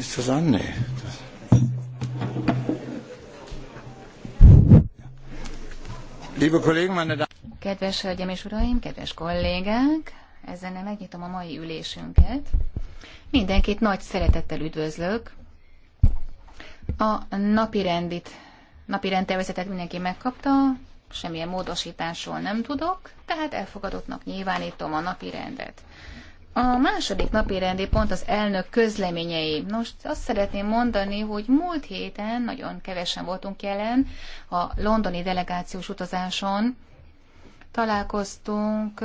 Ist das an? Nee. Liebe Kollegen, meine Damen. Kedves hölgyeim és uraim, kedves kollégák, ezzel megnyitom a mai ülésünket. Mindenkit nagy szeretettel üdvözlök. A napi rendit, napi rendtervezetet mindenki megkapta, semmilyen módosításról nem tudok, tehát elfogadottnak nyilvánítom a napi rendet. A második napi rendi pont az elnök közleményei. Most azt szeretném mondani, hogy múlt héten nagyon kevesen voltunk jelen a londoni delegációs utazáson. Találkoztunk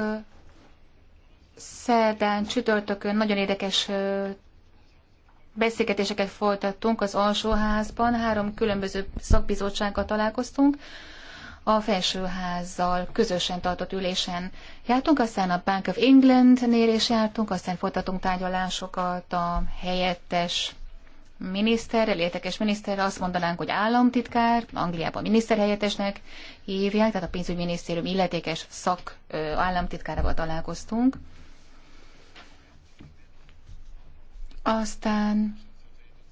szerdán, csütörtökön nagyon érdekes beszélgetéseket folytattunk az alsóházban, három különböző szakbizottsággal találkoztunk a felsőházzal közösen tartott ülésen jártunk, aztán a Bank of England-nél is jártunk, aztán folytatunk tárgyalásokat a helyettes miniszterrel, értekes miniszterrel, azt mondanánk, hogy államtitkár, Angliában miniszterhelyettesnek hívják, tehát a pénzügyminisztérium illetékes szak államtitkárával találkoztunk. Aztán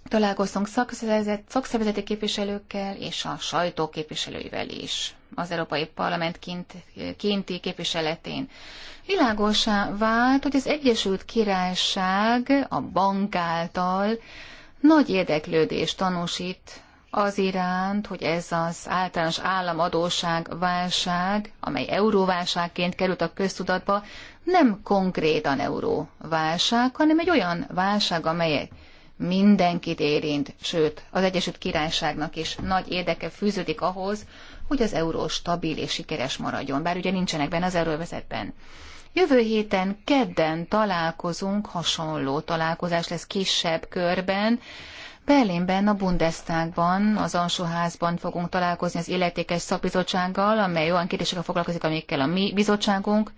Találkoztunk szakszervezet, szakszervezeti képviselőkkel és a sajtó képviselőivel is az Európai Parlament kint, kinti képviseletén. Világosá vált, hogy az Egyesült Királyság a bank által nagy érdeklődést tanúsít az iránt, hogy ez az általános államadóság válság, amely euróválságként került a köztudatba, nem konkrétan euróválság, hanem egy olyan válság, amely mindenkit érint, sőt, az Egyesült Királyságnak is nagy érdeke fűződik ahhoz, hogy az euró stabil és sikeres maradjon, bár ugye nincsenek benne az euróvezetben. Jövő héten kedden találkozunk, hasonló találkozás lesz kisebb körben, Berlinben, a Bundestagban, az alsóházban fogunk találkozni az illetékes szakbizottsággal, amely olyan kérdésekkel foglalkozik, amikkel a mi bizottságunk,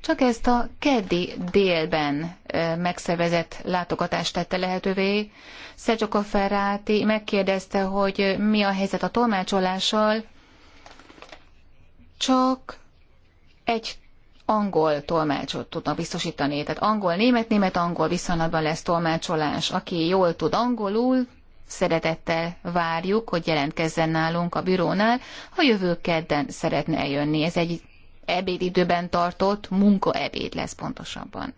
csak ezt a keddi délben megszervezett látogatást tette lehetővé. Szecsoka Ferráti megkérdezte, hogy mi a helyzet a tolmácsolással. Csak egy angol tolmácsot tudnak biztosítani. Tehát angol-német, német-angol viszonylatban lesz tolmácsolás. Aki jól tud angolul, szeretettel várjuk, hogy jelentkezzen nálunk a bürónál, ha jövő kedden szeretne eljönni. Ez egy ebédidőben tartott munkaebéd lesz pontosabban.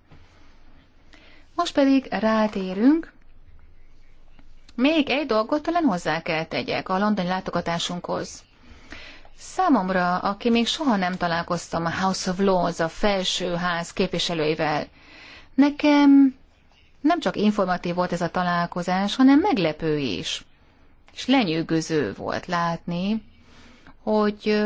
Most pedig rátérünk. Még egy dolgot talán hozzá kell tegyek a londoni látogatásunkhoz. Számomra, aki még soha nem találkoztam a House of Lords, a felsőház képviselőivel, nekem nem csak informatív volt ez a találkozás, hanem meglepő is. És lenyűgöző volt látni, hogy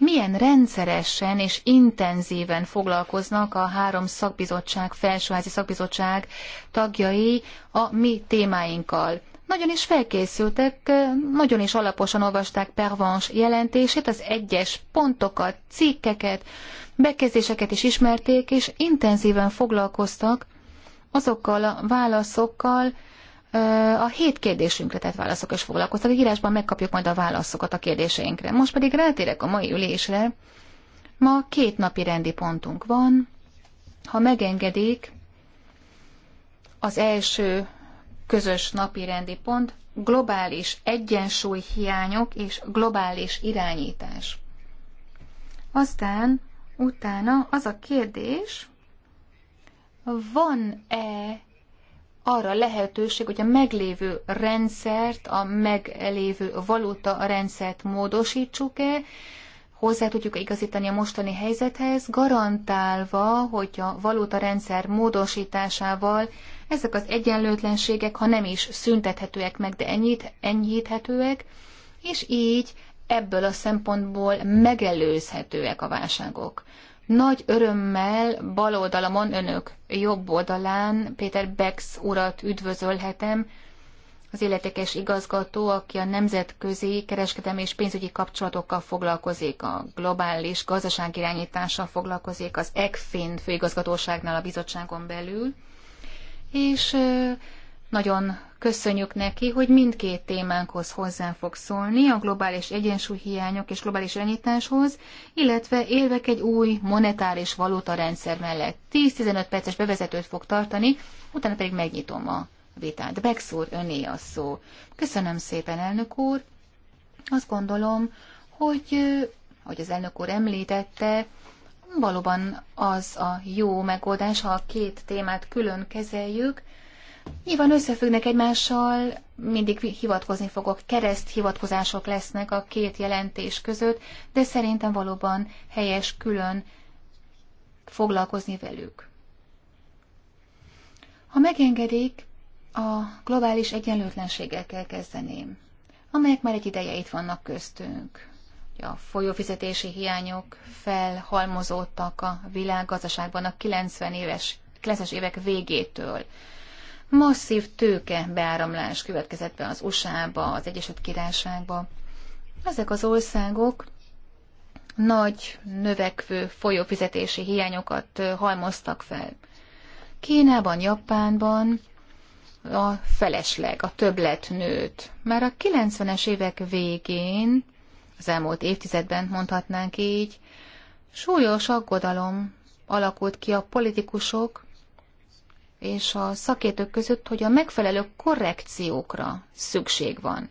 milyen rendszeresen és intenzíven foglalkoznak a három szakbizottság, felsőházi szakbizottság tagjai a mi témáinkkal. Nagyon is felkészültek, nagyon is alaposan olvasták Pervans jelentését, az egyes pontokat, cikkeket, bekezdéseket is ismerték, és intenzíven foglalkoztak azokkal a válaszokkal, a hét kérdésünkre tett válaszok is foglalkoztak. Írásban megkapjuk majd a válaszokat a kérdéseinkre. Most pedig rátérek a mai ülésre. Ma két napi rendi pontunk van. Ha megengedik, az első közös napi rendi pont globális egyensúly hiányok és globális irányítás. Aztán utána az a kérdés, van-e arra lehetőség, hogy a meglévő rendszert, a meglévő valuta rendszert módosítsuk-e, hozzá tudjuk igazítani a mostani helyzethez, garantálva, hogy a valuta rendszer módosításával ezek az egyenlőtlenségek, ha nem is szüntethetőek meg, de ennyit, enyhíthetőek, és így ebből a szempontból megelőzhetőek a válságok. Nagy örömmel bal oldalamon önök, jobb oldalán Péter Bex urat üdvözölhetem, az életekes igazgató, aki a nemzetközi kereskedelmi és pénzügyi kapcsolatokkal foglalkozik, a globális gazdaságirányítással foglalkozik, az ECFIN főigazgatóságnál a bizottságon belül, és nagyon Köszönjük neki, hogy mindkét témánkhoz hozzá fog szólni, a globális egyensúlyhiányok és globális irányításhoz, illetve élvek egy új monetáris valótarendszer mellett. 10-15 perces bevezetőt fog tartani, utána pedig megnyitom a vitát. Bex úr, öné a szó. Köszönöm szépen, elnök úr. Azt gondolom, hogy, hogy az elnök úr említette, valóban az a jó megoldás, ha a két témát külön kezeljük, Nyilván összefüggnek egymással, mindig hivatkozni fogok, kereszt hivatkozások lesznek a két jelentés között, de szerintem valóban helyes külön foglalkozni velük. Ha megengedik, a globális egyenlőtlenségekkel kezdeném, amelyek már egy ideje itt vannak köztünk. A folyófizetési hiányok felhalmozódtak a világgazdaságban a 90 éves, 90 évek végétől masszív tőke beáramlás következett be az USA-ba, az Egyesült Királyságba. Ezek az országok nagy, növekvő folyófizetési hiányokat halmoztak fel. Kínában, Japánban a felesleg, a többlet nőtt. Már a 90-es évek végén, az elmúlt évtizedben mondhatnánk így, súlyos aggodalom alakult ki a politikusok és a szakértők között, hogy a megfelelő korrekciókra szükség van.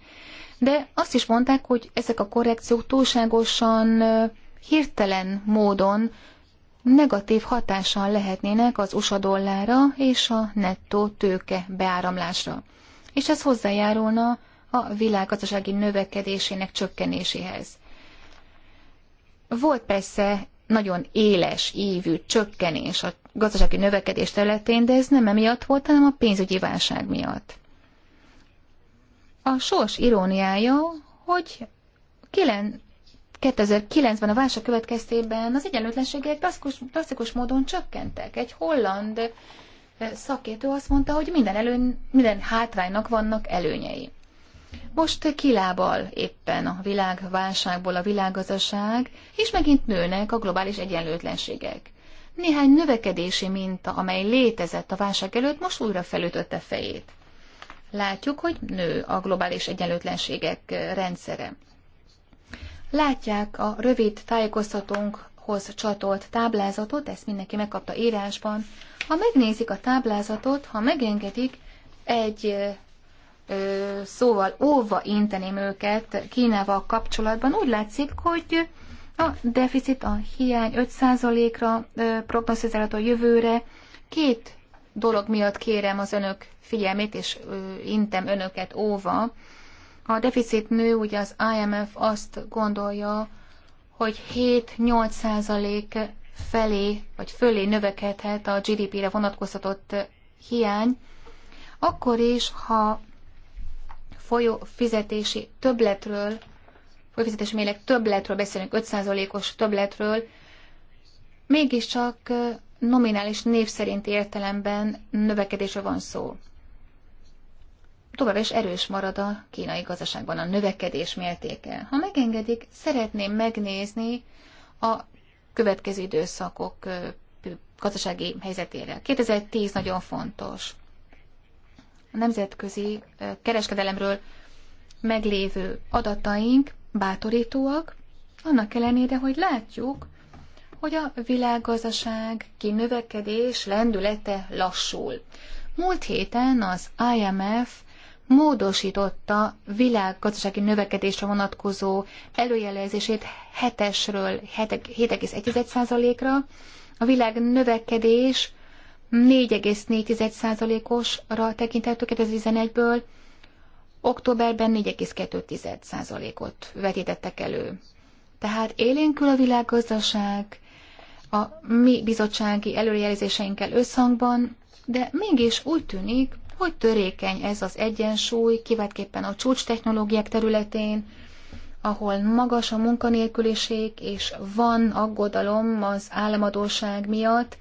De azt is mondták, hogy ezek a korrekciók túlságosan hirtelen módon negatív hatással lehetnének az USA dollárra és a nettó tőke beáramlásra. És ez hozzájárulna a világgazdasági növekedésének csökkenéséhez. Volt persze nagyon éles ívű csökkenés a gazdasági növekedés területén, de ez nem emiatt volt, hanem a pénzügyi válság miatt. A sors iróniája, hogy 2009-ben a válság következtében az egyenlőtlenségek klasszikus módon csökkentek. Egy holland eh, szakértő azt mondta, hogy minden, előny, minden hátránynak vannak előnyei. Most kilábal éppen a világválságból a világgazdaság, és megint nőnek a globális egyenlőtlenségek. Néhány növekedési minta, amely létezett a válság előtt, most újra felütötte fejét. Látjuk, hogy nő a globális egyenlőtlenségek rendszere. Látják a rövid tájékoztatónkhoz csatolt táblázatot, ezt mindenki megkapta írásban. Ha megnézik a táblázatot, ha megengedik, egy szóval óva inteném őket Kínával kapcsolatban. Úgy látszik, hogy a deficit, a hiány 5%-ra prognosztizálható a jövőre. Két dolog miatt kérem az önök figyelmét, és intem önöket óva. A deficit nő, ugye az IMF azt gondolja, hogy 7-8 százalék felé, vagy fölé növekedhet a GDP-re vonatkoztatott hiány, akkor is, ha folyó fizetési többletről, fizetési mérleg többletről beszélünk, 5%-os többletről, mégiscsak nominális név szerint értelemben növekedésre van szó. Tovább is erős marad a kínai gazdaságban a növekedés mértéke. Ha megengedik, szeretném megnézni a következő időszakok gazdasági helyzetére. 2010 nagyon fontos a nemzetközi kereskedelemről meglévő adataink bátorítóak, annak ellenére, hogy látjuk, hogy a világgazdaság kinövekedés lendülete lassul. Múlt héten az IMF módosította világgazdasági növekedésre vonatkozó előjelezését 7-esről 7,1%-ra. A világ növekedés 4,4%-osra tekintettük 2011-ből, októberben 4,2%-ot vetítettek elő. Tehát élénkül a világgazdaság, a mi bizottsági előrejelzéseinkkel összhangban, de mégis úgy tűnik, hogy törékeny ez az egyensúly, kivetképpen a csúcs technológiák területén, ahol magas a munkanélküliség, és van aggodalom az államadóság miatt,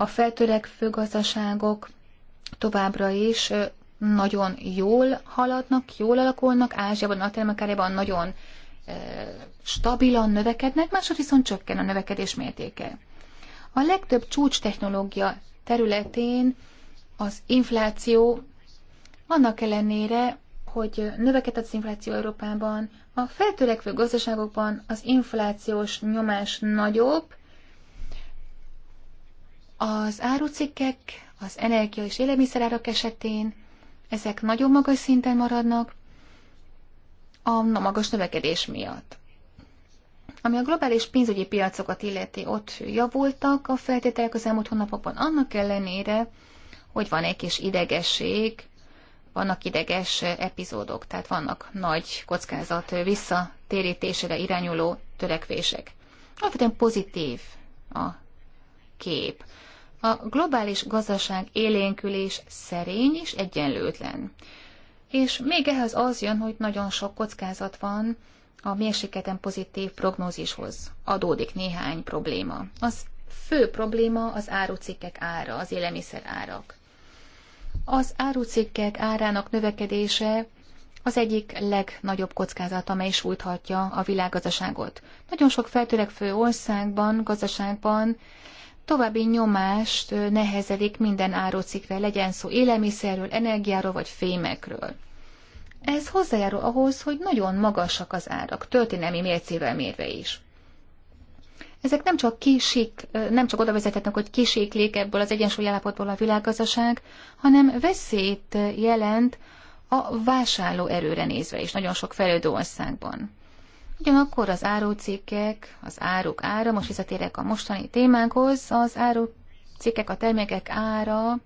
a feltörekvő gazdaságok továbbra is nagyon jól haladnak, jól alakulnak, Ázsiában, Latin-Amerikában nagyon stabilan növekednek, másod viszont csökken a növekedés mértéke. A legtöbb csúcs technológia területén az infláció annak ellenére, hogy növekedett az infláció Európában, a feltörekvő gazdaságokban az inflációs nyomás nagyobb, az árucikkek, az energia és élelmiszerárak esetén ezek nagyon magas szinten maradnak a magas növekedés miatt. Ami a globális pénzügyi piacokat illeti, ott javultak a feltételek az elmúlt hónapokban, annak ellenére, hogy van egy kis idegesség, vannak ideges epizódok, tehát vannak nagy kockázat visszatérítésére irányuló törekvések. Alapvetően pozitív a kép. A globális gazdaság élénkülés szerény és egyenlőtlen. És még ehhez az jön, hogy nagyon sok kockázat van a mérsékleten pozitív prognózishoz. Adódik néhány probléma. Az fő probléma az árucikkek ára, az élelmiszer árak. Az árucikkek árának növekedése az egyik legnagyobb kockázat, amely sújthatja a világgazdaságot. Nagyon sok feltörekvő országban, gazdaságban további nyomást nehezedik minden árucikre, legyen szó élelmiszerről, energiáról vagy fémekről. Ez hozzájárul ahhoz, hogy nagyon magasak az árak, történelmi mércével mérve is. Ezek nem csak, kisik, nem csak oda vezethetnek, hogy kiséklék ebből az egyensúly állapotból a világgazdaság, hanem veszélyt jelent a vásárló erőre nézve is nagyon sok fejlődő országban. Ugyanakkor az árucikkek, az áruk ára, most visszatérek a mostani témánkhoz, az árucikkek, a termékek ára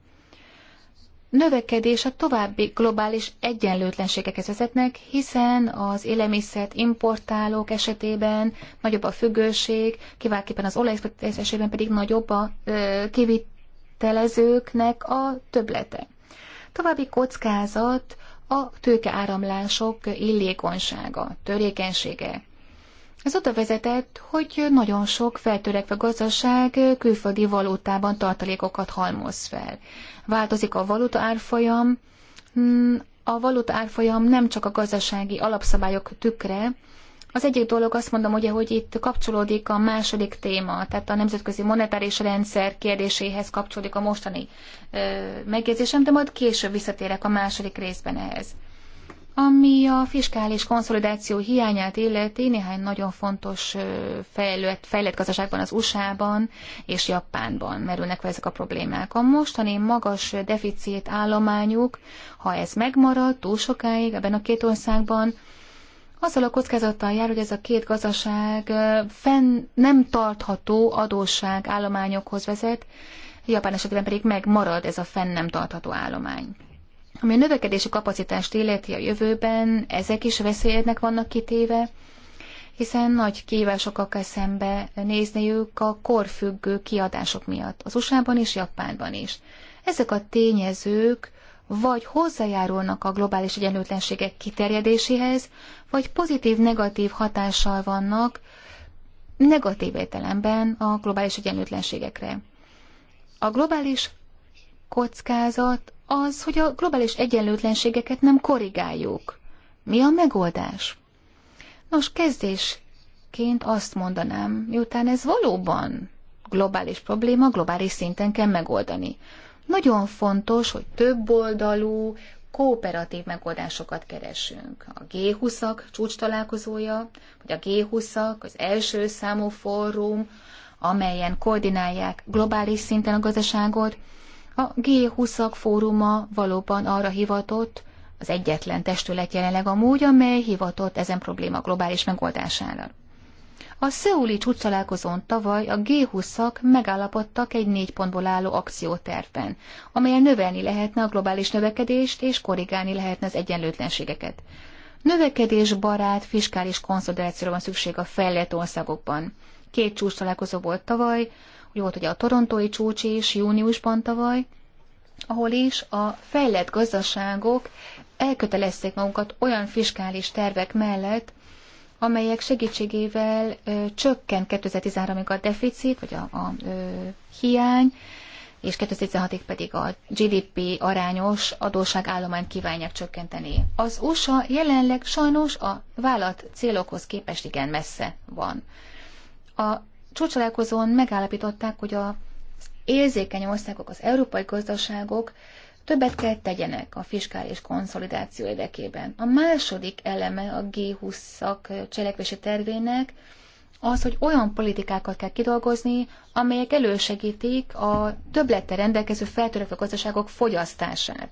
növekedés a további globális egyenlőtlenségekhez vezetnek, hiszen az élelmiszert importálók esetében nagyobb a függőség, kiválképpen az olajexport esetében pedig nagyobb a ö, kivitelezőknek a töblete. További kockázat a tőkeáramlások illékonysága, törékenysége. Ez oda vezetett, hogy nagyon sok feltörekve gazdaság külföldi valótában tartalékokat halmoz fel. Változik a valuta árfolyam, hmm, a valuta árfolyam nem csak a gazdasági alapszabályok tükre, az egyik dolog azt mondom, ugye, hogy itt kapcsolódik a második téma, tehát a nemzetközi monetáris rendszer kérdéséhez kapcsolódik a mostani ö, megjegyzésem, de majd később visszatérek a második részben ehhez. Ami a fiskális konszolidáció hiányát illeti, néhány nagyon fontos fejlett, fejlett gazdaságban, az USA-ban és Japánban merülnek fel ezek a problémák. A mostani magas deficit állományuk, ha ez megmarad túl sokáig ebben a két országban, azzal a kockázattal jár, hogy ez a két gazdaság fenn nem tartható adósság állományokhoz vezet, japán esetében pedig megmarad ez a fenn nem tartható állomány. Ami a növekedési kapacitást illeti a jövőben, ezek is veszélyednek vannak kitéve, hiszen nagy kívásokkal kell szembe nézniük a korfüggő kiadások miatt, az USA-ban és Japánban is. Ezek a tényezők vagy hozzájárulnak a globális egyenlőtlenségek kiterjedéséhez, vagy pozitív-negatív hatással vannak negatív értelemben a globális egyenlőtlenségekre. A globális kockázat az, hogy a globális egyenlőtlenségeket nem korrigáljuk. Mi a megoldás? Nos, kezdésként azt mondanám, miután ez valóban globális probléma, globális szinten kell megoldani. Nagyon fontos, hogy több oldalú, kooperatív megoldásokat keresünk. A G20-ak csúcs találkozója, vagy a G20-ak az első számú fórum, amelyen koordinálják globális szinten a gazdaságot, a G20-ak fóruma valóban arra hivatott, az egyetlen testület jelenleg amúgy, amely hivatott ezen probléma globális megoldására. A szöuli csúcsalálkozón tavaly a G20-ak megállapodtak egy négy pontból álló akciótervben, amelyen növelni lehetne a globális növekedést és korrigálni lehetne az egyenlőtlenségeket. Növekedésbarát fiskális konszolidációra van szükség a fejlett országokban. Két csúcs találkozó volt tavaly, úgy volt ugye a torontói csúcs is júniusban tavaly, ahol is a fejlett gazdaságok elkötelezték magukat olyan fiskális tervek mellett, amelyek segítségével ö, csökken 2013-ig a deficit, vagy a, a ö, hiány, és 2016-ig pedig a GDP arányos adósságállományt kívánják csökkenteni. Az USA jelenleg sajnos a vállalt célokhoz képest igen messze van. A csúcsalálkozón megállapították, hogy az érzékeny országok, az európai gazdaságok Többet kell tegyenek a fiskális konszolidáció érdekében. A második eleme a G20-szak cselekvési tervének az, hogy olyan politikákat kell kidolgozni, amelyek elősegítik a többlettel rendelkező feltörekvő gazdaságok fogyasztását.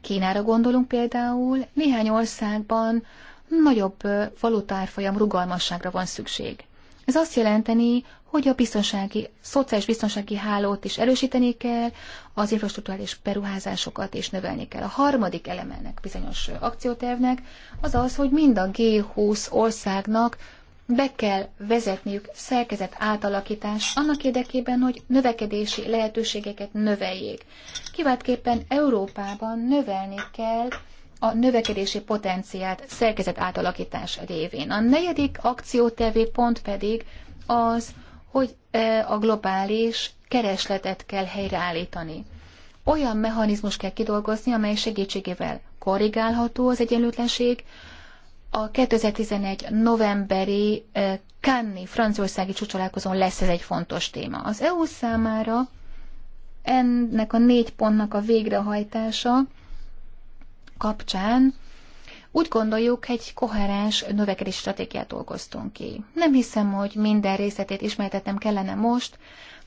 Kínára gondolunk például, néhány országban nagyobb valutárfolyam rugalmasságra van szükség. Ez azt jelenteni, hogy a biztonsági, szociális biztonsági hálót is erősíteni kell, az infrastruktúrális beruházásokat is növelni kell. A harmadik elemennek, bizonyos akciótervnek az az, hogy mind a G20 országnak be kell vezetniük szerkezet átalakítást annak érdekében, hogy növekedési lehetőségeket növeljék. Kiváltképpen Európában növelni kell a növekedési potenciált szerkezet átalakítás révén. A negyedik akciótevé pont pedig az, hogy e, a globális keresletet kell helyreállítani. Olyan mechanizmus kell kidolgozni, amely segítségével korrigálható az egyenlőtlenség, a 2011 novemberi Kanni e, franciaországi csúcsolálkozón lesz ez egy fontos téma. Az EU számára ennek a négy pontnak a végrehajtása kapcsán úgy gondoljuk, egy koherens növekedési stratégiát dolgoztunk ki. Nem hiszem, hogy minden részletét ismertetnem kellene most,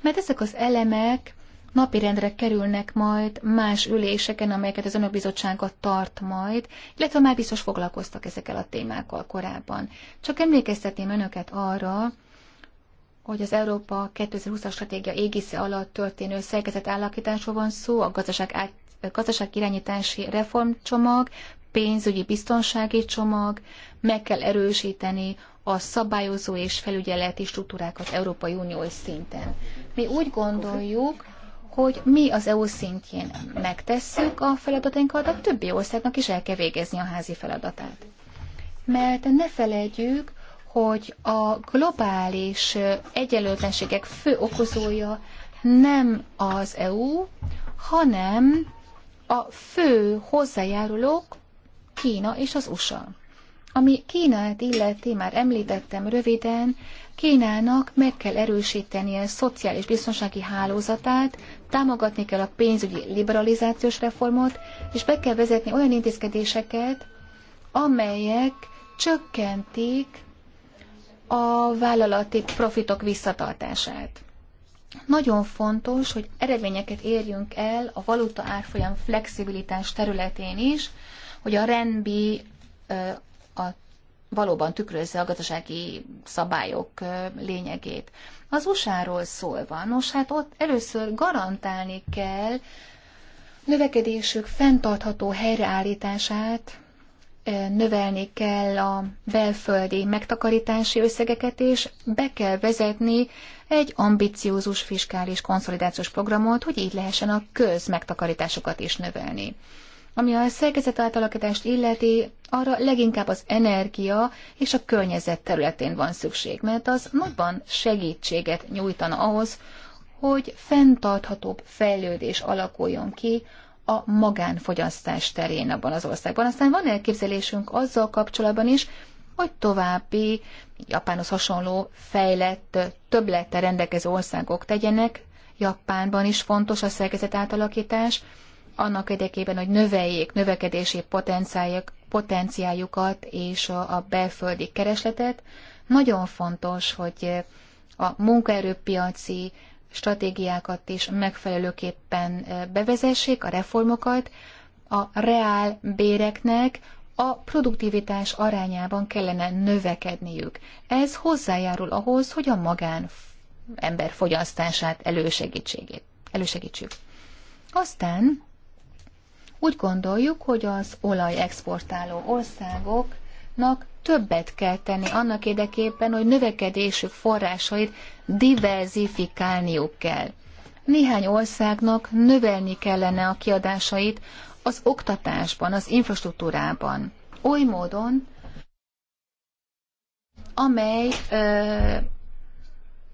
mert ezek az elemek napirendre kerülnek majd más üléseken, amelyeket az Önök Bizottsága tart majd, illetve már biztos foglalkoztak ezekkel a témákkal korábban. Csak emlékeztetném Önöket arra, hogy az Európa 2020-as stratégia égisze alatt történő szerkezet van szó, a gazdaság gazdaságirányítási reformcsomag, pénzügyi biztonsági csomag, meg kell erősíteni a szabályozó és felügyeleti struktúrákat Európai Unió szinten. Mi úgy gondoljuk, hogy mi az EU szintjén megtesszük a feladatainkat, a többi országnak is el kell végezni a házi feladatát. Mert ne felejtjük, hogy a globális egyenlőtlenségek fő okozója nem az EU, hanem a fő hozzájárulók Kína és az USA. Ami Kínát illeti, már említettem röviden, Kínának meg kell erősítenie a szociális biztonsági hálózatát, támogatni kell a pénzügyi liberalizációs reformot, és be kell vezetni olyan intézkedéseket, amelyek csökkentik a vállalati profitok visszatartását. Nagyon fontos, hogy eredményeket érjünk el a valuta árfolyam flexibilitás területén is, hogy a renbi a valóban tükrözze a gazdasági szabályok lényegét. Az USA-ról szólva, nos hát ott először garantálni kell növekedésük fenntartható helyreállítását, növelni kell a belföldi megtakarítási összegeket, és be kell vezetni egy ambiciózus fiskális konszolidációs programot, hogy így lehessen a közmegtakarításokat is növelni. Ami a szerkezet átalakítást illeti, arra leginkább az energia és a környezet területén van szükség, mert az nagyban segítséget nyújtana ahhoz, hogy fenntarthatóbb fejlődés alakuljon ki a magánfogyasztás terén abban az országban. Aztán van elképzelésünk azzal kapcsolatban is, hogy további Japánhoz hasonló fejlett, többlettel rendelkező országok tegyenek. Japánban is fontos a szerkezet átalakítás, annak érdekében, hogy növeljék növekedési potenciáljukat és a belföldi keresletet. Nagyon fontos, hogy a munkaerőpiaci stratégiákat is megfelelőképpen bevezessék, a reformokat, a reál béreknek a produktivitás arányában kellene növekedniük. Ez hozzájárul ahhoz, hogy a magán ember fogyasztását elősegítsük. Aztán úgy gondoljuk, hogy az olajexportáló országoknak többet kell tenni annak érdekében, hogy növekedésük forrásait diverzifikálniuk kell. Néhány országnak növelni kellene a kiadásait az oktatásban, az infrastruktúrában, oly módon, amely ö,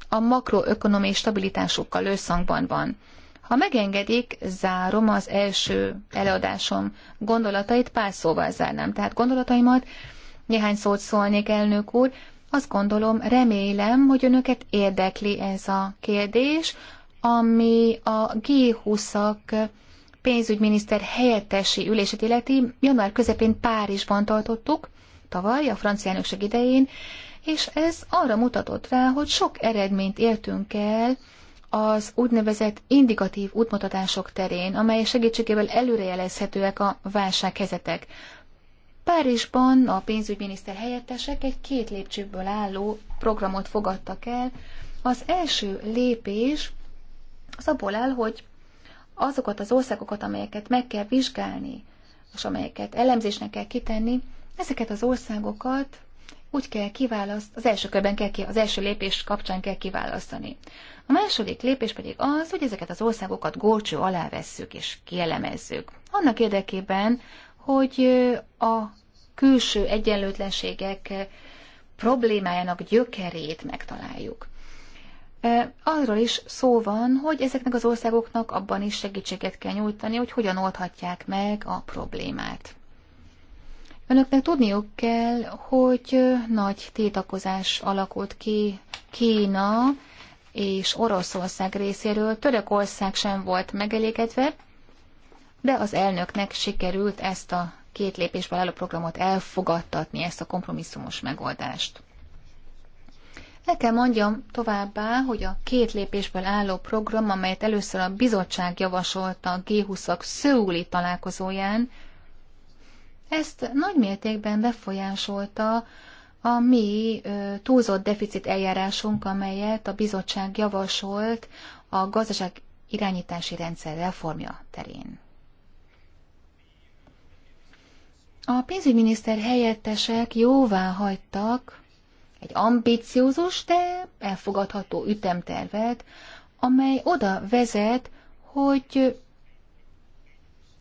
a makroökonomiai stabilitásukkal összhangban van. Ha megengedik, zárom az első előadásom gondolatait, pár szóval zárnám. Tehát gondolataimat néhány szót szólnék, elnök úr. Azt gondolom, remélem, hogy önöket érdekli ez a kérdés, ami a G20-ak pénzügyminiszter helyettesi ülését illeti, január közepén Párizsban tartottuk, tavaly a francia elnökség idején, és ez arra mutatott rá, hogy sok eredményt értünk el az úgynevezett indikatív útmutatások terén, amely segítségével előrejelezhetőek a válsághelyzetek. Párizsban a pénzügyminiszter helyettesek egy két lépcsőből álló programot fogadtak el. Az első lépés az abból áll, hogy azokat az országokat, amelyeket meg kell vizsgálni, és amelyeket elemzésnek kell kitenni, ezeket az országokat úgy kell kiválasztani, az első körben kell ki, az első lépés kapcsán kell kiválasztani. A második lépés pedig az, hogy ezeket az országokat górcső alá vesszük és kielemezzük. Annak érdekében, hogy a külső egyenlőtlenségek problémájának gyökerét megtaláljuk arról is szó van, hogy ezeknek az országoknak abban is segítséget kell nyújtani, hogy hogyan oldhatják meg a problémát. Önöknek tudniuk kell, hogy nagy tétakozás alakult ki Kína és Oroszország részéről. Törökország sem volt megelégedve, de az elnöknek sikerült ezt a két lépésből álló programot elfogadtatni, ezt a kompromisszumos megoldást. El kell mondjam továbbá, hogy a két lépésből álló program, amelyet először a bizottság javasolta a G20-ak szőúli találkozóján, ezt nagy mértékben befolyásolta a mi túlzott deficit eljárásunk, amelyet a bizottság javasolt a gazdaság irányítási rendszer reformja terén. A pénzügyminiszter helyettesek jóvá hagytak egy ambíciózus, de elfogadható ütemtervet, amely oda vezet, hogy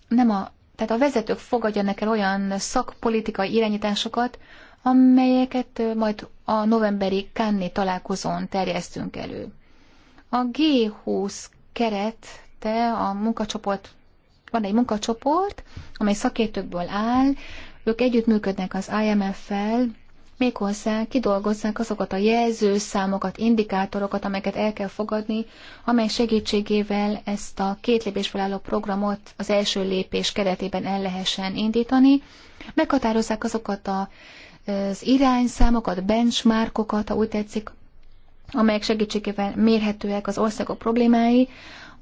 nem a, tehát a vezetők fogadjanak el olyan szakpolitikai irányításokat, amelyeket majd a novemberi Kanni találkozón terjesztünk elő. A G20 te a munkacsoport, van egy munkacsoport, amely szakértőkből áll, ők együttműködnek az IMF-fel, méghozzá kidolgozzák azokat a jelzőszámokat, indikátorokat, amelyeket el kell fogadni, amely segítségével ezt a két lépésből álló programot az első lépés keretében el lehessen indítani. Meghatározzák azokat a, az irányszámokat, benchmarkokat, ha úgy tetszik, amelyek segítségével mérhetőek az országok problémái.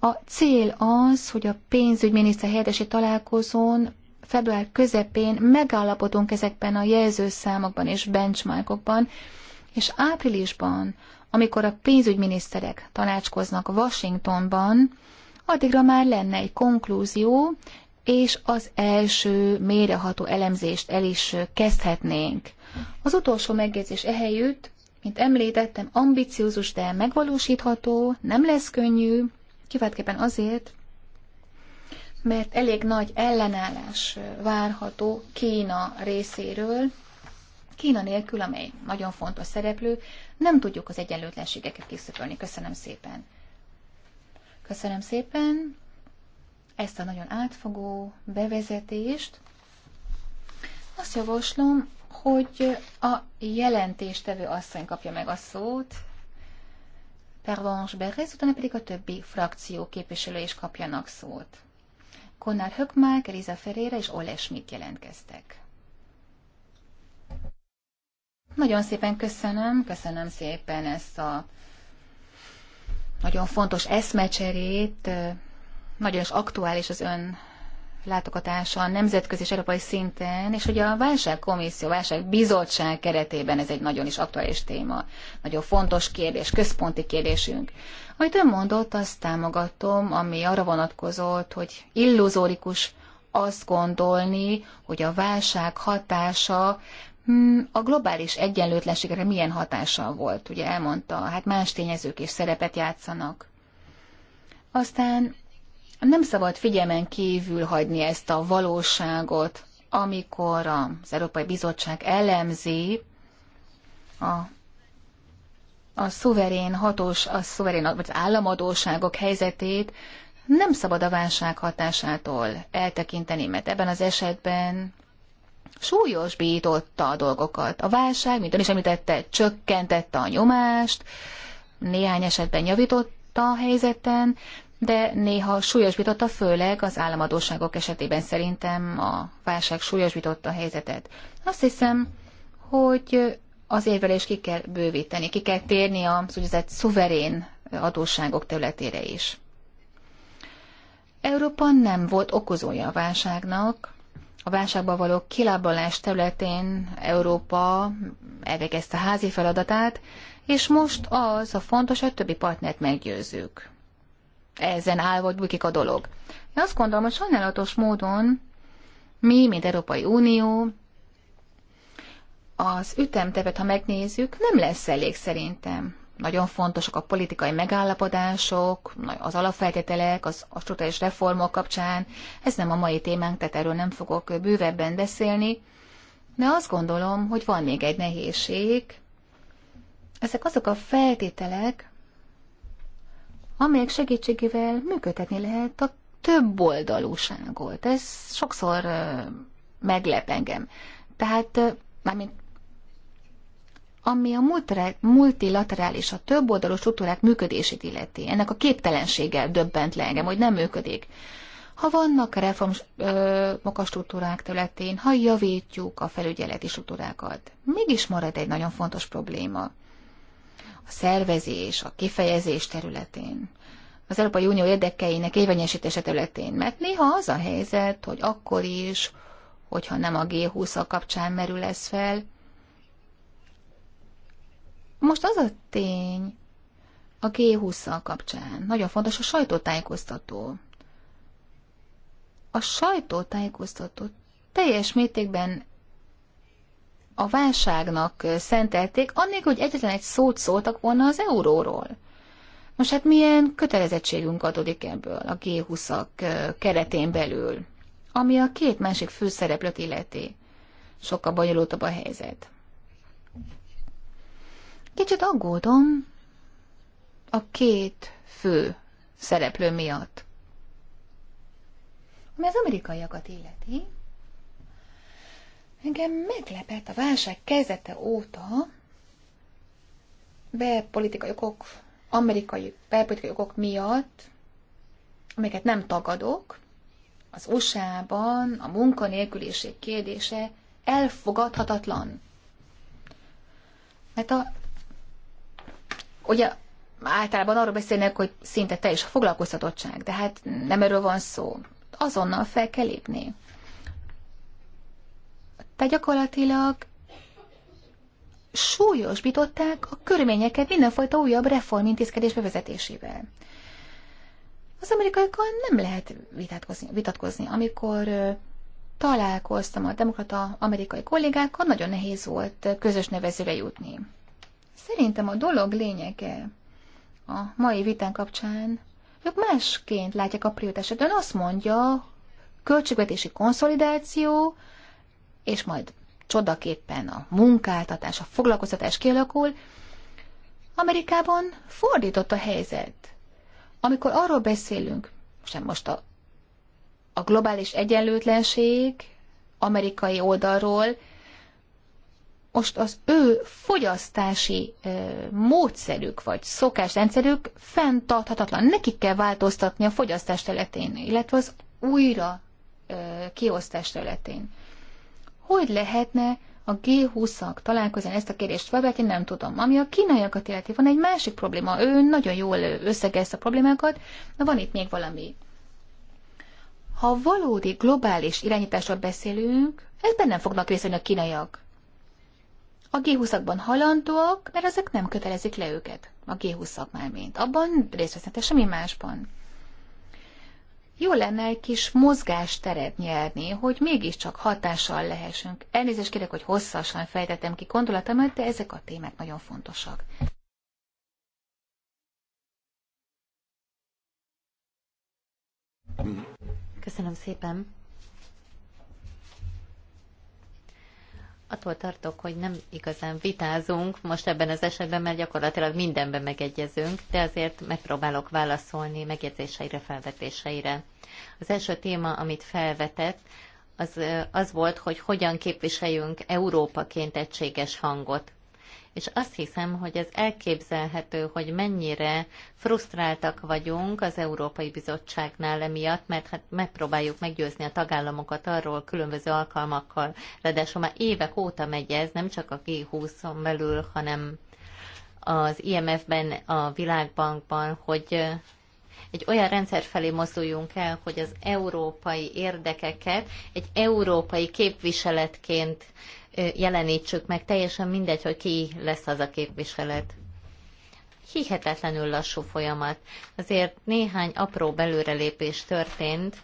A cél az, hogy a pénzügyminiszter helyettesi találkozón február közepén megállapodunk ezekben a jelzőszámokban és benchmarkokban, és áprilisban, amikor a pénzügyminiszterek tanácskoznak Washingtonban, addigra már lenne egy konklúzió, és az első méreható elemzést el is kezdhetnénk. Az utolsó megjegyzés ehelyütt, mint említettem, ambiciózus, de megvalósítható, nem lesz könnyű, kiváltképpen azért, mert elég nagy ellenállás várható Kína részéről. Kína nélkül, amely nagyon fontos szereplő, nem tudjuk az egyenlőtlenségeket kiszöpölni. Köszönöm szépen. Köszönöm szépen ezt a nagyon átfogó bevezetést. Azt javaslom, hogy a jelentéstevő asszony kapja meg a szót, Pervenche Berez, utána pedig a többi frakció képviselő is kapjanak szót. Konár Hökmák, Eliza Ferére és Ole Schmidt jelentkeztek. Nagyon szépen köszönöm, köszönöm szépen ezt a nagyon fontos eszmecserét, nagyon is aktuális az ön látogatása a nemzetközi és európai szinten, és hogy a válságkomisszió, válságbizottság keretében ez egy nagyon is aktuális téma, nagyon fontos kérdés, központi kérdésünk. Amit ön mondott, azt támogatom, ami arra vonatkozott, hogy illuzórikus azt gondolni, hogy a válság hatása hm, a globális egyenlőtlenségre milyen hatással volt, ugye elmondta, hát más tényezők is szerepet játszanak. Aztán nem szabad figyelmen kívül hagyni ezt a valóságot, amikor az Európai Bizottság elemzi a, a szuverén hatós, a szuverén, vagy az államadóságok helyzetét, nem szabad a válság hatásától eltekinteni, mert ebben az esetben súlyosbította a dolgokat. A válság, mint ön is említette, csökkentette a nyomást, néhány esetben javította a helyzeten, de néha súlyosbította, főleg az államadóságok esetében szerintem a válság súlyosbította a helyzetet. Azt hiszem, hogy az érvelést ki kell bővíteni, ki kell térni a úgynevezett szuverén adósságok területére is. Európa nem volt okozója a válságnak, a válságba való kilábalás területén Európa elvégezte házi feladatát, és most az a fontos, hogy többi partnert meggyőzzük ezen áll vagy bukik a dolog. Én azt gondolom, hogy sajnálatos módon mi, mint Európai Unió, az ütemtevet, ha megnézzük, nem lesz elég szerintem. Nagyon fontosak a politikai megállapodások, az alapfeltételek, az a struktúrális reformok kapcsán. Ez nem a mai témánk, tehát erről nem fogok bővebben beszélni. De azt gondolom, hogy van még egy nehézség. Ezek azok a feltételek, amelyek segítségével működtetni lehet a több oldalúságot. Ez sokszor meglep engem. Tehát, mármint ami a multilaterális, a több oldalú struktúrák működését illeti. Ennek a képtelenséggel döbbent le engem, hogy nem működik. Ha vannak reformok a struktúrák területén, ha javítjuk a felügyeleti struktúrákat, mégis marad egy nagyon fontos probléma a szervezés, a kifejezés területén, az Európai Unió érdekeinek érvényesítése területén. Mert néha az a helyzet, hogy akkor is, hogyha nem a G20-a kapcsán merül ez fel. Most az a tény, a g 20 kapcsán nagyon fontos a sajtótájékoztató. A sajtótájékoztató teljes mértékben a válságnak szentelték, annélkül, hogy egyetlen egy szót szóltak volna az euróról. Most hát milyen kötelezettségünk adódik ebből a G20-ak keretén belül, ami a két másik főszereplőt illeti. Sokkal bonyolultabb a helyzet. Kicsit aggódom a két fő szereplő miatt. Ami az amerikaiakat illeti, Engem meglepett a válság kezdete óta belpolitikai okok, amerikai belpolitikai okok miatt, amiket nem tagadok, az USA-ban a munkanélküliség kérdése elfogadhatatlan. Mert a, ugye általában arról beszélnek, hogy szinte teljes a foglalkoztatottság, de hát nem erről van szó. Azonnal fel kell lépni. Tehát gyakorlatilag súlyosbították a körülményeket mindenfajta újabb reformintézkedés bevezetésével. Az amerikaiakkal nem lehet vitatkozni, vitatkozni. Amikor találkoztam a demokrata amerikai kollégákkal, nagyon nehéz volt közös nevezőre jutni. Szerintem a dolog lényege a mai vitán kapcsán, ők másként látják a prioritását. Ön azt mondja, költségvetési konszolidáció, és majd csodaképpen a munkáltatás, a foglalkoztatás kialakul, Amerikában fordított a helyzet. Amikor arról beszélünk, sem most a, a globális egyenlőtlenség amerikai oldalról, most az ő fogyasztási ö, módszerük vagy szokásrendszerük fenntarthatatlan. Nekik kell változtatni a fogyasztás területén, illetve az újra ö, kiosztás területén hogy lehetne a G20-ak találkozni ezt a kérdést felvetni, nem tudom. Ami a kínaiakat illeti, van egy másik probléma. Ő nagyon jól összegez a problémákat, de van itt még valami. Ha valódi globális irányításról beszélünk, ebben nem fognak részt a kínaiak. A G20-akban halandóak, mert ezek nem kötelezik le őket, a G20-ak mármint. Abban részt vesznek, semmi másban jó lenne egy kis mozgásteret nyerni, hogy mégiscsak hatással lehessünk. Elnézést kérek, hogy hosszasan fejtettem ki gondolatomat, de ezek a témák nagyon fontosak. Köszönöm szépen. attól tartok, hogy nem igazán vitázunk most ebben az esetben, mert gyakorlatilag mindenben megegyezünk, de azért megpróbálok válaszolni megjegyzéseire, felvetéseire. Az első téma, amit felvetett, az, az volt, hogy hogyan képviseljünk Európaként egységes hangot és azt hiszem, hogy ez elképzelhető, hogy mennyire frusztráltak vagyunk az Európai Bizottságnál emiatt, mert hát megpróbáljuk meggyőzni a tagállamokat arról különböző alkalmakkal, ráadásul már évek óta megy ez, nem csak a G20-on belül, hanem az IMF-ben, a Világbankban, hogy egy olyan rendszer felé mozduljunk el, hogy az európai érdekeket egy európai képviseletként jelenítsük meg, teljesen mindegy, hogy ki lesz az a képviselet. Hihetetlenül lassú folyamat. Azért néhány apró belőrelépés történt,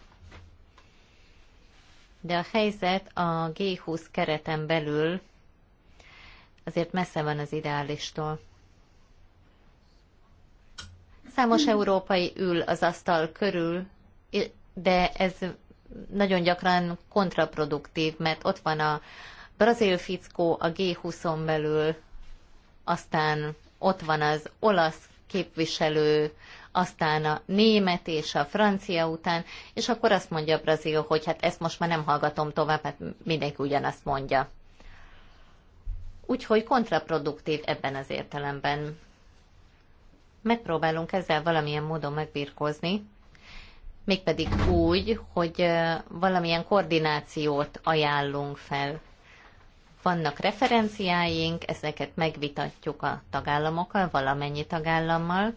de a helyzet a G20 kereten belül azért messze van az ideálistól. Számos európai ül az asztal körül, de ez nagyon gyakran kontraproduktív, mert ott van a, brazil fickó a G20-on belül, aztán ott van az olasz képviselő, aztán a német és a francia után, és akkor azt mondja a brazil, hogy hát ezt most már nem hallgatom tovább, hát mindenki ugyanazt mondja. Úgyhogy kontraproduktív ebben az értelemben. Megpróbálunk ezzel valamilyen módon megbirkózni, mégpedig úgy, hogy valamilyen koordinációt ajánlunk fel. Vannak referenciáink, ezeket megvitatjuk a tagállamokkal, valamennyi tagállammal,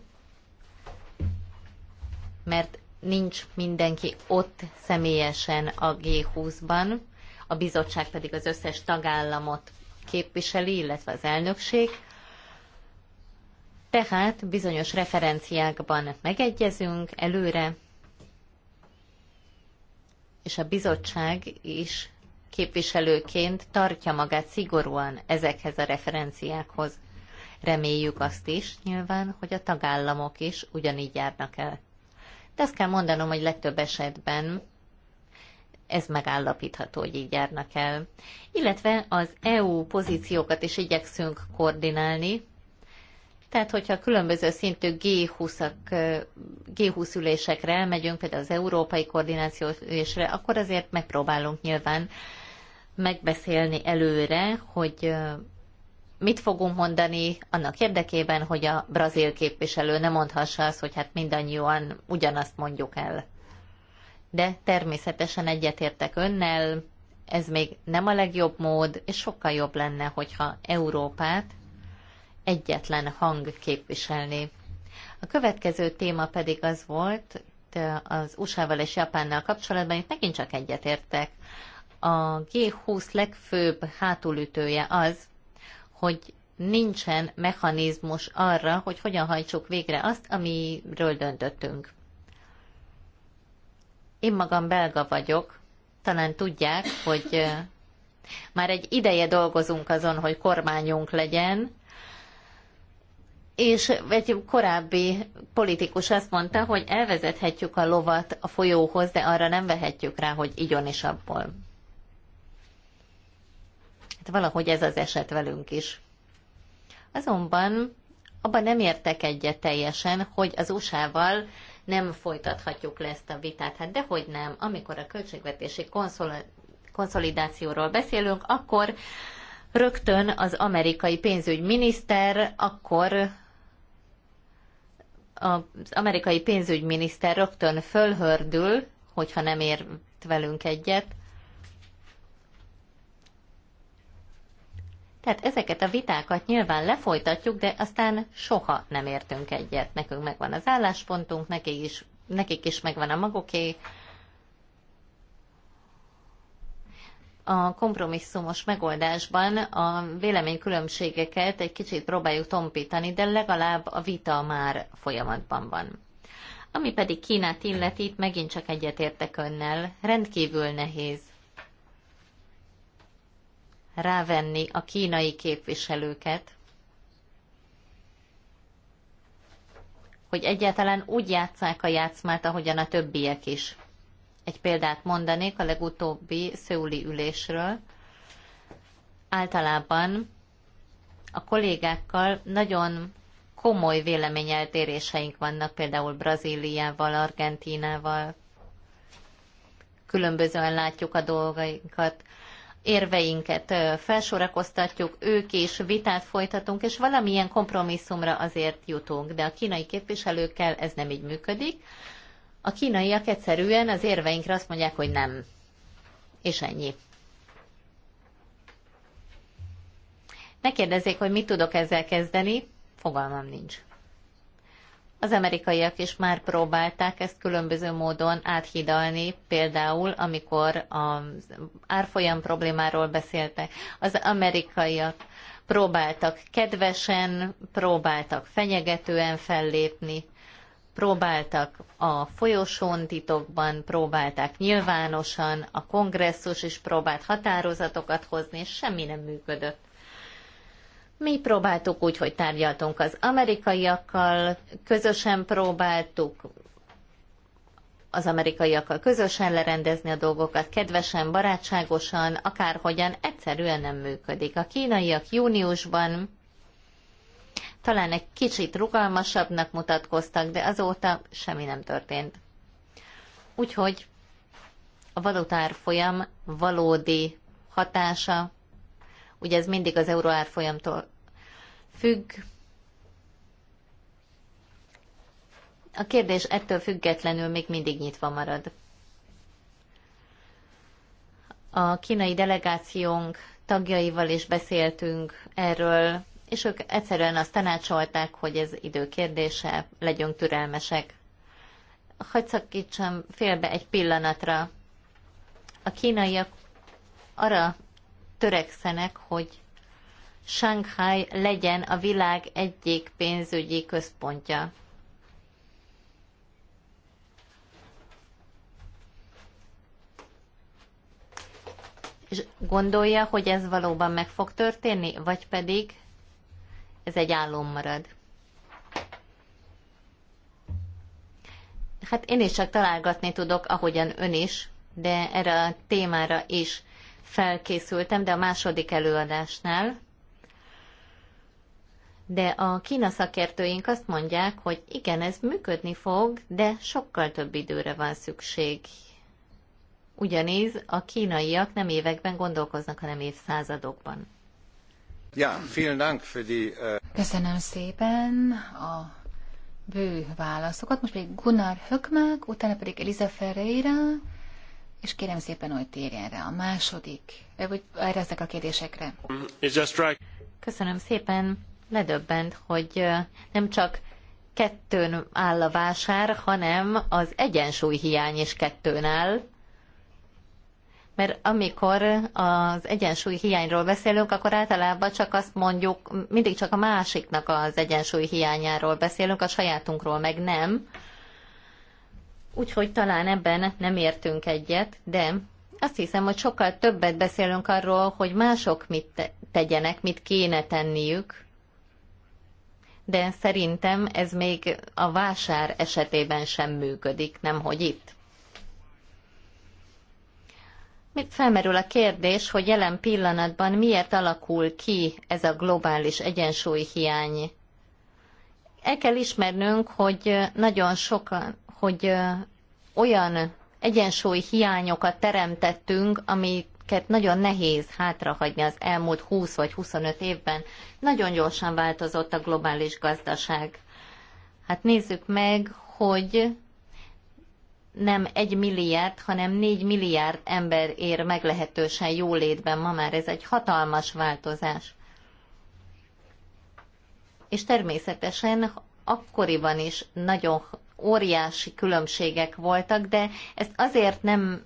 mert nincs mindenki ott személyesen a G20-ban, a bizottság pedig az összes tagállamot képviseli, illetve az elnökség. Tehát bizonyos referenciákban megegyezünk előre, és a bizottság is képviselőként tartja magát szigorúan ezekhez a referenciákhoz. Reméljük azt is, nyilván, hogy a tagállamok is ugyanígy járnak el. De azt kell mondanom, hogy legtöbb esetben ez megállapítható, hogy így járnak el. Illetve az EU pozíciókat is igyekszünk koordinálni, tehát, hogyha különböző szintű G20, G20 ülésekre elmegyünk, például az európai koordinációs ülésre, akkor azért megpróbálunk nyilván megbeszélni előre, hogy mit fogunk mondani annak érdekében, hogy a brazil képviselő ne mondhassa azt, hogy hát mindannyian ugyanazt mondjuk el. De természetesen egyetértek önnel, ez még nem a legjobb mód, és sokkal jobb lenne, hogyha Európát egyetlen hang képviselni. A következő téma pedig az volt az USA-val és Japánnal kapcsolatban, itt megint csak egyetértek. A G20 legfőbb hátulütője az, hogy nincsen mechanizmus arra, hogy hogyan hajtsuk végre azt, amiről döntöttünk. Én magam belga vagyok, talán tudják, hogy már egy ideje dolgozunk azon, hogy kormányunk legyen, és egy korábbi politikus azt mondta, hogy elvezethetjük a lovat a folyóhoz, de arra nem vehetjük rá, hogy igyon is abból. Hát valahogy ez az eset velünk is. Azonban abban nem értek egyet teljesen, hogy az USA-val nem folytathatjuk le ezt a vitát. Hát dehogy nem, amikor a költségvetési konszol- konszolidációról beszélünk, akkor rögtön az amerikai pénzügyminiszter, akkor az amerikai pénzügyminiszter rögtön fölhördül, hogyha nem ért velünk egyet, Tehát ezeket a vitákat nyilván lefolytatjuk, de aztán soha nem értünk egyet. Nekünk megvan az álláspontunk, nekik is, nekik is megvan a maguké. A kompromisszumos megoldásban a véleménykülönbségeket egy kicsit próbáljuk tompítani, de legalább a vita már folyamatban van. Ami pedig Kínát illeti, itt megint csak egyetértek önnel, rendkívül nehéz rávenni a kínai képviselőket, hogy egyáltalán úgy játszák a játszmát, ahogyan a többiek is. Egy példát mondanék a legutóbbi szőli ülésről. Általában a kollégákkal nagyon komoly véleményeltéréseink vannak, például Brazíliával, Argentínával. Különbözően látjuk a dolgainkat érveinket felsorakoztatjuk, ők is vitát folytatunk, és valamilyen kompromisszumra azért jutunk. De a kínai képviselőkkel ez nem így működik. A kínaiak egyszerűen az érveinkre azt mondják, hogy nem. És ennyi. Ne kérdezzék, hogy mit tudok ezzel kezdeni, fogalmam nincs. Az amerikaiak is már próbálták ezt különböző módon áthidalni, például amikor az árfolyam problémáról beszéltek. Az amerikaiak próbáltak kedvesen, próbáltak fenyegetően fellépni, próbáltak a folyosón titokban, próbálták nyilvánosan, a kongresszus is próbált határozatokat hozni, és semmi nem működött. Mi próbáltuk úgy, hogy tárgyaltunk az amerikaiakkal, közösen próbáltuk az amerikaiakkal közösen lerendezni a dolgokat, kedvesen, barátságosan, akárhogyan, egyszerűen nem működik. A kínaiak júniusban talán egy kicsit rugalmasabbnak mutatkoztak, de azóta semmi nem történt. Úgyhogy a valutár folyam valódi hatása Ugye ez mindig az euró árfolyamtól függ. A kérdés ettől függetlenül még mindig nyitva marad. A kínai delegációnk tagjaival is beszéltünk erről, és ők egyszerűen azt tanácsolták, hogy ez idő kérdése, legyünk türelmesek. Hagy szakítsam félbe egy pillanatra. A kínaiak arra törekszenek, hogy Shanghai legyen a világ egyik pénzügyi központja. És gondolja, hogy ez valóban meg fog történni, vagy pedig ez egy álom marad. Hát én is csak találgatni tudok, ahogyan ön is, de erre a témára is felkészültem, de a második előadásnál. De a kína szakértőink azt mondják, hogy igen, ez működni fog, de sokkal több időre van szükség. Ugyanis a kínaiak nem években gondolkoznak, hanem évszázadokban. Ja, vielen Dank für die, uh... Köszönöm szépen a bő válaszokat. Most pedig Gunnar Hökmák, utána pedig Eliza Ferreira, és kérem szépen, hogy térjen rá a második, eh, vagy erre ezek a kérdésekre. Köszönöm szépen, ledöbbent, hogy eh, nem csak kettőn áll a vásár, hanem az egyensúly hiány is kettőn áll. Mert amikor az egyensúly hiányról beszélünk, akkor általában csak azt mondjuk, mindig csak a másiknak az egyensúly hiányáról beszélünk, a sajátunkról meg nem Úgyhogy talán ebben nem értünk egyet, de azt hiszem, hogy sokkal többet beszélünk arról, hogy mások mit te tegyenek, mit kéne tenniük, de szerintem ez még a vásár esetében sem működik, nemhogy itt. Mit felmerül a kérdés, hogy jelen pillanatban miért alakul ki ez a globális egyensúlyhiány? El kell ismernünk, hogy nagyon sokan, hogy olyan egyensúly hiányokat teremtettünk, amiket nagyon nehéz hátrahagyni az elmúlt 20 vagy 25 évben. Nagyon gyorsan változott a globális gazdaság. Hát nézzük meg, hogy nem egy milliárd, hanem négy milliárd ember ér meglehetősen jólétben ma már. Ez egy hatalmas változás. És természetesen akkoriban is nagyon óriási különbségek voltak, de ezt azért nem,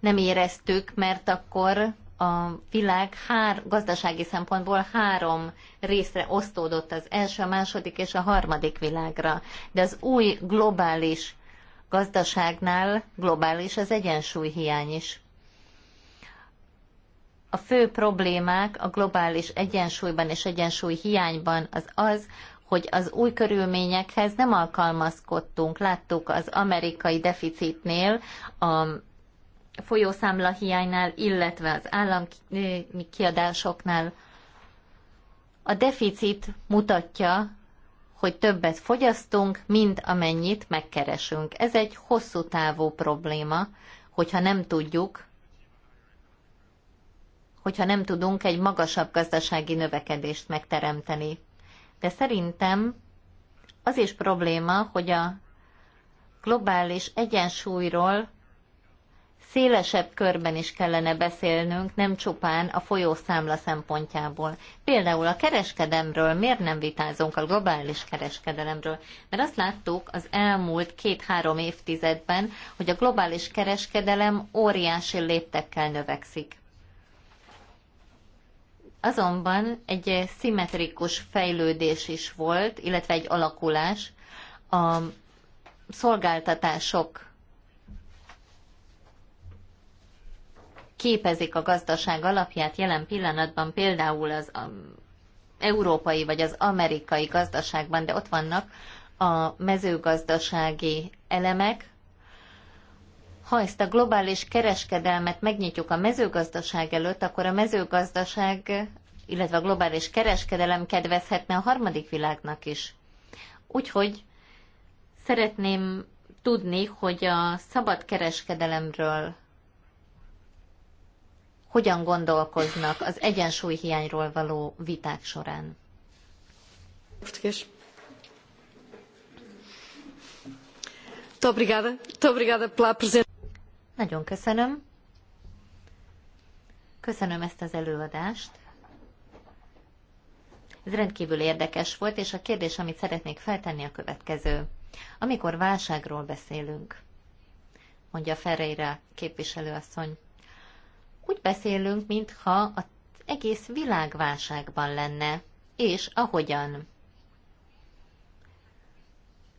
nem éreztük, mert akkor a világ hár, gazdasági szempontból három részre osztódott az első, a második és a harmadik világra. De az új globális gazdaságnál globális az egyensúly hiány is. A fő problémák a globális egyensúlyban és egyensúly hiányban az az, hogy az új körülményekhez nem alkalmazkodtunk. Láttuk az amerikai deficitnél, a folyószámla hiánynál, illetve az állami kiadásoknál. A deficit mutatja, hogy többet fogyasztunk, mint amennyit megkeresünk. Ez egy hosszú távú probléma, hogyha nem tudjuk, hogyha nem tudunk egy magasabb gazdasági növekedést megteremteni. De szerintem az is probléma, hogy a globális egyensúlyról szélesebb körben is kellene beszélnünk, nem csupán a folyószámla szempontjából. Például a kereskedemről miért nem vitázunk a globális kereskedelemről? Mert azt láttuk az elmúlt két-három évtizedben, hogy a globális kereskedelem óriási léptekkel növekszik. Azonban egy szimmetrikus fejlődés is volt, illetve egy alakulás a szolgáltatások képezik a gazdaság alapját jelen pillanatban például az um, európai vagy az amerikai gazdaságban, de ott vannak a mezőgazdasági elemek, ha ezt a globális kereskedelmet megnyitjuk a mezőgazdaság előtt, akkor a mezőgazdaság, illetve a globális kereskedelem kedvezhetne a harmadik világnak is. Úgyhogy szeretném tudni, hogy a szabad kereskedelemről hogyan gondolkoznak az egyensúlyhiányról való viták során. Obrigada. Obrigada pela nagyon köszönöm. Köszönöm ezt az előadást. Ez rendkívül érdekes volt, és a kérdés, amit szeretnék feltenni a következő. Amikor válságról beszélünk, mondja Ferreira képviselőasszony, úgy beszélünk, mintha az egész világ válságban lenne, és ahogyan.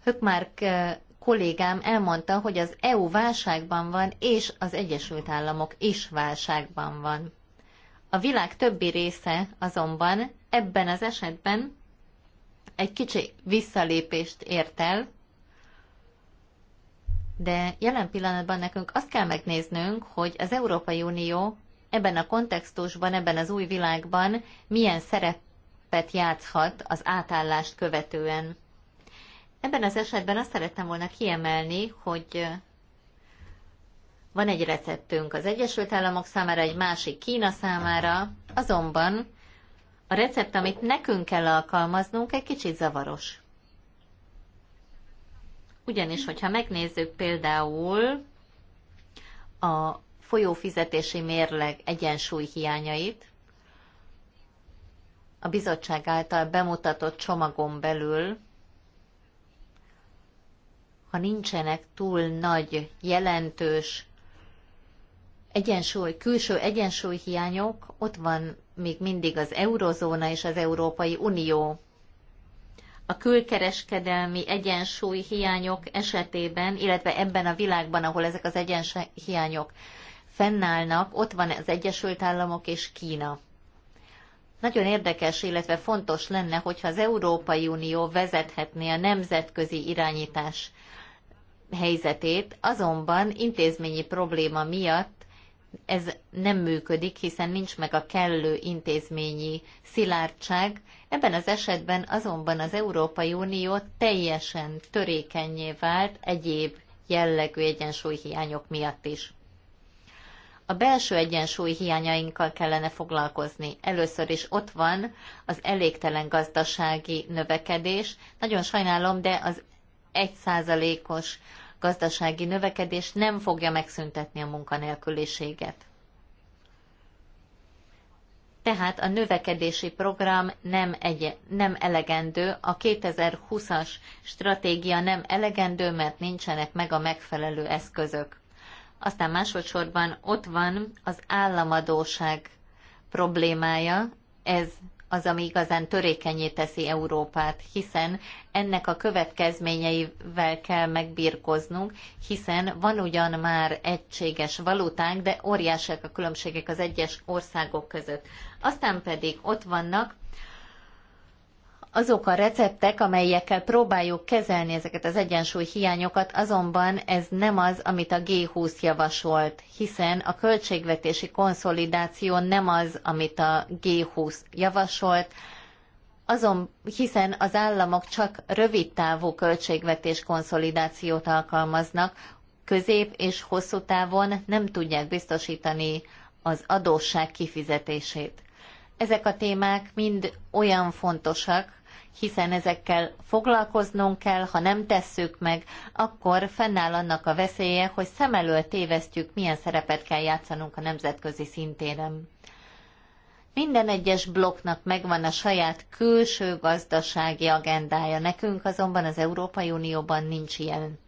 Hökmark eh, kollégám elmondta, hogy az EU válságban van, és az Egyesült Államok is válságban van. A világ többi része azonban ebben az esetben egy kicsi visszalépést ért el, de jelen pillanatban nekünk azt kell megnéznünk, hogy az Európai Unió ebben a kontextusban, ebben az új világban milyen szerepet játszhat az átállást követően. Ebben az esetben azt szerettem volna kiemelni, hogy van egy receptünk az Egyesült Államok számára, egy másik Kína számára, azonban a recept, amit nekünk kell alkalmaznunk, egy kicsit zavaros. Ugyanis, hogyha megnézzük például a folyófizetési mérleg egyensúly hiányait, a bizottság által bemutatott csomagon belül ha nincsenek túl nagy, jelentős egyensúly, külső egyensúlyhiányok, ott van még mindig az eurozóna és az Európai Unió. A külkereskedelmi egyensúlyhiányok esetében, illetve ebben a világban, ahol ezek az egyensúlyhiányok fennállnak, ott van az Egyesült Államok és Kína. Nagyon érdekes, illetve fontos lenne, hogyha az Európai Unió vezethetné a nemzetközi irányítás helyzetét, azonban intézményi probléma miatt ez nem működik, hiszen nincs meg a kellő intézményi szilárdság. Ebben az esetben azonban az Európai Unió teljesen törékenyé vált egyéb jellegű egyensúlyhiányok miatt is. A belső egyensúly hiányainkkal kellene foglalkozni. Először is ott van az elégtelen gazdasági növekedés. Nagyon sajnálom, de az 1%-os gazdasági növekedés nem fogja megszüntetni a munkanélküliséget. Tehát a növekedési program nem, egy, nem elegendő, a 2020-as stratégia nem elegendő, mert nincsenek meg a megfelelő eszközök. Aztán másodszorban ott van az államadóság problémája, ez az, ami igazán törékenyé teszi Európát, hiszen ennek a következményeivel kell megbírkoznunk, hiszen van ugyan már egységes valutánk, de óriásiak a különbségek az egyes országok között. Aztán pedig ott vannak azok a receptek, amelyekkel próbáljuk kezelni ezeket az egyensúlyhiányokat, azonban ez nem az, amit a G20 javasolt, hiszen a költségvetési konszolidáció nem az, amit a G20 javasolt, azon, hiszen az államok csak rövid távú költségvetés konszolidációt alkalmaznak, közép és hosszú távon nem tudják biztosítani az adósság kifizetését. Ezek a témák mind olyan fontosak, hiszen ezekkel foglalkoznunk kell, ha nem tesszük meg, akkor fennáll annak a veszélye, hogy szem elől tévesztjük, milyen szerepet kell játszanunk a nemzetközi szintéren. Minden egyes blokknak megvan a saját külső gazdasági agendája, nekünk azonban az Európai Unióban nincs ilyen.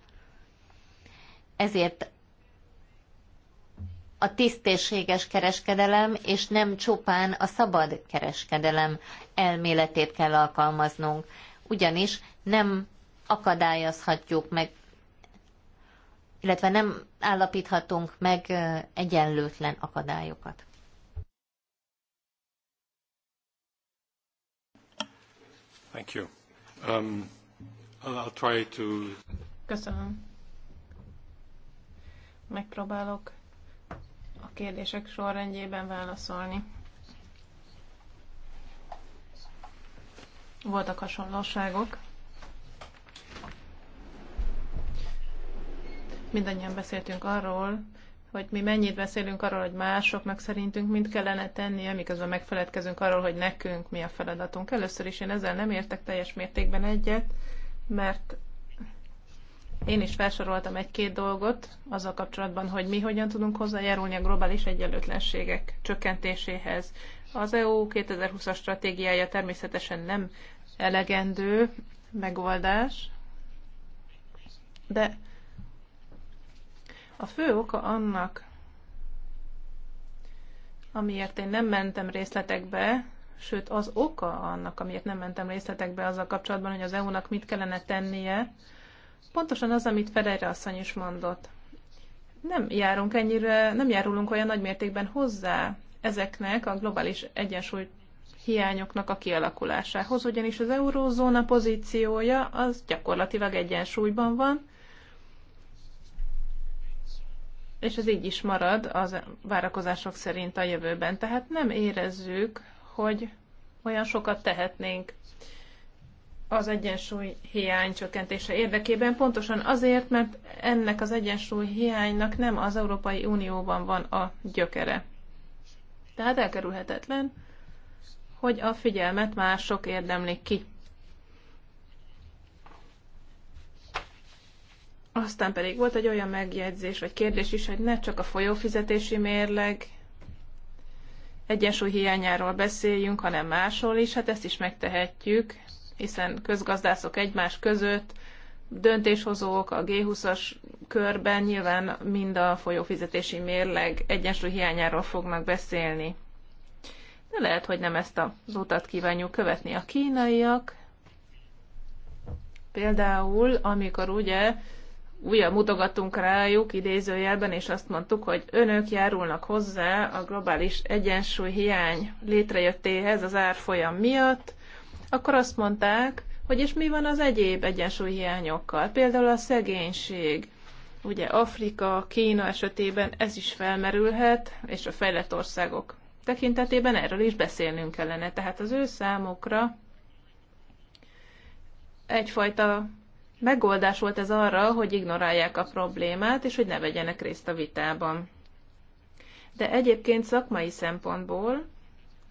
Ezért a tisztességes kereskedelem, és nem csupán a szabad kereskedelem elméletét kell alkalmaznunk. Ugyanis nem akadályozhatjuk meg, illetve nem állapíthatunk meg egyenlőtlen akadályokat. Thank you. Um, I'll try to... Köszönöm. Megpróbálok a kérdések sorrendjében válaszolni. Voltak hasonlóságok. Mindannyian beszéltünk arról, hogy mi mennyit beszélünk arról, hogy másoknak szerintünk mit kellene tennie, miközben megfeledkezünk arról, hogy nekünk mi a feladatunk. Először is én ezzel nem értek teljes mértékben egyet, mert én is felsoroltam egy-két dolgot azzal kapcsolatban, hogy mi hogyan tudunk hozzájárulni a globális egyenlőtlenségek csökkentéséhez. Az EU 2020-as stratégiája természetesen nem elegendő megoldás, de a fő oka annak, amiért én nem mentem részletekbe, sőt az oka annak, amiért nem mentem részletekbe azzal kapcsolatban, hogy az EU-nak mit kellene tennie, Pontosan az, amit Ferejre asszony is mondott. Nem járunk ennyire, nem járulunk olyan nagy mértékben hozzá ezeknek a globális egyensúly hiányoknak a kialakulásához, ugyanis az eurózóna pozíciója az gyakorlatilag egyensúlyban van, és ez így is marad az várakozások szerint a jövőben. Tehát nem érezzük, hogy olyan sokat tehetnénk az egyensúly hiány csökkentése érdekében, pontosan azért, mert ennek az egyensúly hiánynak nem az Európai Unióban van a gyökere. Tehát elkerülhetetlen, hogy a figyelmet mások érdemlik ki. Aztán pedig volt egy olyan megjegyzés vagy kérdés is, hogy ne csak a folyófizetési mérleg egyensúly hiányáról beszéljünk, hanem másról is, hát ezt is megtehetjük, hiszen közgazdászok egymás között, döntéshozók a G20-as körben nyilván mind a folyófizetési mérleg egyensúly hiányáról fognak beszélni. De lehet, hogy nem ezt az utat kívánjuk követni a kínaiak. Például, amikor ugye újra mutogattunk rájuk idézőjelben, és azt mondtuk, hogy önök járulnak hozzá a globális egyensúly hiány létrejöttéhez az árfolyam miatt, akkor azt mondták, hogy és mi van az egyéb egyensúlyhiányokkal, például a szegénység, ugye Afrika, Kína esetében ez is felmerülhet, és a fejlett országok tekintetében erről is beszélnünk kellene. Tehát az ő számokra egyfajta megoldás volt ez arra, hogy ignorálják a problémát, és hogy ne vegyenek részt a vitában. De egyébként szakmai szempontból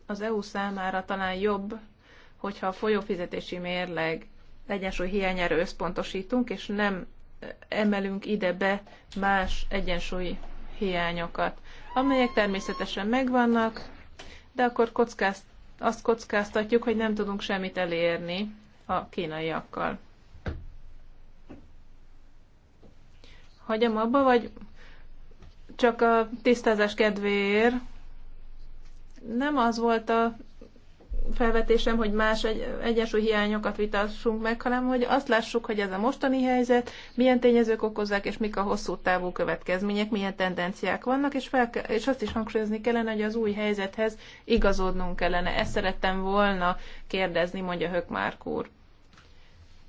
az EU számára talán jobb hogyha a folyófizetési mérleg egyensúly hiányára összpontosítunk, és nem emelünk ide be más egyensúly hiányokat, amelyek természetesen megvannak, de akkor kockázt, azt kockáztatjuk, hogy nem tudunk semmit elérni a kínaiakkal. Hagyom abba, vagy csak a tisztázás kedvéért nem az volt a felvetésem, hogy más egy, hiányokat vitassunk meg, hanem hogy azt lássuk, hogy ez a mostani helyzet, milyen tényezők okozzák, és mik a hosszú távú következmények, milyen tendenciák vannak, és, fel, és azt is hangsúlyozni kellene, hogy az új helyzethez igazodnunk kellene. Ezt szerettem volna kérdezni, mondja Hökmárk úr.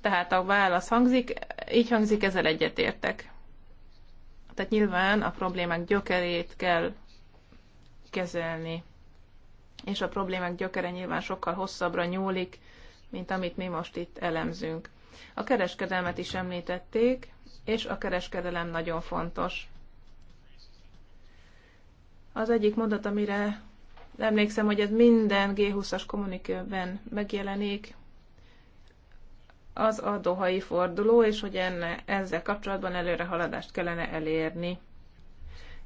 Tehát a válasz hangzik, így hangzik, ezzel egyetértek. Tehát nyilván a problémák gyökerét kell kezelni és a problémák gyökere nyilván sokkal hosszabbra nyúlik, mint amit mi most itt elemzünk. A kereskedelmet is említették, és a kereskedelem nagyon fontos. Az egyik mondat, amire emlékszem, hogy ez minden G20-as kommunikőben megjelenik, az a dohai forduló, és hogy enne, ezzel kapcsolatban előre haladást kellene elérni.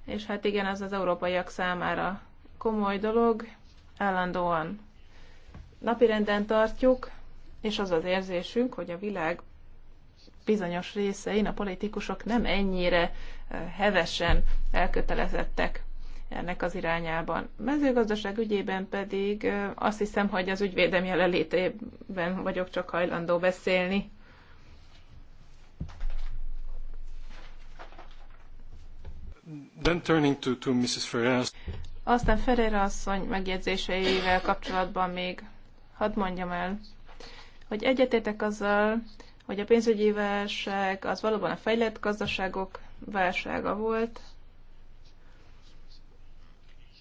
És hát igen, az az európaiak számára komoly dolog, állandóan napirenden tartjuk, és az az érzésünk, hogy a világ bizonyos részein a politikusok nem ennyire eh, hevesen elkötelezettek ennek az irányában. Mezőgazdaság ügyében pedig eh, azt hiszem, hogy az ügyvédem jelenlétében vagyok csak hajlandó beszélni. Then turning to, to Mrs. Ferraz. Aztán Ferreira asszony megjegyzéseivel kapcsolatban még hadd mondjam el, hogy egyetétek azzal, hogy a pénzügyi válság az valóban a fejlett gazdaságok válsága volt,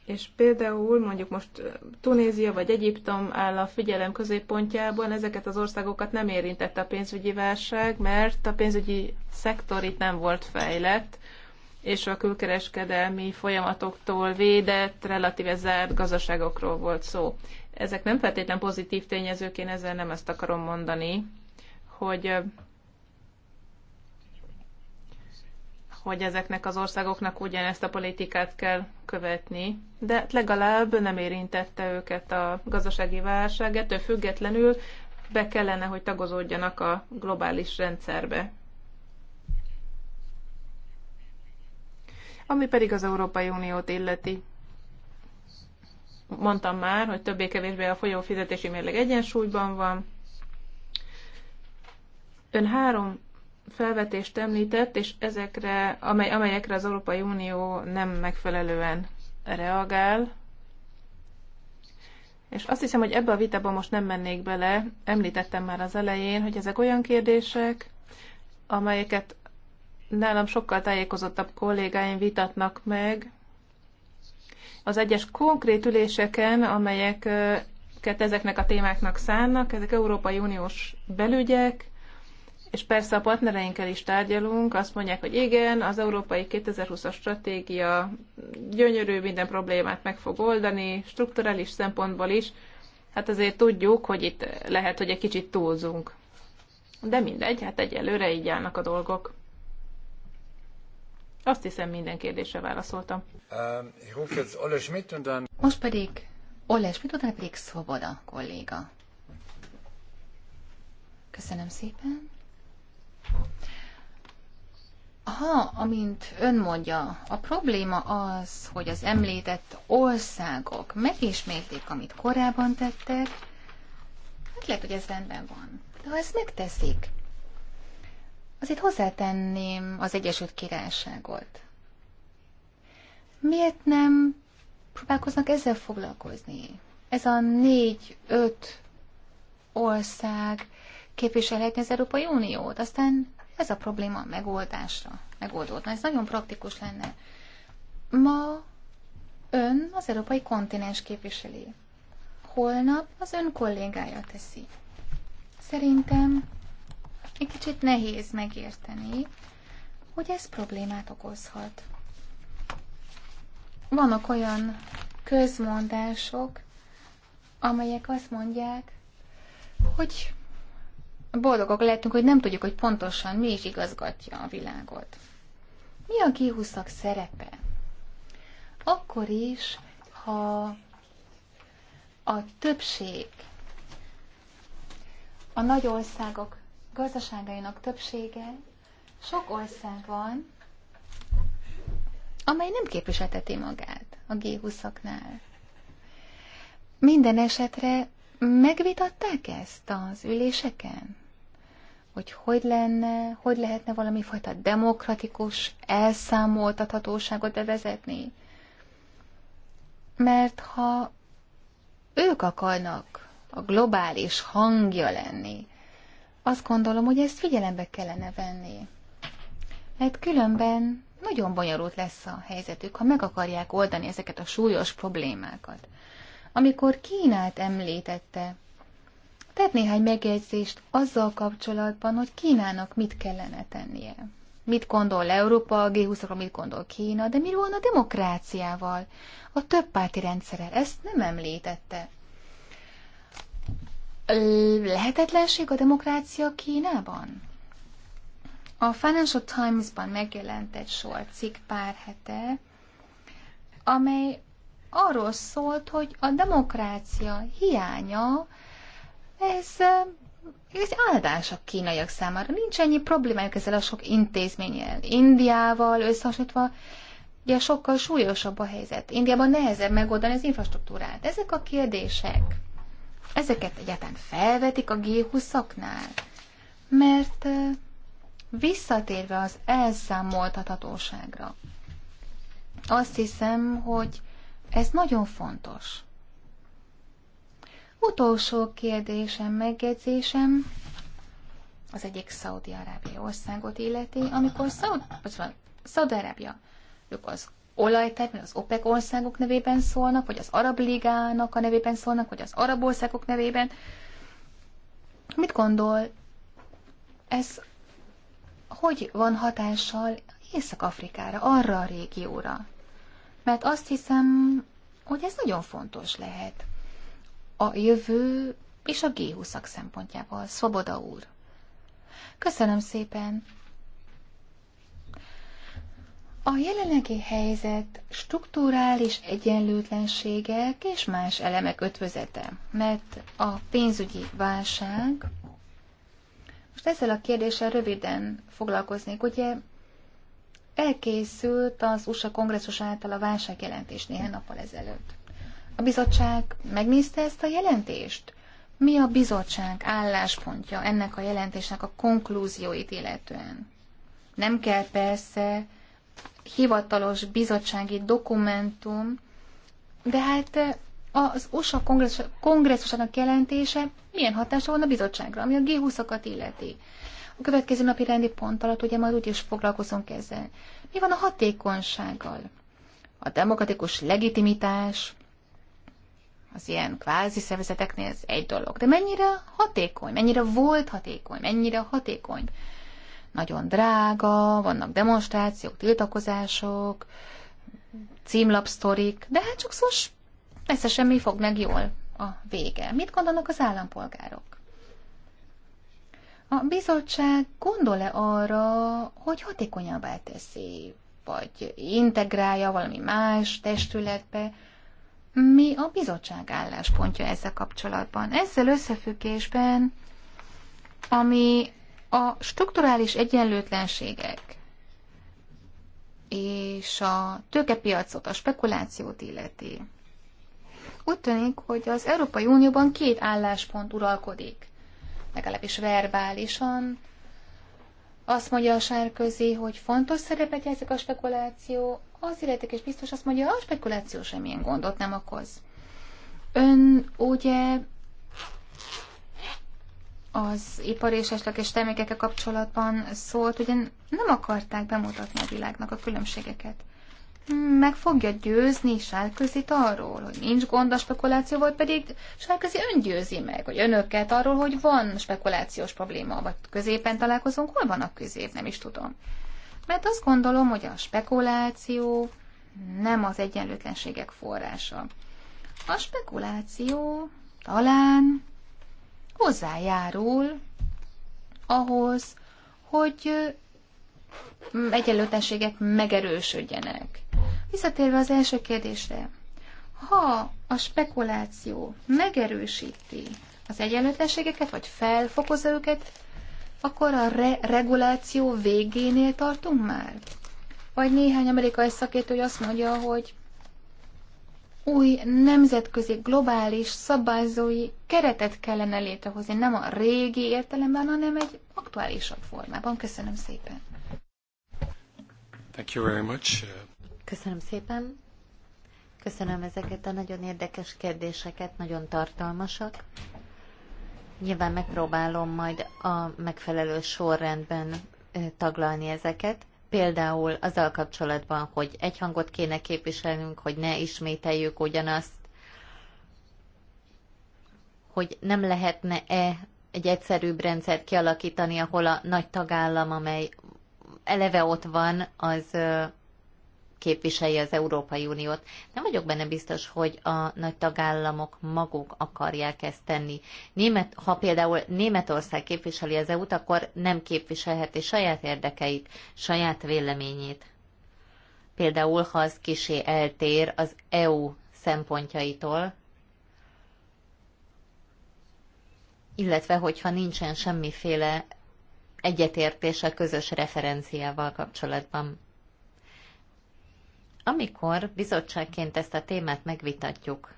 és például mondjuk most Tunézia vagy Egyiptom áll a figyelem középpontjában, ezeket az országokat nem érintette a pénzügyi válság, mert a pénzügyi szektor itt nem volt fejlett, és a külkereskedelmi folyamatoktól védett, relatíve zárt gazdaságokról volt szó. Ezek nem feltétlen pozitív tényezők, én ezzel nem ezt akarom mondani, hogy hogy ezeknek az országoknak ugyanezt a politikát kell követni, de legalább nem érintette őket a gazdasági válság, ettől függetlenül be kellene, hogy tagozódjanak a globális rendszerbe. Ami pedig az Európai Uniót illeti. Mondtam már, hogy többé-kevésbé a folyó fizetési mérleg egyensúlyban van. Ön három felvetést említett, és ezekre, amely, amelyekre az Európai Unió nem megfelelően reagál. És azt hiszem, hogy ebbe a vitába most nem mennék bele. Említettem már az elején, hogy ezek olyan kérdések, amelyeket nálam sokkal tájékozottabb kollégáim vitatnak meg az egyes konkrét üléseken, amelyeket ezeknek a témáknak szánnak, ezek Európai Uniós belügyek, és persze a partnereinkkel is tárgyalunk, azt mondják, hogy igen, az Európai 2020-as stratégia gyönyörű, minden problémát meg fog oldani, strukturális szempontból is, hát azért tudjuk, hogy itt lehet, hogy egy kicsit túlzunk. De mindegy, hát egyelőre így állnak a dolgok. Azt hiszem minden kérdésre válaszoltam. Um, Most pedig Ole Schmidt, utána pedig Szoboda kolléga. Köszönöm szépen. Ha, amint ön mondja, a probléma az, hogy az említett országok megismérték, amit korábban tettek, hát lehet, hogy ez rendben van. De ha ezt megteszik, Azért hozzátenném az Egyesült Királyságot. Miért nem próbálkoznak ezzel foglalkozni? Ez a négy-öt ország képviselhetni az Európai Uniót, aztán ez a probléma megoldásra, megoldódna. Ez nagyon praktikus lenne. Ma ön az európai kontinens képviseli. Holnap az ön kollégája teszi. Szerintem egy kicsit nehéz megérteni, hogy ez problémát okozhat. Vannak olyan közmondások, amelyek azt mondják, hogy boldogok lehetünk, hogy nem tudjuk, hogy pontosan mi is igazgatja a világot. Mi a kihúszak szerepe? Akkor is, ha a többség, a nagy országok gazdaságainak többsége sok ország van, amely nem képviselteti magát a G20-aknál. Minden esetre megvitatták ezt az üléseken? Hogy hogy lenne, hogy lehetne valami fajta demokratikus elszámoltathatóságot bevezetni? Mert ha ők akarnak a globális hangja lenni azt gondolom, hogy ezt figyelembe kellene venni. Mert különben nagyon bonyolult lesz a helyzetük, ha meg akarják oldani ezeket a súlyos problémákat. Amikor Kínát említette, tett néhány megjegyzést azzal kapcsolatban, hogy Kínának mit kellene tennie. Mit gondol Európa, a g 20 mit gondol Kína, de mi van a demokráciával, a többpárti rendszerrel? Ezt nem említette lehetetlenség a demokrácia Kínában? A Financial Times-ban megjelent egy sor cikk pár hete, amely arról szólt, hogy a demokrácia hiánya, ez, ez áldás a kínaiak számára. Nincs ennyi problémájuk ezzel a sok intézménnyel. Indiával összehasonlítva, ugye sokkal súlyosabb a helyzet. Indiában nehezebb megoldani az infrastruktúrát. Ezek a kérdések ezeket egyáltalán felvetik a G20-aknál? Mert visszatérve az elszámoltathatóságra, azt hiszem, hogy ez nagyon fontos. Utolsó kérdésem, megjegyzésem az egyik Szaudi-Arábia országot illeti, amikor Szaud-Arábia, ők az olajtermék az OPEC országok nevében szólnak, vagy az Arab Ligának a nevében szólnak, vagy az arab országok nevében. Mit gondol, ez hogy van hatással Észak-Afrikára, arra a régióra? Mert azt hiszem, hogy ez nagyon fontos lehet. A jövő és a G20-ak szempontjából. Szoboda úr. Köszönöm szépen. A jelenlegi helyzet strukturális egyenlőtlenségek és más elemek ötvözete, mert a pénzügyi válság. Most ezzel a kérdéssel röviden foglalkoznék. Ugye elkészült az USA kongresszus által a válságjelentés néhány nappal ezelőtt. A bizottság megnézte ezt a jelentést? Mi a bizottság álláspontja ennek a jelentésnek a konklúzióit illetően? Nem kell persze hivatalos bizottsági dokumentum, de hát eh, az USA kongresszusának jelentése milyen hatása van a bizottságra, ami a G20-akat illeti. A következő napi rendi pont alatt ugye majd úgy is foglalkozunk ezzel. Mi van a hatékonysággal? A demokratikus legitimitás, az ilyen kvázi szervezeteknél ez egy dolog. De mennyire hatékony, mennyire volt hatékony, mennyire hatékony nagyon drága, vannak demonstrációk, tiltakozások, címlapsztorik, de hát csak sokszor persze semmi fog meg jól a vége. Mit gondolnak az állampolgárok? A bizottság gondol-e arra, hogy hatékonyabbá teszi, vagy integrálja valami más testületbe? Mi a bizottság álláspontja ezzel kapcsolatban? Ezzel összefüggésben, ami a strukturális egyenlőtlenségek és a tőkepiacot, a spekulációt illeti. Úgy tűnik, hogy az Európai Unióban két álláspont uralkodik, legalábbis verbálisan. Azt mondja a sárközi, hogy fontos szerepet játszik a spekuláció, az és biztos azt mondja, a spekuláció semmilyen gondot nem okoz. Ön ugye az ipar és eslek és termékekkel kapcsolatban szólt, ugye nem akarták bemutatni a világnak a különbségeket. Meg fogja győzni Sárközit arról, hogy nincs gond a spekulációval, pedig Sárközi öngyőzi meg, hogy önöket arról, hogy van spekulációs probléma, vagy középen találkozunk, hol van a közép, nem is tudom. Mert azt gondolom, hogy a spekuláció nem az egyenlőtlenségek forrása. A spekuláció talán hozzájárul ahhoz, hogy egyenlőtlenségek megerősödjenek. Visszatérve az első kérdésre, ha a spekuláció megerősíti az egyenlőtlenségeket, vagy felfokozza őket, akkor a re- reguláció végénél tartunk már? Vagy néhány amerikai szakértő azt mondja, hogy új nemzetközi, globális, szabályzói keretet kellene létrehozni, nem a régi értelemben, hanem egy aktuálisabb formában. Köszönöm szépen. Thank you very much. Köszönöm szépen. Köszönöm ezeket a nagyon érdekes kérdéseket, nagyon tartalmasak. Nyilván megpróbálom majd a megfelelő sorrendben taglalni ezeket. Például azzal kapcsolatban, hogy egy hangot kéne képviselnünk, hogy ne ismételjük ugyanazt, hogy nem lehetne-e egy egyszerűbb rendszert kialakítani, ahol a nagy tagállam, amely eleve ott van, az képviselje az Európai Uniót. Nem vagyok benne biztos, hogy a nagy tagállamok maguk akarják ezt tenni. Német, ha például Németország képviseli az EU-t, akkor nem képviselheti saját érdekeit, saját véleményét. Például, ha az kisé eltér az EU szempontjaitól, illetve hogyha nincsen semmiféle egyetértés a közös referenciával kapcsolatban. Amikor bizottságként ezt a témát megvitatjuk,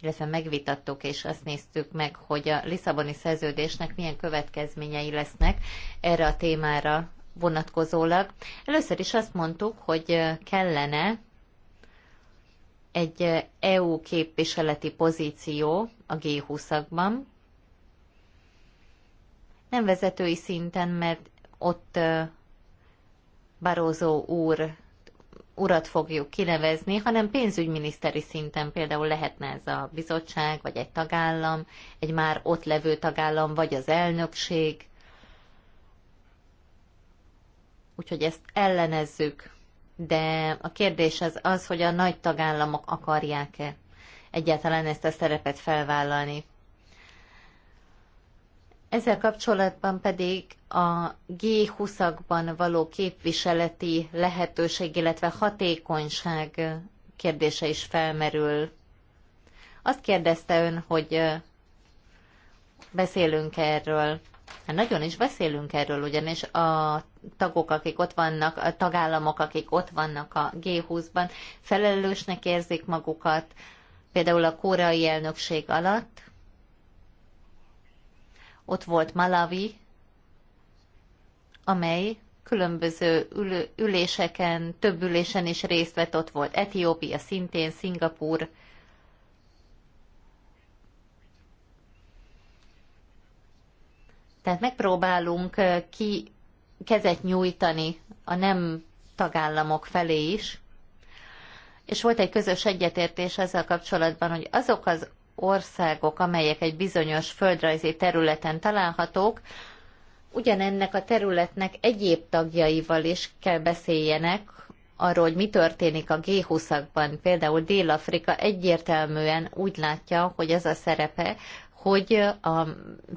illetve megvitattuk és azt néztük meg, hogy a Lisszaboni szerződésnek milyen következményei lesznek erre a témára vonatkozólag. Először is azt mondtuk, hogy kellene egy EU képviseleti pozíció a G20-akban, nem vezetői szinten, mert ott Barózó úr urat fogjuk kinevezni, hanem pénzügyminiszteri szinten például lehetne ez a bizottság, vagy egy tagállam, egy már ott levő tagállam, vagy az elnökség. Úgyhogy ezt ellenezzük. De a kérdés az az, hogy a nagy tagállamok akarják-e egyáltalán ezt a szerepet felvállalni. Ezzel kapcsolatban pedig a G20-akban való képviseleti lehetőség, illetve hatékonyság kérdése is felmerül. Azt kérdezte ön, hogy beszélünk erről. Hát nagyon is beszélünk erről, ugyanis a tagok, akik ott vannak, a tagállamok, akik ott vannak a G20-ban, felelősnek érzik magukat, például a kórai elnökség alatt, ott volt Malawi, amely különböző ül- üléseken, több ülésen is részt vett, ott volt Etiópia szintén, Szingapur, Tehát megpróbálunk ki kezet nyújtani a nem tagállamok felé is, és volt egy közös egyetértés ezzel kapcsolatban, hogy azok az országok, amelyek egy bizonyos földrajzi területen találhatók, ugyanennek a területnek egyéb tagjaival is kell beszéljenek arról, hogy mi történik a G20-akban. Például Dél-Afrika egyértelműen úgy látja, hogy ez a szerepe, hogy a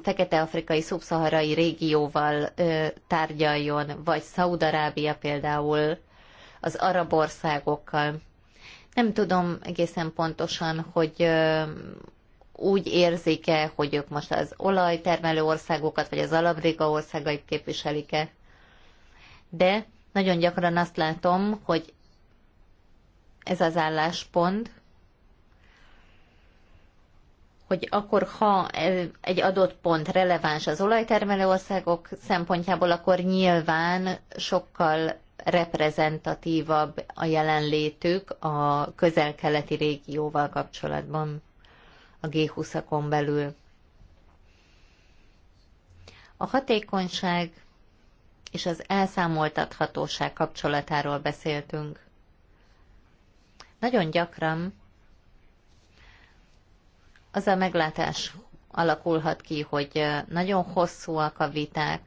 fekete-afrikai szubszaharai régióval ö, tárgyaljon, vagy Szaudarábia például az arab országokkal. Nem tudom egészen pontosan, hogy úgy érzik-e, hogy ők most az olajtermelő országokat, vagy az alabriga országait képviselik-e. De nagyon gyakran azt látom, hogy ez az álláspont, hogy akkor ha egy adott pont releváns az olajtermelő országok szempontjából, akkor nyilván sokkal reprezentatívabb a jelenlétük a közel-keleti régióval kapcsolatban a G20-akon belül. A hatékonyság és az elszámoltathatóság kapcsolatáról beszéltünk. Nagyon gyakran az a meglátás alakulhat ki, hogy nagyon hosszúak a viták,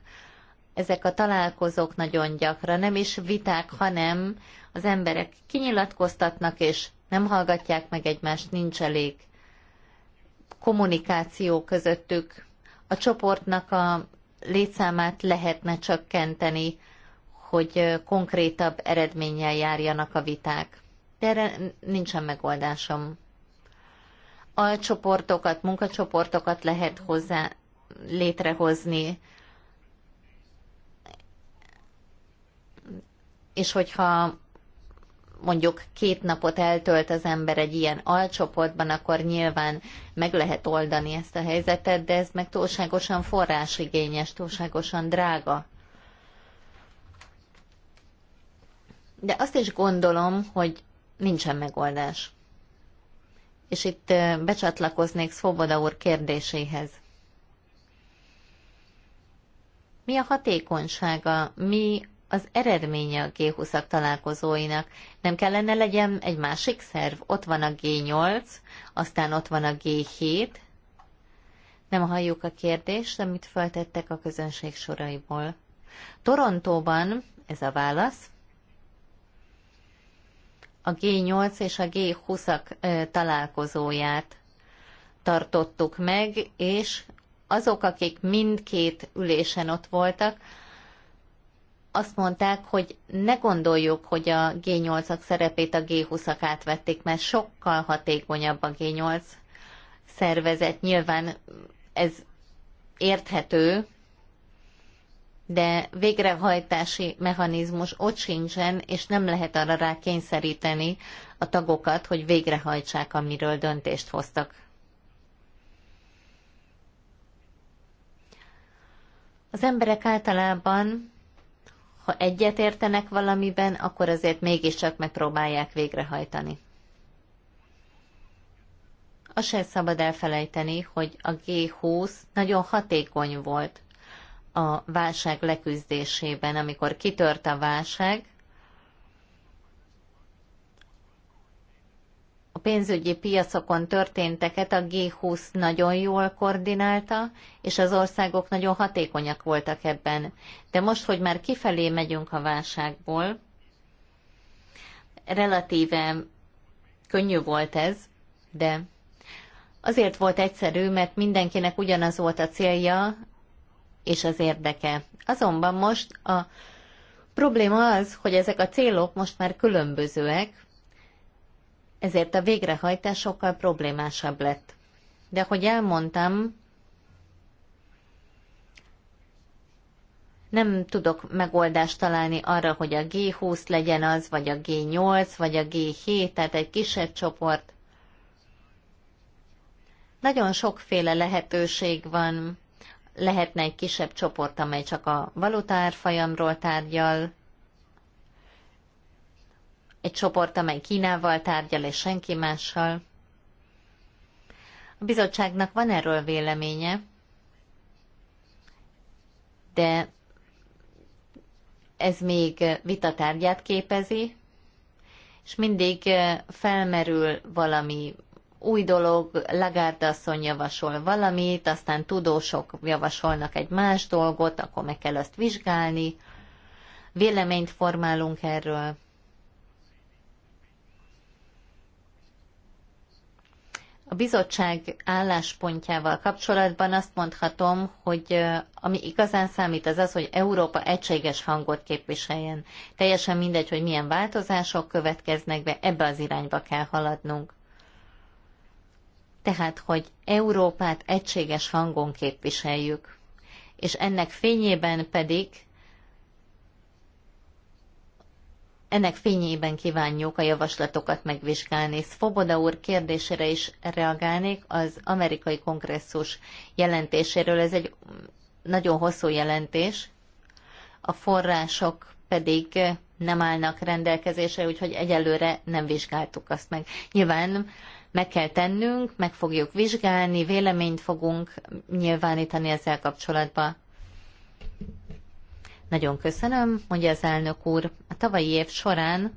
ezek a találkozók nagyon gyakran nem is viták, hanem az emberek kinyilatkoztatnak, és nem hallgatják meg egymást, nincs elég kommunikáció közöttük. A csoportnak a létszámát lehetne csökkenteni, hogy konkrétabb eredménnyel járjanak a viták. De erre nincsen megoldásom. A csoportokat, munkacsoportokat lehet hozzá létrehozni, és hogyha mondjuk két napot eltölt az ember egy ilyen alcsoportban, akkor nyilván meg lehet oldani ezt a helyzetet, de ez meg túlságosan forrásigényes, túlságosan drága. De azt is gondolom, hogy nincsen megoldás. És itt becsatlakoznék Szoboda úr kérdéséhez. Mi a hatékonysága, mi az eredménye a G20-ak találkozóinak? Nem kellene legyen egy másik szerv? Ott van a G8, aztán ott van a G7. Nem halljuk a kérdést, amit feltettek a közönség soraiból. Torontóban ez a válasz. A G8 és a G20-ak találkozóját tartottuk meg, és azok, akik mindkét ülésen ott voltak, azt mondták, hogy ne gondoljuk, hogy a G8-ak szerepét a G20-ak átvették, mert sokkal hatékonyabb a G8 szervezet. Nyilván ez érthető, de végrehajtási mechanizmus ott sincsen, és nem lehet arra rá kényszeríteni a tagokat, hogy végrehajtsák, amiről döntést hoztak. Az emberek általában ha egyet értenek valamiben, akkor azért mégiscsak megpróbálják végrehajtani. A se szabad elfelejteni, hogy a G20 nagyon hatékony volt a válság leküzdésében, amikor kitört a válság, pénzügyi piacokon történteket a G20 nagyon jól koordinálta, és az országok nagyon hatékonyak voltak ebben. De most, hogy már kifelé megyünk a válságból, relatíve könnyű volt ez, de azért volt egyszerű, mert mindenkinek ugyanaz volt a célja és az érdeke. Azonban most a probléma az, hogy ezek a célok most már különbözőek, ezért a végrehajtás sokkal problémásabb lett. De ahogy elmondtam, nem tudok megoldást találni arra, hogy a G20 legyen az, vagy a G8, vagy a G7, tehát egy kisebb csoport. Nagyon sokféle lehetőség van. Lehetne egy kisebb csoport, amely csak a valutárfajamról tárgyal, egy csoport, amely Kínával tárgyal és senki mással. A bizottságnak van erről véleménye, de ez még vitatárgyát képezi, és mindig felmerül valami új dolog, Lagarde asszony javasol valamit, aztán tudósok javasolnak egy más dolgot, akkor meg kell azt vizsgálni, véleményt formálunk erről. A bizottság álláspontjával kapcsolatban azt mondhatom, hogy ami igazán számít, az az, hogy Európa egységes hangot képviseljen. Teljesen mindegy, hogy milyen változások következnek be, ebbe az irányba kell haladnunk. Tehát, hogy Európát egységes hangon képviseljük. És ennek fényében pedig ennek fényében kívánjuk a javaslatokat megvizsgálni. Svoboda úr kérdésére is reagálnék az amerikai kongresszus jelentéséről. Ez egy nagyon hosszú jelentés, a források pedig nem állnak rendelkezésre, úgyhogy egyelőre nem vizsgáltuk azt meg. Nyilván meg kell tennünk, meg fogjuk vizsgálni, véleményt fogunk nyilvánítani ezzel kapcsolatban. Nagyon köszönöm, mondja az elnök úr. A tavalyi év során,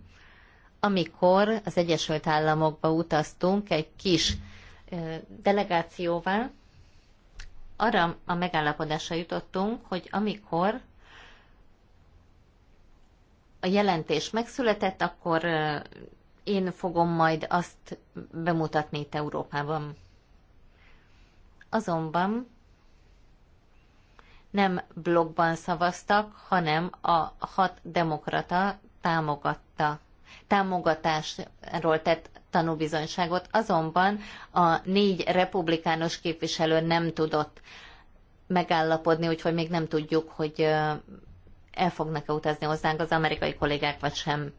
amikor az Egyesült Államokba utaztunk egy kis delegációval, arra a megállapodásra jutottunk, hogy amikor a jelentés megszületett, akkor én fogom majd azt bemutatni itt Európában. Azonban nem blogban szavaztak, hanem a hat demokrata támogatta. Támogatásról tett tanúbizonyságot, azonban a négy republikánus képviselő nem tudott megállapodni, úgyhogy még nem tudjuk, hogy el fognak-e utazni hozzánk az amerikai kollégák, vagy sem.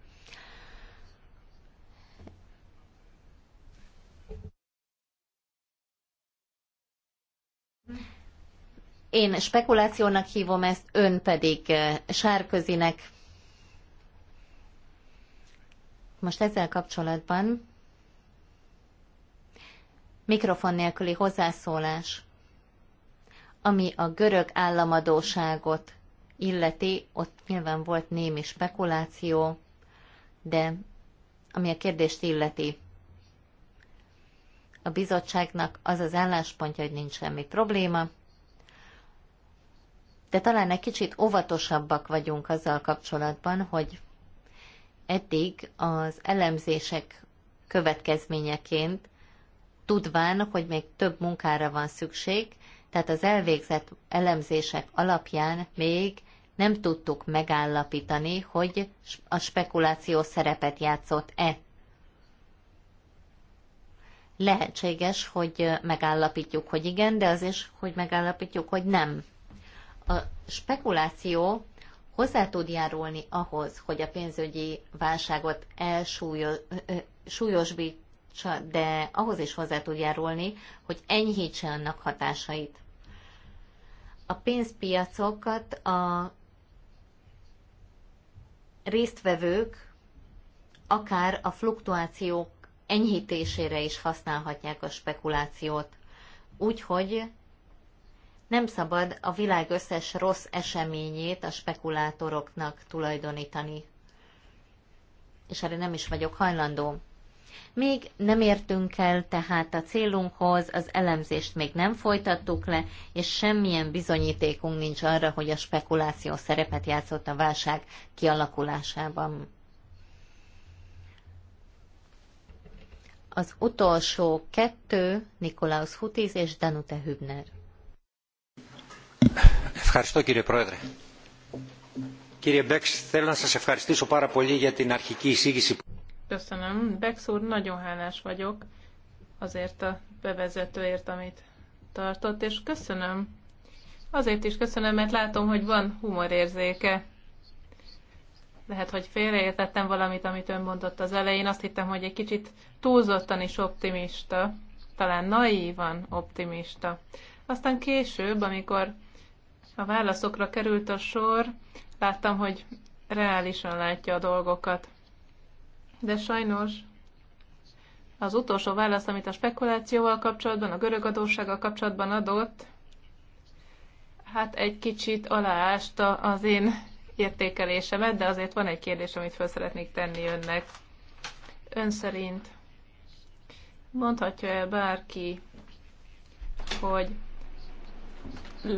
Én spekulációnak hívom ezt, ön pedig eh, sárközinek. Most ezzel kapcsolatban mikrofon nélküli hozzászólás, ami a görög államadóságot illeti, ott nyilván volt némi spekuláció, de ami a kérdést illeti, a bizottságnak az az álláspontja, hogy nincs semmi probléma, de talán egy kicsit óvatosabbak vagyunk azzal kapcsolatban, hogy eddig az elemzések következményeként, tudván, hogy még több munkára van szükség, tehát az elvégzett elemzések alapján még nem tudtuk megállapítani, hogy a spekuláció szerepet játszott-e. Lehetséges, hogy megállapítjuk, hogy igen, de az is, hogy megállapítjuk, hogy nem a spekuláció hozzá tud járulni ahhoz, hogy a pénzügyi válságot elsúlyosbítsa, de ahhoz is hozzá tud járulni, hogy enyhítse annak hatásait. A pénzpiacokat a résztvevők akár a fluktuációk enyhítésére is használhatják a spekulációt. Úgyhogy nem szabad a világ összes rossz eseményét a spekulátoroknak tulajdonítani. És erre nem is vagyok hajlandó. Még nem értünk el tehát a célunkhoz, az elemzést még nem folytattuk le, és semmilyen bizonyítékunk nincs arra, hogy a spekuláció szerepet játszott a válság kialakulásában. Az utolsó kettő Nikolaus Hutis és Danute Hübner. Ευχαριστώ κύριε Πρόεδρε. Κύριε Μπέξ, θέλω να σας ευχαριστήσω πάρα πολύ για την αρχική εισήγηση. Köszönöm. Bex úr, nagyon hálás vagyok azért a bevezetőért, amit tartott, és köszönöm. Azért is köszönöm, mert látom, hogy van humorérzéke. Lehet, hogy félreértettem valamit, amit ön mondott az elején. Azt hittem, hogy egy kicsit túlzottan is optimista, talán naívan optimista. Aztán később, amikor a válaszokra került a sor, láttam, hogy reálisan látja a dolgokat. De sajnos az utolsó válasz, amit a spekulációval kapcsolatban, a görög adóssággal kapcsolatban adott, hát egy kicsit aláásta az én értékelésemet, de azért van egy kérdés, amit fel szeretnék tenni önnek. Ön szerint mondhatja-e bárki, hogy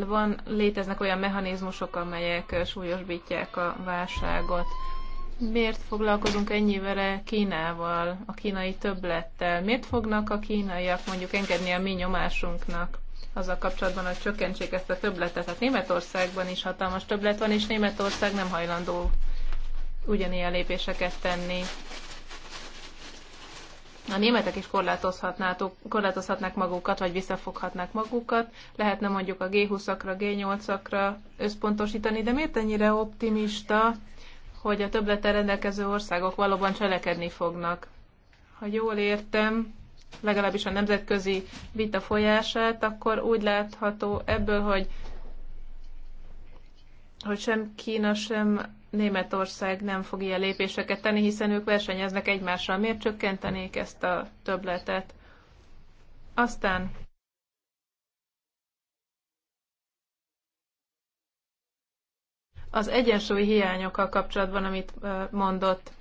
van, léteznek olyan mechanizmusok, amelyek súlyosbítják a válságot. Miért foglalkozunk ennyivel vele Kínával, a kínai többlettel? Miért fognak a kínaiak mondjuk engedni a mi nyomásunknak? azzal kapcsolatban, hogy csökkentsék ezt a többletet. Tehát Németországban is hatalmas többlet van, és Németország nem hajlandó ugyanilyen lépéseket tenni a németek is korlátozhatnák magukat, vagy visszafoghatnák magukat, lehetne mondjuk a G20-akra, G8-akra összpontosítani, de miért ennyire optimista, hogy a többlettel rendelkező országok valóban cselekedni fognak? Ha jól értem, legalábbis a nemzetközi vita folyását, akkor úgy látható ebből, hogy, hogy sem Kína, sem Németország nem fog ilyen lépéseket tenni, hiszen ők versenyeznek egymással. Miért csökkentenék ezt a töbletet? Aztán az egyensúly hiányokkal kapcsolatban, amit mondott.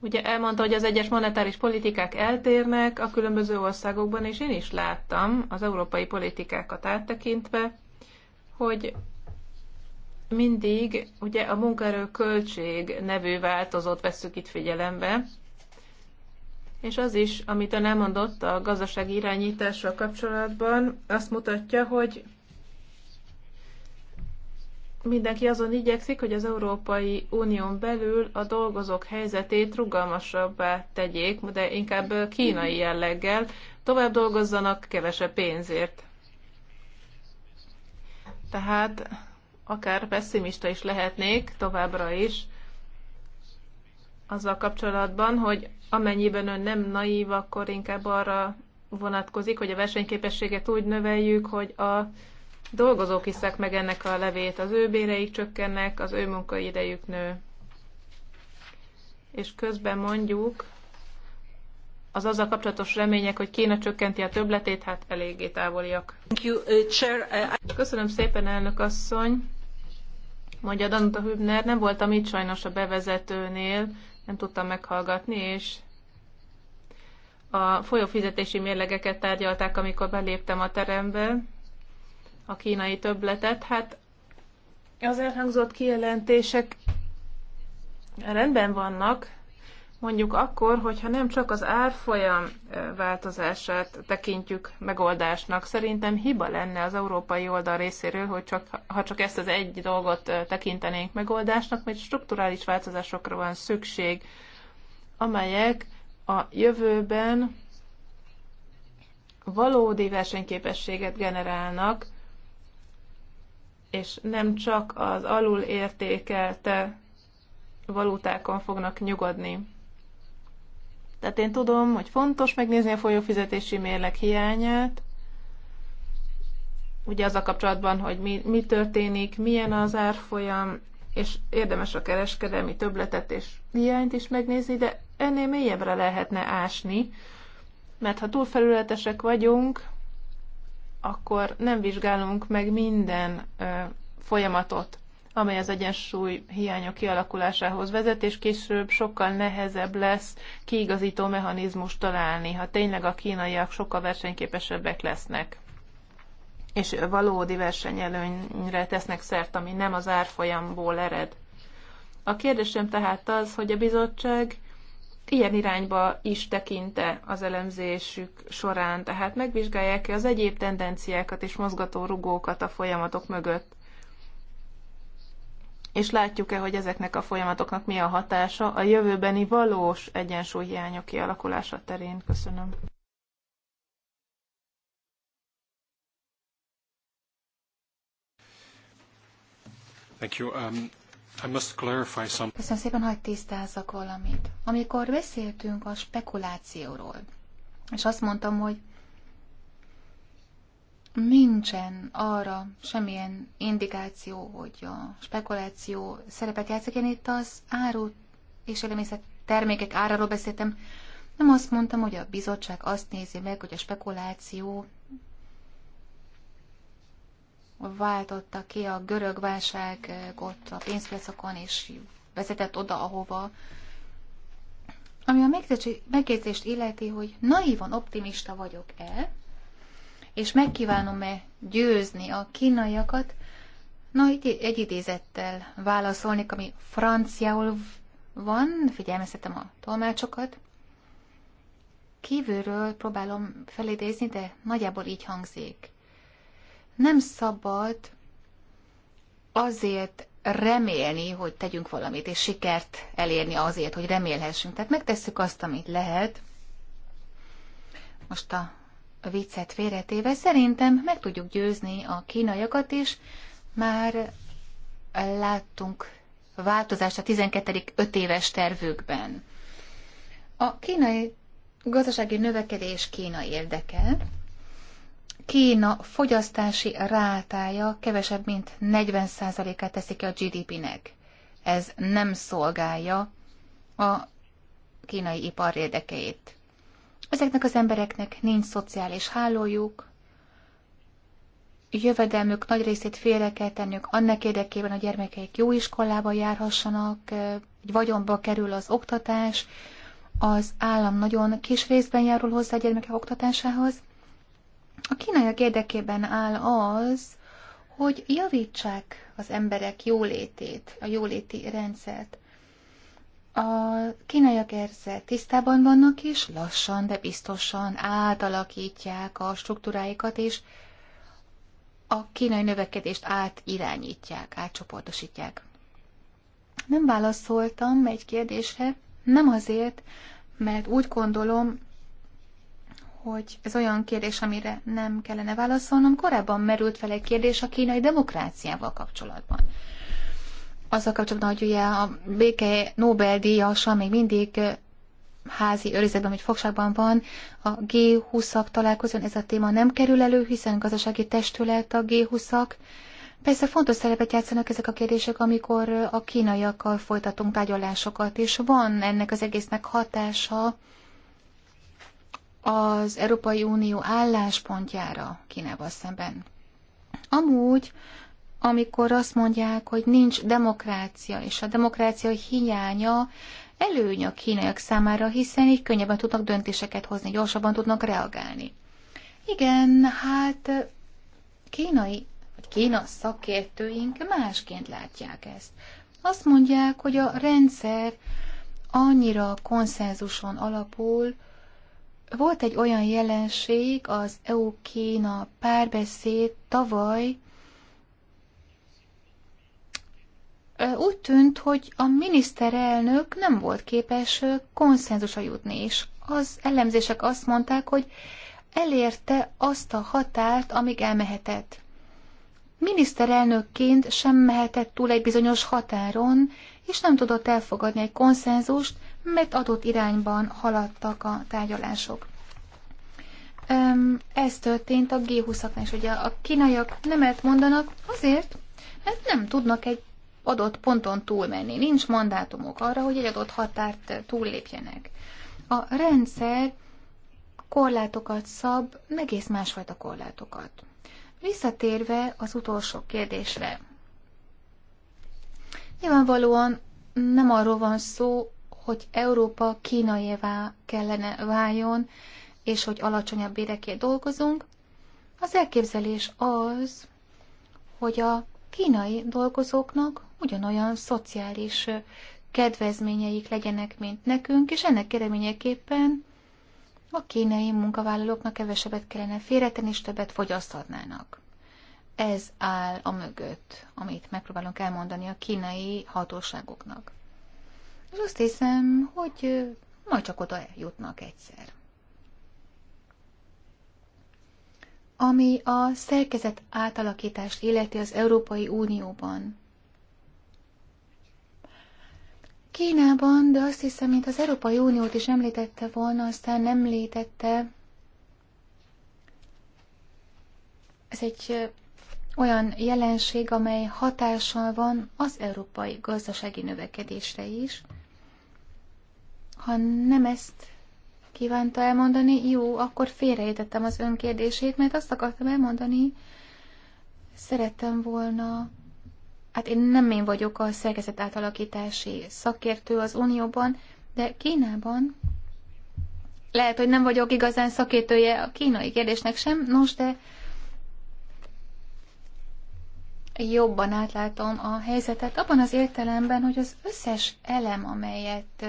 Ugye elmondta, hogy az egyes monetáris politikák eltérnek a különböző országokban, és én is láttam az európai politikákat áttekintve, hogy mindig ugye a munkaerő költség nevű változót vesszük itt figyelembe, és az is, amit ön elmondott a gazdasági irányítással kapcsolatban, azt mutatja, hogy mindenki azon igyekszik, hogy az Európai Unión belül a dolgozók helyzetét rugalmasabbá tegyék, de inkább kínai jelleggel, tovább dolgozzanak kevesebb pénzért. Tehát akár pessimista is lehetnék továbbra is azzal kapcsolatban, hogy amennyiben ön nem naív, akkor inkább arra vonatkozik, hogy a versenyképességet úgy növeljük, hogy a dolgozók hiszek meg ennek a levét, az ő béreik csökkennek, az ő munkaidejük nő. És közben mondjuk, az azzal kapcsolatos remények, hogy Kína csökkenti a többletét, hát eléggé távoliak. Uh, uh, Köszönöm szépen, elnök asszony! Mondja Danuta Hübner, nem voltam itt sajnos a bevezetőnél, nem tudtam meghallgatni, és a folyófizetési mérlegeket tárgyalták, amikor beléptem a terembe, a kínai többletet. Hát az elhangzott kijelentések rendben vannak, mondjuk akkor, hogyha nem csak az árfolyam változását tekintjük megoldásnak, szerintem hiba lenne az európai oldal részéről, hogy csak, ha csak ezt az egy dolgot tekintenénk megoldásnak, mert strukturális változásokra van szükség, amelyek a jövőben valódi versenyképességet generálnak, és nem csak az alul értékelte valutákon fognak nyugodni. Tehát én tudom, hogy fontos megnézni a folyófizetési mérleg hiányát, ugye az a kapcsolatban, hogy mi, mi történik, milyen az árfolyam, és érdemes a kereskedelmi töbletet és hiányt is megnézni, de ennél mélyebbre lehetne ásni, mert ha túlfelületesek vagyunk, akkor nem vizsgálunk meg minden ö, folyamatot amely az egyensúly hiánya kialakulásához vezet, és később sokkal nehezebb lesz kiigazító mechanizmus találni, ha tényleg a kínaiak sokkal versenyképesebbek lesznek és valódi versenyelőnyre tesznek szert, ami nem az árfolyamból ered. A kérdésem tehát az, hogy a bizottság ilyen irányba is tekinte az elemzésük során, tehát megvizsgálják-e az egyéb tendenciákat és mozgató rugókat a folyamatok mögött és látjuk-e, hogy ezeknek a folyamatoknak mi a hatása a jövőbeni valós egyensúlyhiányok kialakulása terén. Köszönöm. Thank you. Um, I must clarify some... Köszönöm szépen, hogy tisztázzak valamit. Amikor beszéltünk a spekulációról, és azt mondtam, hogy nincsen arra semmilyen indikáció, hogy a spekuláció szerepet játszik. Én itt az áru és elemészet termékek áráról beszéltem. Nem azt mondtam, hogy a bizottság azt nézi meg, hogy a spekuláció váltotta ki a görög válságot a pénzpiacokon, és vezetett oda, ahova. Ami a megjegyzést illeti, hogy naívan optimista vagyok-e, és megkívánom-e győzni a kínaiakat, na egy idézettel válaszolnék, ami franciául van, figyelmeztetem a tolmácsokat, kívülről próbálom felidézni, de nagyjából így hangzik. Nem szabad azért remélni, hogy tegyünk valamit, és sikert elérni azért, hogy remélhessünk. Tehát megtesszük azt, amit lehet. Most a viccet félretéve, szerintem meg tudjuk győzni a kínaiakat is. Már láttunk változást a 12. öt éves tervükben. A kínai gazdasági növekedés Kína érdeke. Kína fogyasztási rátája kevesebb, mint 40%-át teszi ki a GDP-nek. Ez nem szolgálja a kínai ipar érdekeit. Ezeknek az embereknek nincs szociális hálójuk, jövedelmük nagy részét félre kell tennünk annak érdekében, a gyermekeik jó iskolába járhassanak, egy vagyonba kerül az oktatás, az állam nagyon kis részben járul hozzá a gyermekek oktatásához. A kínaiak érdekében áll az, hogy javítsák az emberek jólétét, a jóléti rendszert. A kínaiak ezzel tisztában vannak, és lassan, de biztosan átalakítják a struktúráikat, és a kínai növekedést átirányítják, átcsoportosítják. Nem válaszoltam egy kérdésre, nem azért, mert úgy gondolom, hogy ez olyan kérdés, amire nem kellene válaszolnom. Korábban merült fel egy kérdés a kínai demokráciával kapcsolatban azzal kapcsolatban, hogy ugye a béke nobel díjasa még mindig házi őrizetben vagy fogságban van, a G20-ak találkozón ez a téma nem kerül elő, hiszen gazdasági testület a G20-ak. Persze fontos szerepet játszanak ezek a kérdések, amikor a kínaiakkal folytatunk tárgyalásokat, és van ennek az egésznek hatása az Európai Unió álláspontjára Kínával szemben. Amúgy amikor azt mondják, hogy nincs demokrácia, és a demokrácia hiánya előny a kínaiak számára, hiszen így könnyebben tudnak döntéseket hozni, gyorsabban tudnak reagálni. Igen, hát kínai, vagy kína szakértőink másként látják ezt. Azt mondják, hogy a rendszer annyira konszenzuson alapul, volt egy olyan jelenség az EU-Kína párbeszéd tavaly, úgy tűnt, hogy a miniszterelnök nem volt képes konszenzusra jutni, és az elemzések azt mondták, hogy elérte azt a határt, amíg elmehetett. Miniszterelnökként sem mehetett túl egy bizonyos határon, és nem tudott elfogadni egy konszenzust, mert adott irányban haladtak a tárgyalások. Ez történt a G20-aknál, és ugye a kínaiak nemet mondanak azért, mert nem tudnak egy adott ponton túlmenni. Nincs mandátumok arra, hogy egy adott határt túllépjenek. A rendszer korlátokat szab, egész másfajta korlátokat. Visszatérve az utolsó kérdésre. Nyilvánvalóan nem arról van szó, hogy Európa kínaivá kellene váljon, és hogy alacsonyabb bérekért dolgozunk. Az elképzelés az, hogy a kínai dolgozóknak ugyanolyan szociális kedvezményeik legyenek, mint nekünk, és ennek eredményeképpen a kínai munkavállalóknak kevesebbet kellene félretenni, és többet fogyaszthatnának. Ez áll a mögött, amit megpróbálunk elmondani a kínai hatóságoknak. És azt hiszem, hogy majd csak oda jutnak egyszer. Ami a szerkezet átalakítást illeti az Európai Unióban, Kínában, de azt hiszem, mint az Európai Uniót is említette volna, aztán nem létette. Ez egy olyan jelenség, amely hatással van az európai gazdasági növekedésre is. Ha nem ezt kívánta elmondani, jó, akkor félreértettem az önkérdését, mert azt akartam elmondani, szerettem volna Hát én nem én vagyok a szerkezet átalakítási szakértő az Unióban, de Kínában lehet, hogy nem vagyok igazán szakértője a kínai kérdésnek sem, nos, de jobban átlátom a helyzetet abban az értelemben, hogy az összes elem, amelyet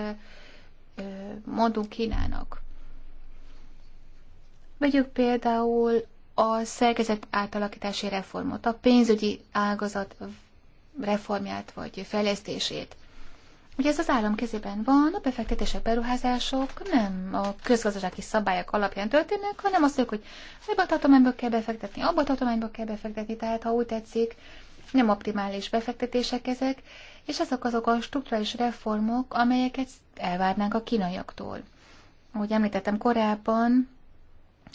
mondunk Kínának. Vegyük például a szerkezet átalakítási reformot, a pénzügyi ágazat reformját vagy fejlesztését. Ugye ez az állam kezében van, a befektetések, beruházások nem a közgazdasági szabályok alapján történnek, hanem azt mondjuk, hogy ebbe a tartományba kell befektetni, abba a tartományba kell befektetni, tehát ha úgy tetszik, nem optimális befektetések ezek, és ezek azok a struktúrális reformok, amelyeket elvárnánk a kínaiaktól. Ahogy említettem korábban,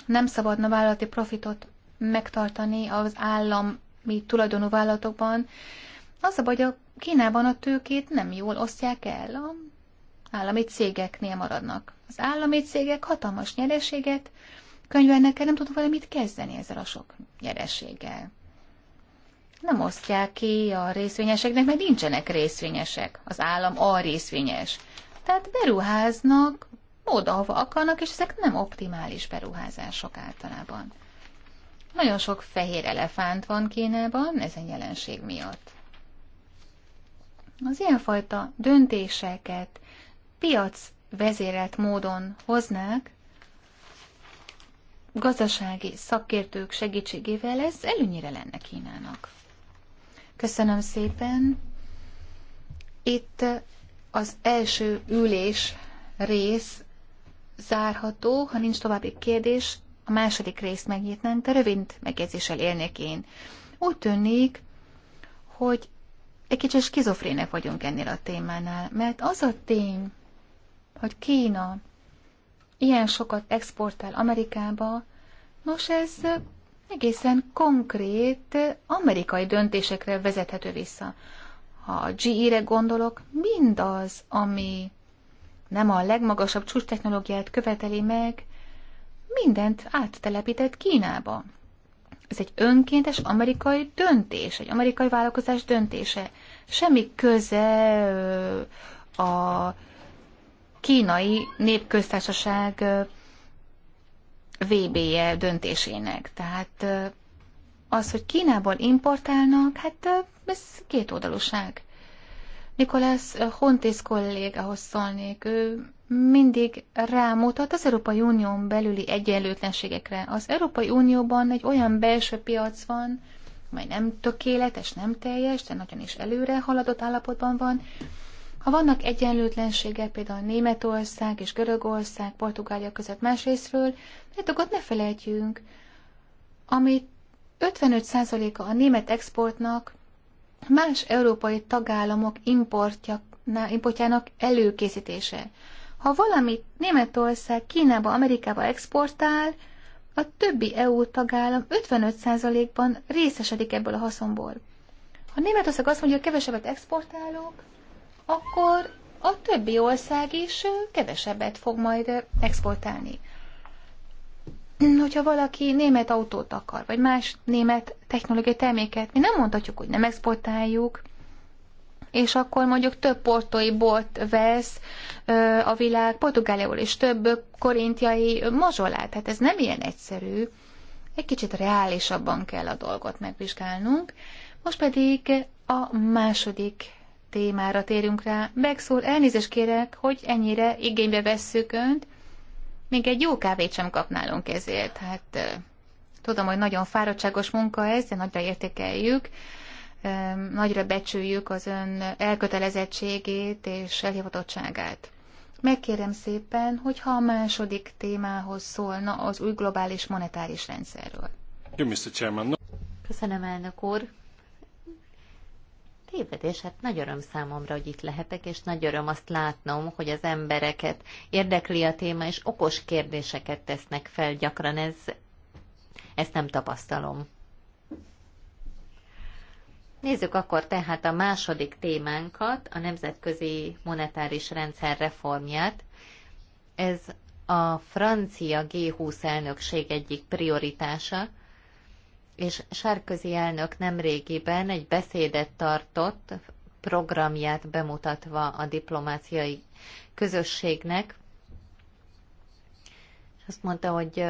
nem szabadna vállalati profitot megtartani az állami tulajdonú vállalatokban, az a baj, a Kínában a tőkét nem jól osztják el, a állami cégeknél maradnak. Az állami cégek hatalmas nyereséget könyvelnek el, nem tudnak valamit kezdeni ezzel a sok nyereséggel. Nem osztják ki a részvényeseknek, mert nincsenek részvényesek. Az állam a részvényes. Tehát beruháznak oda, ahova akarnak, és ezek nem optimális beruházások általában. Nagyon sok fehér elefánt van Kínában ezen jelenség miatt az ilyenfajta döntéseket piac vezérelt módon hoznák, gazdasági szakértők segítségével ez előnyire lenne Kínának. Köszönöm szépen. Itt az első ülés rész zárható, ha nincs további kérdés, a második részt megnyitnánk, de rövid megjegyzéssel élnék én. Úgy tűnik, hogy egy kicsit skizofrének vagyunk ennél a témánál, mert az a tény, hogy Kína ilyen sokat exportál Amerikába, nos ez egészen konkrét amerikai döntésekre vezethető vissza. Ha a GE-re gondolok, mindaz, ami nem a legmagasabb csúcs technológiát követeli meg, mindent áttelepített Kínába. Ez egy önkéntes amerikai döntés, egy amerikai vállalkozás döntése. Semmi köze a kínai népköztársaság VB-je döntésének. Tehát az, hogy Kínából importálnak, hát ez két oldalúság. Nikolász Hontész kollégához szólnék, ő mindig rámutat az Európai Unión belüli egyenlőtlenségekre. Az Európai Unióban egy olyan belső piac van, amely nem tökéletes, nem teljes, de nagyon is előre haladott állapotban van. Ha vannak egyenlőtlenségek, például Németország és Görögország, Portugália között másrésztről, hát akkor ne felejtjünk, amit 55%-a a német exportnak más európai tagállamok importja, importjának előkészítése. Ha valamit Németország Kínába, Amerikába exportál, a többi EU tagállam 55%-ban részesedik ebből a haszonból. Ha Németország azt mondja, hogy kevesebbet exportálok, akkor a többi ország is kevesebbet fog majd exportálni. Hogyha valaki német autót akar, vagy más német technológiai terméket, mi nem mondhatjuk, hogy nem exportáljuk, és akkor mondjuk több portói bort vesz a világ Portugáliából, is több korintiai mazsolát. Tehát ez nem ilyen egyszerű. Egy kicsit reálisabban kell a dolgot megvizsgálnunk. Most pedig a második témára térünk rá. Megszól, elnézést kérek, hogy ennyire igénybe vesszük önt. Még egy jó kávét sem kapnálunk ezért. Hát tudom, hogy nagyon fáradtságos munka ez, de nagyra értékeljük nagyra becsüljük az ön elkötelezettségét és elhivatottságát. Megkérem szépen, hogyha a második témához szólna az új globális monetáris rendszerről. Köszönöm, elnök úr. Tévedés, hát nagy öröm számomra, hogy itt lehetek, és nagy öröm azt látnom, hogy az embereket érdekli a téma, és okos kérdéseket tesznek fel gyakran. Ez, ezt nem tapasztalom. Nézzük akkor tehát a második témánkat, a nemzetközi monetáris rendszer reformját. Ez a francia G20 elnökség egyik prioritása, és Sárközi elnök nemrégiben egy beszédet tartott, programját bemutatva a diplomáciai közösségnek, azt mondta, hogy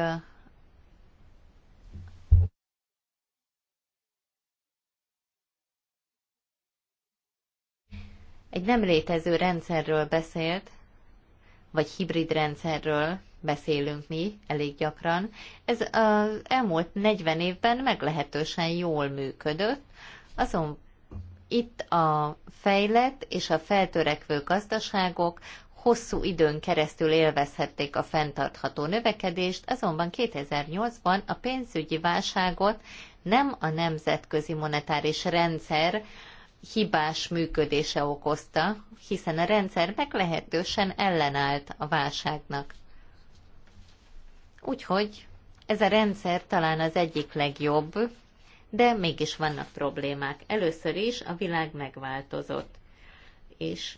Egy nem létező rendszerről beszélt, vagy hibrid rendszerről beszélünk mi elég gyakran. Ez az elmúlt 40 évben meglehetősen jól működött, azon itt a fejlett és a feltörekvő gazdaságok hosszú időn keresztül élvezhették a fenntartható növekedést, azonban 2008-ban a pénzügyi válságot nem a nemzetközi monetáris rendszer hibás működése okozta, hiszen a rendszer meglehetősen ellenállt a válságnak. Úgyhogy ez a rendszer talán az egyik legjobb, de mégis vannak problémák. Először is a világ megváltozott, és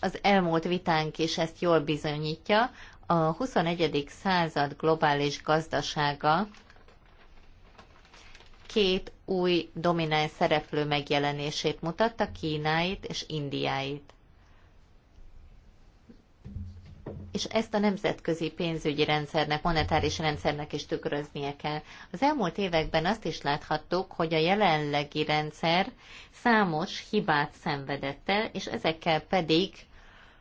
az elmúlt vitánk is ezt jól bizonyítja, a 21. század globális gazdasága két új domináns szereplő megjelenését mutatta, Kínáit és Indiáit. és ezt a nemzetközi pénzügyi rendszernek, monetáris rendszernek is tükröznie kell. Az elmúlt években azt is láthattuk, hogy a jelenlegi rendszer számos hibát szenvedett el, és ezekkel pedig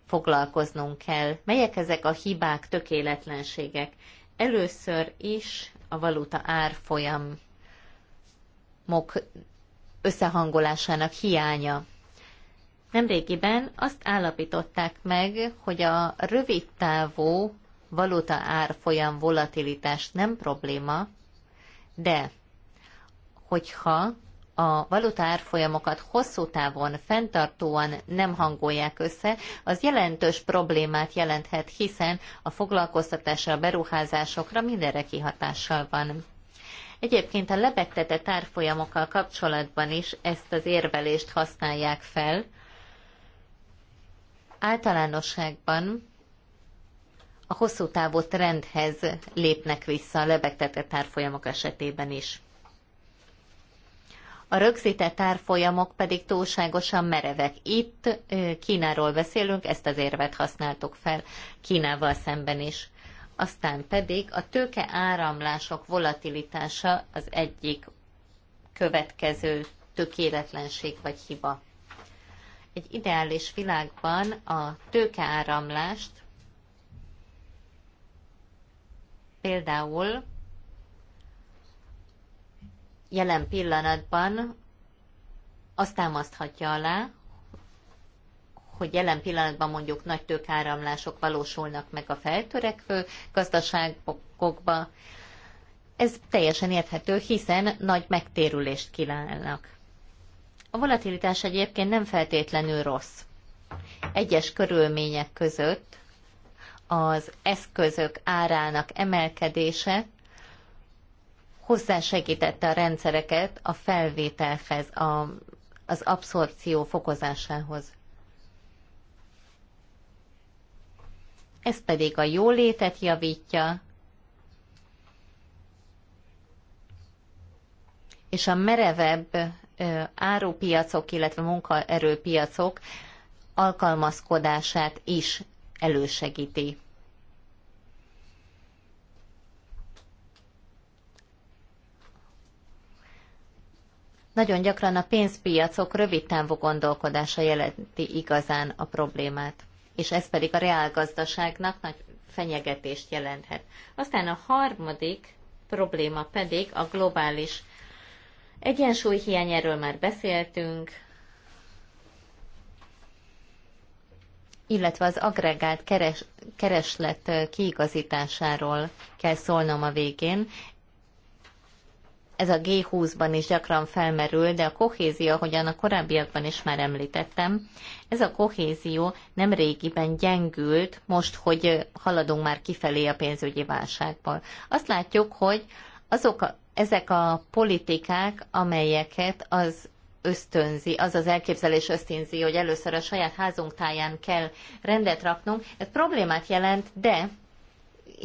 foglalkoznunk kell. Melyek ezek a hibák, tökéletlenségek? Először is a valuta árfolyam programok összehangolásának hiánya. Nemrégiben azt állapították meg, hogy a rövid távú valuta árfolyam volatilitás nem probléma, de hogyha a valuta árfolyamokat hosszú távon fenntartóan nem hangolják össze, az jelentős problémát jelenthet, hiszen a foglalkoztatásra, a beruházásokra mindenre kihatással van. Egyébként a lebegtetett árfolyamokkal kapcsolatban is ezt az érvelést használják fel. Általánosságban a hosszú távú trendhez lépnek vissza a lebegtetett árfolyamok esetében is. A rögzített árfolyamok pedig túlságosan merevek. Itt Kínáról beszélünk, ezt az érvet használtuk fel Kínával szemben is aztán pedig a tőke áramlások volatilitása az egyik következő tökéletlenség vagy hiba. Egy ideális világban a tőkeáramlást például jelen pillanatban azt támaszthatja alá, hogy jelen pillanatban mondjuk nagy tőkáramlások valósulnak meg a feltörekvő gazdaságokba, ez teljesen érthető, hiszen nagy megtérülést kínálnak. A volatilitás egyébként nem feltétlenül rossz. Egyes körülmények között az eszközök árának emelkedése hozzásegítette a rendszereket a felvételhez, a, az abszorpció fokozásához. ez pedig a jólétet javítja, és a merevebb árupiacok, illetve munkaerőpiacok alkalmazkodását is elősegíti. Nagyon gyakran a pénzpiacok rövid távú gondolkodása jelenti igazán a problémát és ez pedig a reálgazdaságnak nagy fenyegetést jelenthet. Aztán a harmadik probléma pedig a globális egyensúlyhiány, erről már beszéltünk, illetve az agregált keres, kereslet kiigazításáról kell szólnom a végén ez a G20-ban is gyakran felmerül, de a kohézió, ahogyan a korábbiakban is már említettem, ez a kohézió nem régiben gyengült, most, hogy haladunk már kifelé a pénzügyi válságból. Azt látjuk, hogy azok a, ezek a politikák, amelyeket az ösztönzi, az az elképzelés ösztönzi, hogy először a saját házunk táján kell rendet raknunk, ez problémát jelent, de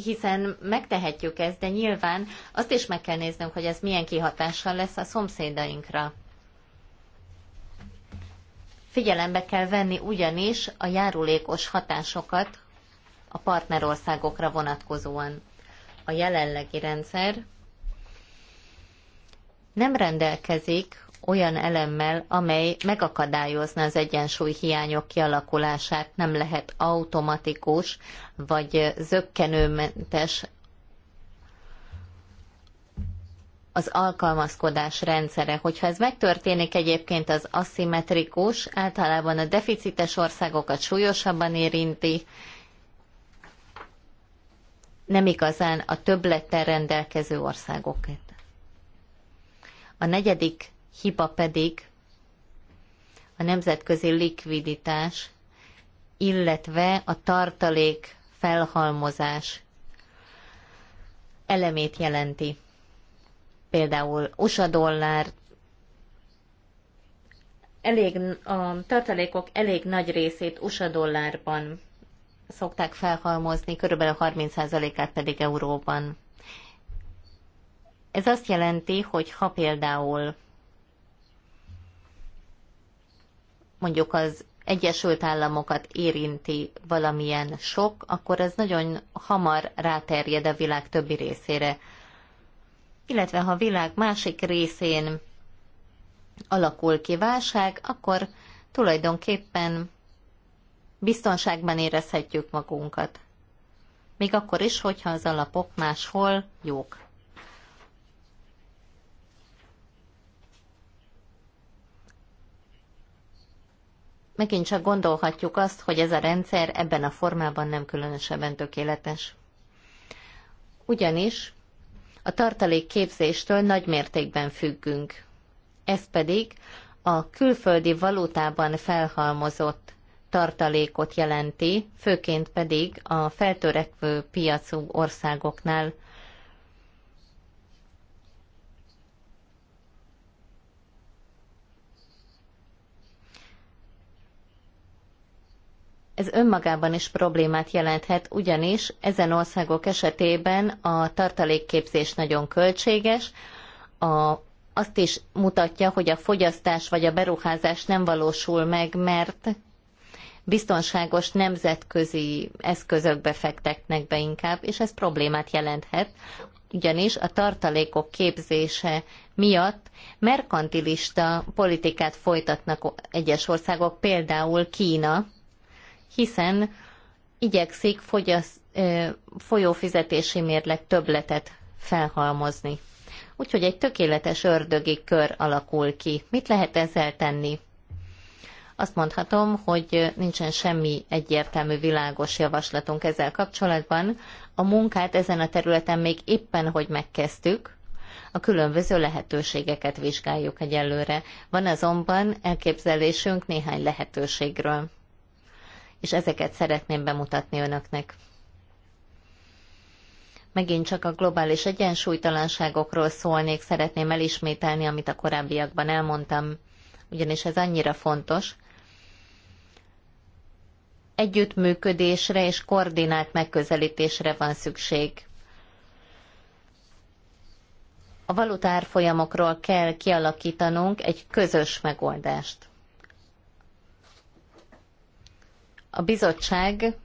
hiszen megtehetjük ezt, de nyilván azt is meg kell néznünk, hogy ez milyen kihatással lesz a szomszédainkra. Figyelembe kell venni ugyanis a járulékos hatásokat a partnerországokra vonatkozóan. A jelenlegi rendszer nem rendelkezik olyan elemmel, amely megakadályozna az egyensúly hiányok kialakulását, nem lehet automatikus vagy zöggenőmentes az alkalmazkodás rendszere. Hogyha ez megtörténik egyébként az aszimmetrikus, általában a deficites országokat súlyosabban érinti, nem igazán a többlettel rendelkező országokat. A negyedik hiba pedig a nemzetközi likviditás, illetve a tartalék felhalmozás elemét jelenti. Például USA dollár, elég, a tartalékok elég nagy részét USA dollárban szokták felhalmozni, körülbelül 30%-át pedig euróban. Ez azt jelenti, hogy ha például mondjuk az Egyesült Államokat érinti valamilyen sok, akkor ez nagyon hamar ráterjed a világ többi részére. Illetve ha a világ másik részén alakul ki válság, akkor tulajdonképpen biztonságban érezhetjük magunkat. Még akkor is, hogyha az alapok máshol jók. megint csak gondolhatjuk azt, hogy ez a rendszer ebben a formában nem különösebben tökéletes. Ugyanis a tartalék képzéstől nagy mértékben függünk. Ez pedig a külföldi valutában felhalmozott tartalékot jelenti, főként pedig a feltörekvő piacú országoknál, Ez önmagában is problémát jelenthet, ugyanis ezen országok esetében a tartalékképzés nagyon költséges, a, azt is mutatja, hogy a fogyasztás vagy a beruházás nem valósul meg, mert biztonságos nemzetközi eszközökbe fektetnek be inkább, és ez problémát jelenthet, ugyanis a tartalékok képzése miatt merkantilista politikát folytatnak egyes országok, például Kína, hiszen igyekszik fogyasz, folyófizetési mérleg többletet felhalmozni. Úgyhogy egy tökéletes ördögi kör alakul ki. Mit lehet ezzel tenni? Azt mondhatom, hogy nincsen semmi egyértelmű világos javaslatunk ezzel kapcsolatban. A munkát ezen a területen még éppen, hogy megkezdtük, a különböző lehetőségeket vizsgáljuk egyelőre. Van azonban elképzelésünk néhány lehetőségről és ezeket szeretném bemutatni önöknek. Megint csak a globális egyensúlytalanságokról szólnék, szeretném elismételni, amit a korábbiakban elmondtam, ugyanis ez annyira fontos, együttműködésre és koordinált megközelítésre van szükség. A valutárfolyamokról kell kialakítanunk egy közös megoldást. a bizottság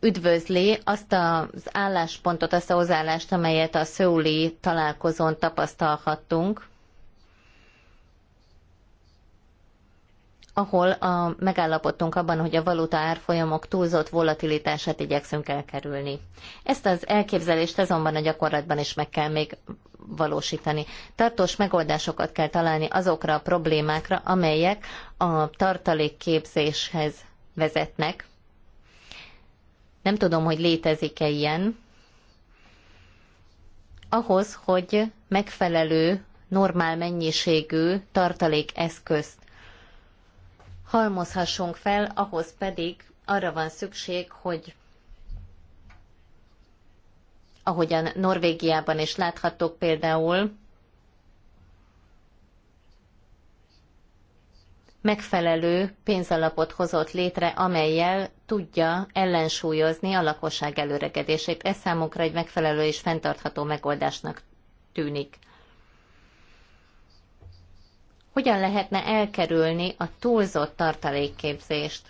üdvözli azt az álláspontot, azt a hozzáállást, amelyet a szőli találkozón tapasztalhattunk, ahol a, megállapodtunk abban, hogy a valuta árfolyamok túlzott volatilitását igyekszünk elkerülni. Ezt az elképzelést azonban a gyakorlatban is meg kell még megvalósítani. Tartós megoldásokat kell találni azokra a problémákra, amelyek a tartalékképzéshez vezetnek. Nem tudom, hogy létezik-e ilyen. Ahhoz, hogy megfelelő, normál mennyiségű tartalékeszközt halmozhassunk fel, ahhoz pedig arra van szükség, hogy ahogyan Norvégiában is láthattok például, megfelelő pénzalapot hozott létre, amelyel tudja ellensúlyozni a lakosság előregedését. Ez számunkra egy megfelelő és fenntartható megoldásnak tűnik. Hogyan lehetne elkerülni a túlzott tartalékképzést?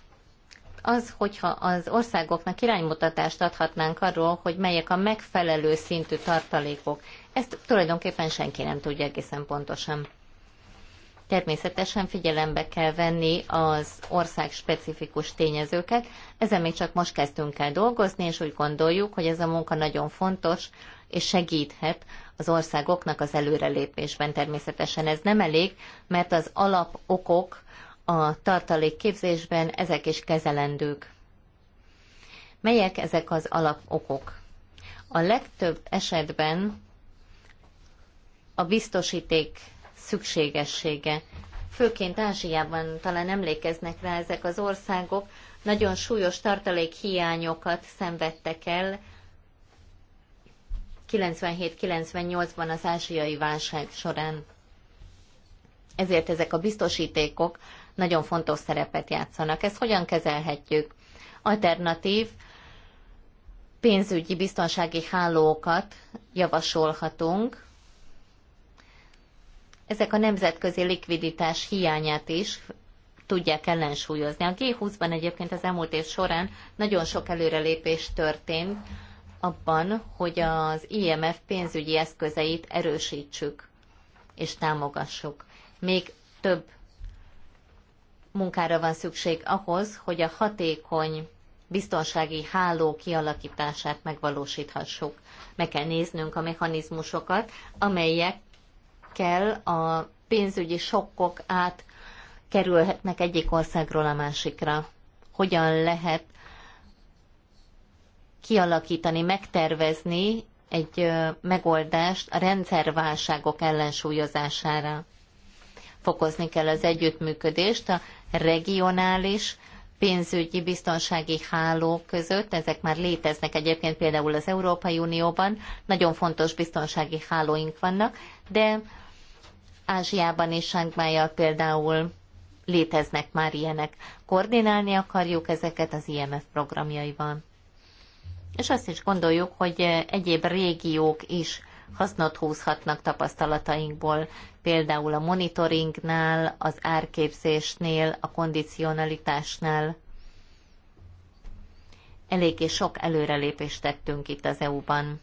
az, hogyha az országoknak iránymutatást adhatnánk arról, hogy melyek a megfelelő szintű tartalékok, ezt tulajdonképpen senki nem tudja egészen pontosan. Természetesen figyelembe kell venni az ország specifikus tényezőket, ezen még csak most kezdtünk el dolgozni, és úgy gondoljuk, hogy ez a munka nagyon fontos, és segíthet az országoknak az előrelépésben. Természetesen ez nem elég, mert az alapokok a tartalékképzésben, ezek is kezelendők. Melyek ezek az alapokok? A legtöbb esetben a biztosíték szükségessége. Főként Ázsiában talán emlékeznek rá ezek az országok, nagyon súlyos tartalékhiányokat szenvedtek el 97-98-ban az ázsiai válság során. Ezért ezek a biztosítékok nagyon fontos szerepet játszanak. Ezt hogyan kezelhetjük? Alternatív pénzügyi biztonsági hálókat javasolhatunk. Ezek a nemzetközi likviditás hiányát is tudják ellensúlyozni. A G20-ban egyébként az elmúlt év során nagyon sok előrelépés történt abban, hogy az IMF pénzügyi eszközeit erősítsük és támogassuk. Még több munkára van szükség ahhoz, hogy a hatékony biztonsági háló kialakítását megvalósíthassuk. Meg kell néznünk a mechanizmusokat, amelyekkel a pénzügyi sokkok át kerülhetnek egyik országról a másikra. Hogyan lehet kialakítani, megtervezni egy megoldást a rendszerválságok ellensúlyozására. Fokozni kell az együttműködést a regionális pénzügyi biztonsági hálók között, ezek már léteznek egyébként például az Európai Unióban, nagyon fontos biztonsági hálóink vannak, de Ázsiában és Sánkmájjal például léteznek már ilyenek. Koordinálni akarjuk ezeket az IMF programjaival. És azt is gondoljuk, hogy egyéb régiók is hasznot húzhatnak tapasztalatainkból például a monitoringnál, az árképzésnél, a kondicionalitásnál. Eléggé sok előrelépést tettünk itt az EU-ban.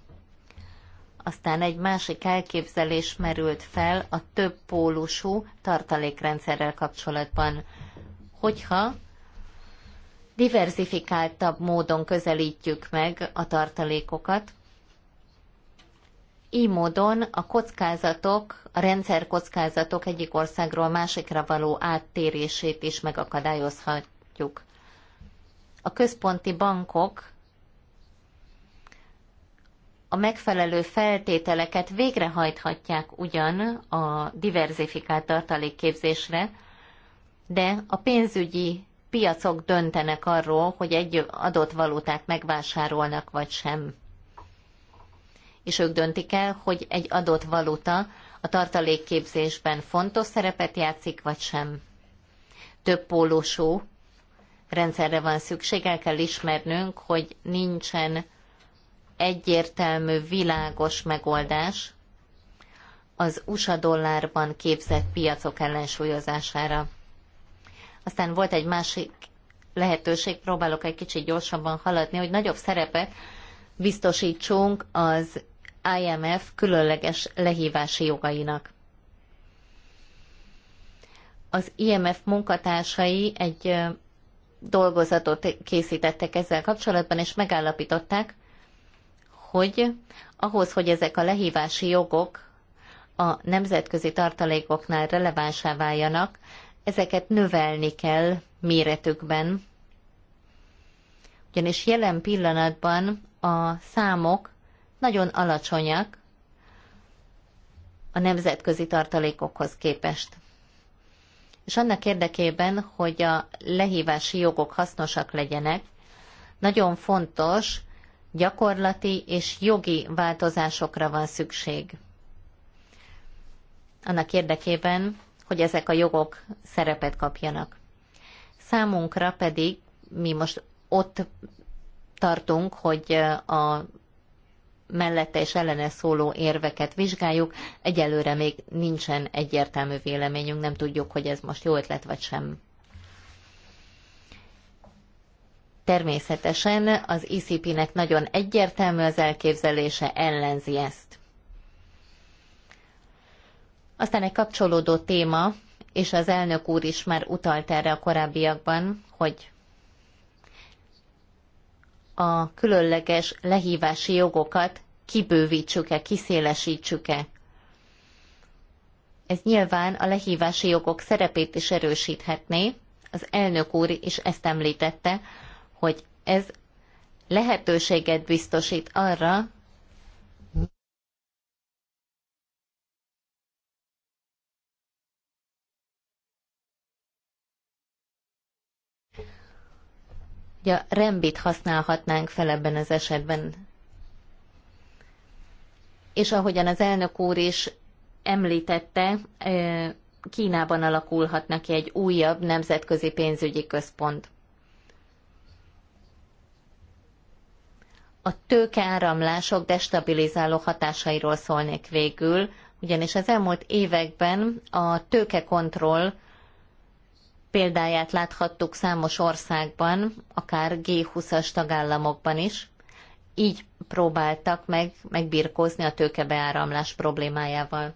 Aztán egy másik elképzelés merült fel a több pólusú tartalékrendszerrel kapcsolatban. Hogyha diversifikáltabb módon közelítjük meg a tartalékokat, így módon a kockázatok, a rendszer kockázatok egyik országról másikra való áttérését is megakadályozhatjuk. A központi bankok a megfelelő feltételeket végrehajthatják ugyan a diverzifikált tartalékképzésre, de a pénzügyi piacok döntenek arról, hogy egy adott valutát megvásárolnak vagy sem és ők döntik el, hogy egy adott valuta a tartalékképzésben fontos szerepet játszik, vagy sem. Több pólósú rendszerre van szükség, el kell ismernünk, hogy nincsen egyértelmű, világos megoldás az USA dollárban képzett piacok ellensúlyozására. Aztán volt egy másik lehetőség, próbálok egy kicsit gyorsabban haladni, hogy nagyobb szerepet biztosítsunk az IMF különleges lehívási jogainak. Az IMF munkatársai egy dolgozatot készítettek ezzel kapcsolatban, és megállapították, hogy ahhoz, hogy ezek a lehívási jogok a nemzetközi tartalékoknál relevánsá váljanak, ezeket növelni kell méretükben. Ugyanis jelen pillanatban a számok nagyon alacsonyak a nemzetközi tartalékokhoz képest. És annak érdekében, hogy a lehívási jogok hasznosak legyenek, nagyon fontos gyakorlati és jogi változásokra van szükség. Annak érdekében, hogy ezek a jogok szerepet kapjanak. Számunkra pedig mi most ott tartunk, hogy a mellette és ellene szóló érveket vizsgáljuk. Egyelőre még nincsen egyértelmű véleményünk, nem tudjuk, hogy ez most jó ötlet vagy sem. Természetesen az ICP-nek e nagyon egyértelmű az elképzelése, ellenzi ezt. Aztán egy kapcsolódó téma, és az elnök úr is már utalt erre a korábbiakban, hogy a különleges lehívási jogokat kibővítsük-e, kiszélesítsük-e. Ez nyilván a lehívási jogok szerepét is erősíthetné. Az elnök úr is ezt említette, hogy ez lehetőséget biztosít arra, hogy a rembit használhatnánk fel ebben az esetben. És ahogyan az elnök úr is említette, Kínában alakulhatnak ki egy újabb nemzetközi pénzügyi központ. A tőkeáramlások destabilizáló hatásairól szólnék végül, ugyanis az elmúlt években a tőkekontroll példáját láthattuk számos országban, akár G20-as tagállamokban is. Így próbáltak meg megbirkózni a tőkebeáramlás problémájával.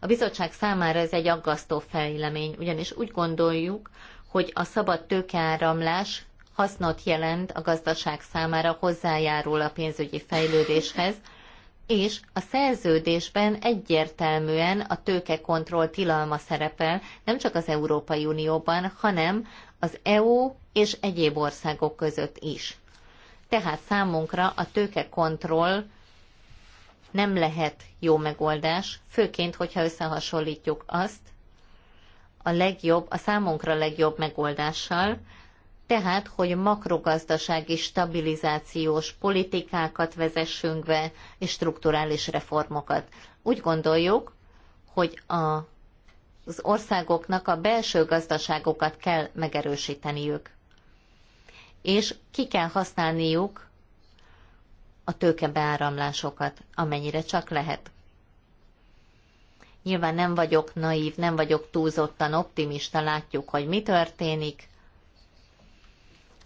A bizottság számára ez egy aggasztó fejlemény, ugyanis úgy gondoljuk, hogy a szabad tőkeáramlás hasznot jelent a gazdaság számára, hozzájárul a pénzügyi fejlődéshez, és a szerződésben egyértelműen a tőkekontroll tilalma szerepel, nem csak az Európai Unióban, hanem az EU és egyéb országok között is. Tehát számunkra a tőkekontroll nem lehet jó megoldás, főként, hogyha összehasonlítjuk azt a legjobb, a számunkra legjobb megoldással, tehát, hogy makrogazdasági stabilizációs politikákat vezessünk be, és strukturális reformokat. Úgy gondoljuk, hogy a, az országoknak a belső gazdaságokat kell megerősíteniük, és ki kell használniuk a tőkebeáramlásokat, amennyire csak lehet. Nyilván nem vagyok naív, nem vagyok túlzottan optimista, látjuk, hogy mi történik,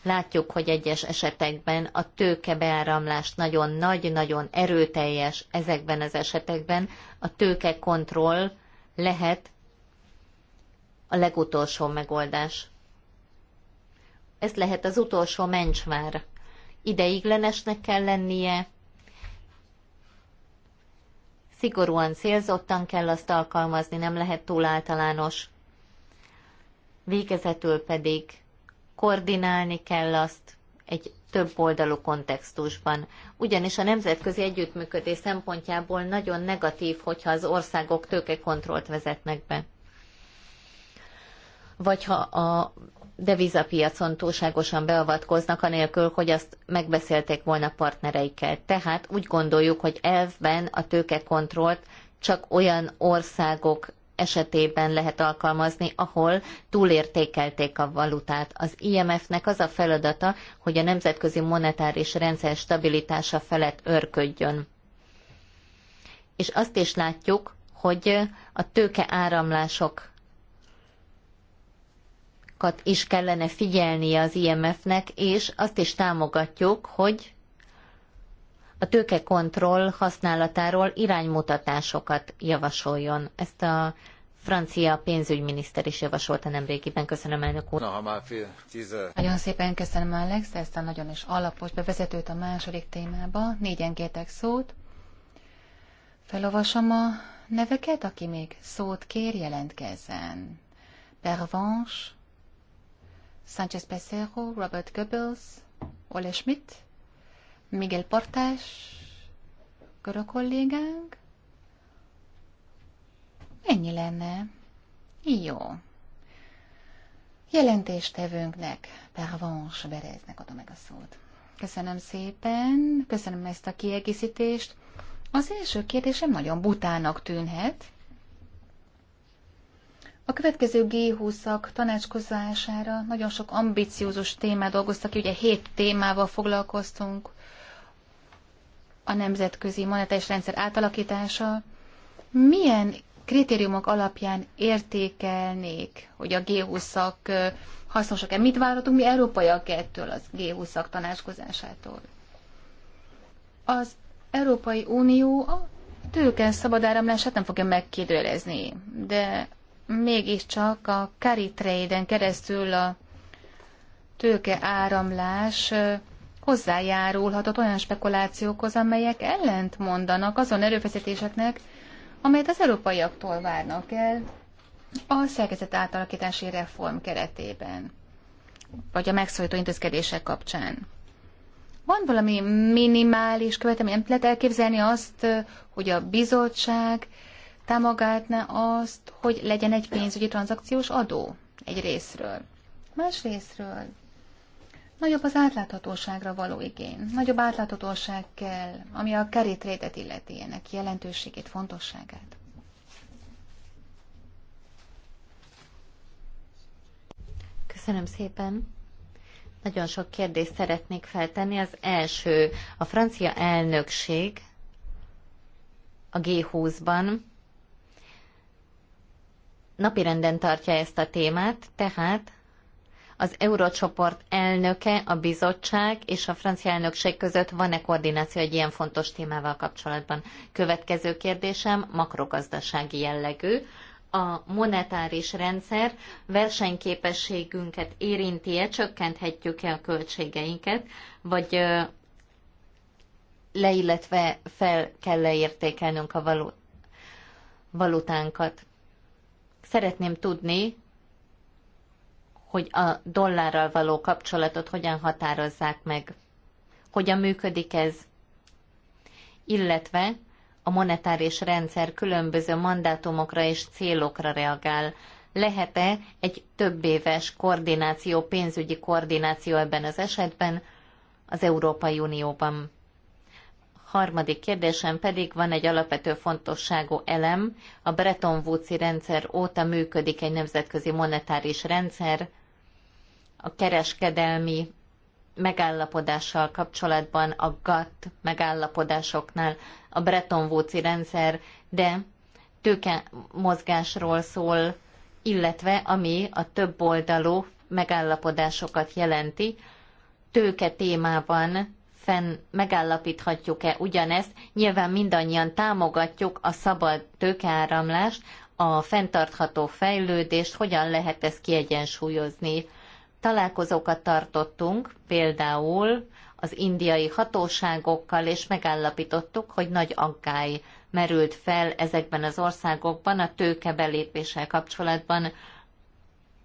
Látjuk, hogy egyes esetekben a tőkebeáramlás nagyon nagy, nagyon erőteljes ezekben az esetekben. A tőke kontroll lehet a legutolsó megoldás. Ez lehet az utolsó mencsvár. Ideiglenesnek kell lennie, szigorúan célzottan kell azt alkalmazni, nem lehet túl általános. Végezetül pedig koordinálni kell azt egy több oldalú kontextusban. Ugyanis a nemzetközi együttműködés szempontjából nagyon negatív, hogyha az országok tőkekontrollt vezetnek be. Vagy ha a devizapiacon túlságosan beavatkoznak, anélkül, hogy azt megbeszélték volna partnereikkel. Tehát úgy gondoljuk, hogy elvben a tőkekontrollt csak olyan országok esetében lehet alkalmazni, ahol túlértékelték a valutát. Az IMF-nek az a feladata, hogy a nemzetközi monetáris rendszer stabilitása felett örködjön. És azt is látjuk, hogy a tőke áramlások is kellene figyelnie az IMF-nek, és azt is támogatjuk, hogy a tőkekontroll használatáról iránymutatásokat javasoljon. Ezt a francia pénzügyminiszter is javasolta nemrégiben. Köszönöm, elnök úr. Na, már fél tíze. Nagyon szépen köszönöm, Alex, ezt a nagyon is alapos bevezetőt a második témába. Négyen kértek szót. Felolvasom a neveket, aki még szót kér, jelentkezzen. Pervanche, Sánchez Pesero, Robert Goebbels, Ole Schmidt, Miguel Portás, görög kollégánk. Ennyi lenne. Jó. Jelentéstevőnknek, Pervans Bereznek adom meg a szót. Köszönöm szépen, köszönöm ezt a kiegészítést. Az első kérdésem nagyon butának tűnhet. A következő G20-ak tanácskozására nagyon sok ambiciózus témát dolgoztak ki, ugye hét témával foglalkoztunk, a nemzetközi monetáris rendszer átalakítása, milyen kritériumok alapján értékelnék, hogy a G20-ak hasznosak-e? Mit várhatunk mi európaiak ettől az G20-ak tanácskozásától? Az Európai Unió a tőke szabad áramlását nem fogja megkérdőjelezni, de mégiscsak a carry trade-en keresztül a tőke áramlás hozzájárulhatott olyan spekulációkhoz, amelyek ellent mondanak azon erőfeszítéseknek, amelyet az európaiaktól várnak el a szerkezet átalakítási reform keretében, vagy a megszólító intézkedések kapcsán. Van valami minimális követelmény, nem lehet elképzelni azt, hogy a bizottság támogatná azt, hogy legyen egy pénzügyi tranzakciós adó egy részről. Más részről Nagyobb az átláthatóságra való igény. Nagyobb átláthatóság kell, ami a kerítrédet illeti ennek jelentőségét, fontosságát. Köszönöm szépen. Nagyon sok kérdést szeretnék feltenni. Az első, a francia elnökség a G20-ban napirenden tartja ezt a témát, tehát az Eurocsoport elnöke, a bizottság és a francia elnökség között van-e koordináció egy ilyen fontos témával kapcsolatban? Következő kérdésem makrogazdasági jellegű a monetáris rendszer versenyképességünket érinti-e, csökkenthetjük-e a költségeinket, vagy leilletve fel kell leértékelnünk a valutánkat. Szeretném tudni, hogy a dollárral való kapcsolatot hogyan határozzák meg, hogyan működik ez, illetve a monetáris rendszer különböző mandátumokra és célokra reagál. Lehet-e egy több éves koordináció, pénzügyi koordináció ebben az esetben az Európai Unióban? Harmadik kérdésem pedig van egy alapvető fontosságú elem. A Bretton Woods-i rendszer óta működik egy nemzetközi monetáris rendszer a kereskedelmi megállapodással kapcsolatban, a GATT megállapodásoknál, a Bretton woods rendszer, de tőke mozgásról szól, illetve ami a többoldalú megállapodásokat jelenti, tőke témában fenn megállapíthatjuk-e ugyanezt. Nyilván mindannyian támogatjuk a szabad tőkeáramlást, a fenntartható fejlődést, hogyan lehet ezt kiegyensúlyozni találkozókat tartottunk, például az indiai hatóságokkal, és megállapítottuk, hogy nagy aggály merült fel ezekben az országokban a tőke belépéssel kapcsolatban.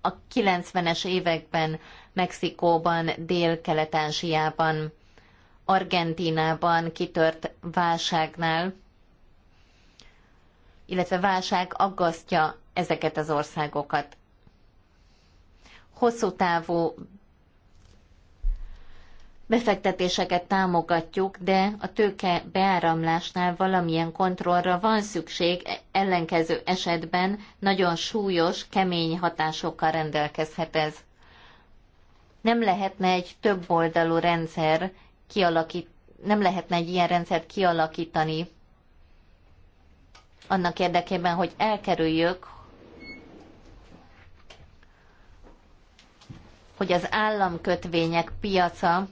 A 90-es években Mexikóban, Dél-Kelet-Ázsiában, Argentínában kitört válságnál, illetve válság aggasztja ezeket az országokat hosszú távú befektetéseket támogatjuk, de a tőke beáramlásnál valamilyen kontrollra van szükség, ellenkező esetben nagyon súlyos, kemény hatásokkal rendelkezhet ez. Nem lehetne egy több oldalú rendszer kialakít, nem lehetne egy ilyen rendszert kialakítani annak érdekében, hogy elkerüljük, hogy az államkötvények piaca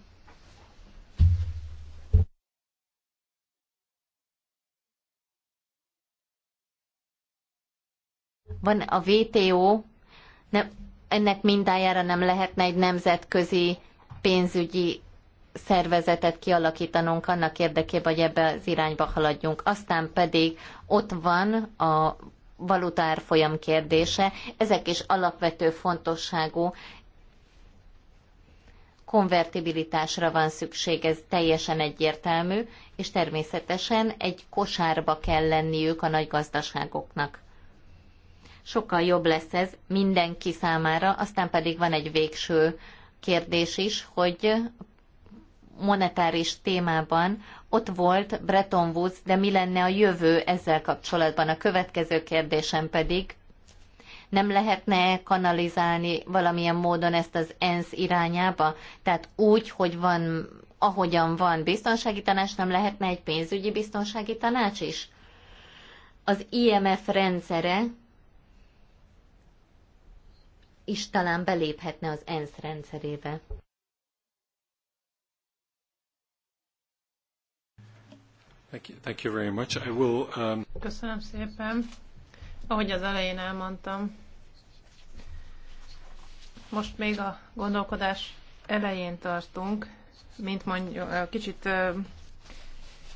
van a WTO, nem, ennek mintájára nem lehetne egy nemzetközi pénzügyi szervezetet kialakítanunk annak érdekében, hogy ebbe az irányba haladjunk. Aztán pedig ott van a valutárfolyam kérdése. Ezek is alapvető fontosságú, konvertibilitásra van szükség, ez teljesen egyértelmű, és természetesen egy kosárba kell lenniük a nagy gazdaságoknak. Sokkal jobb lesz ez mindenki számára, aztán pedig van egy végső kérdés is, hogy monetáris témában ott volt Bretton Woods, de mi lenne a jövő ezzel kapcsolatban? A következő kérdésem pedig, nem lehetne kanalizálni valamilyen módon ezt az ENSZ irányába? Tehát úgy, hogy van, ahogyan van biztonsági tanács, nem lehetne egy pénzügyi biztonsági tanács is? Az IMF rendszere is talán beléphetne az ENSZ rendszerébe. Um, Köszönöm szépen. Ahogy az elején elmondtam, most még a gondolkodás elején tartunk, mint mondjuk kicsit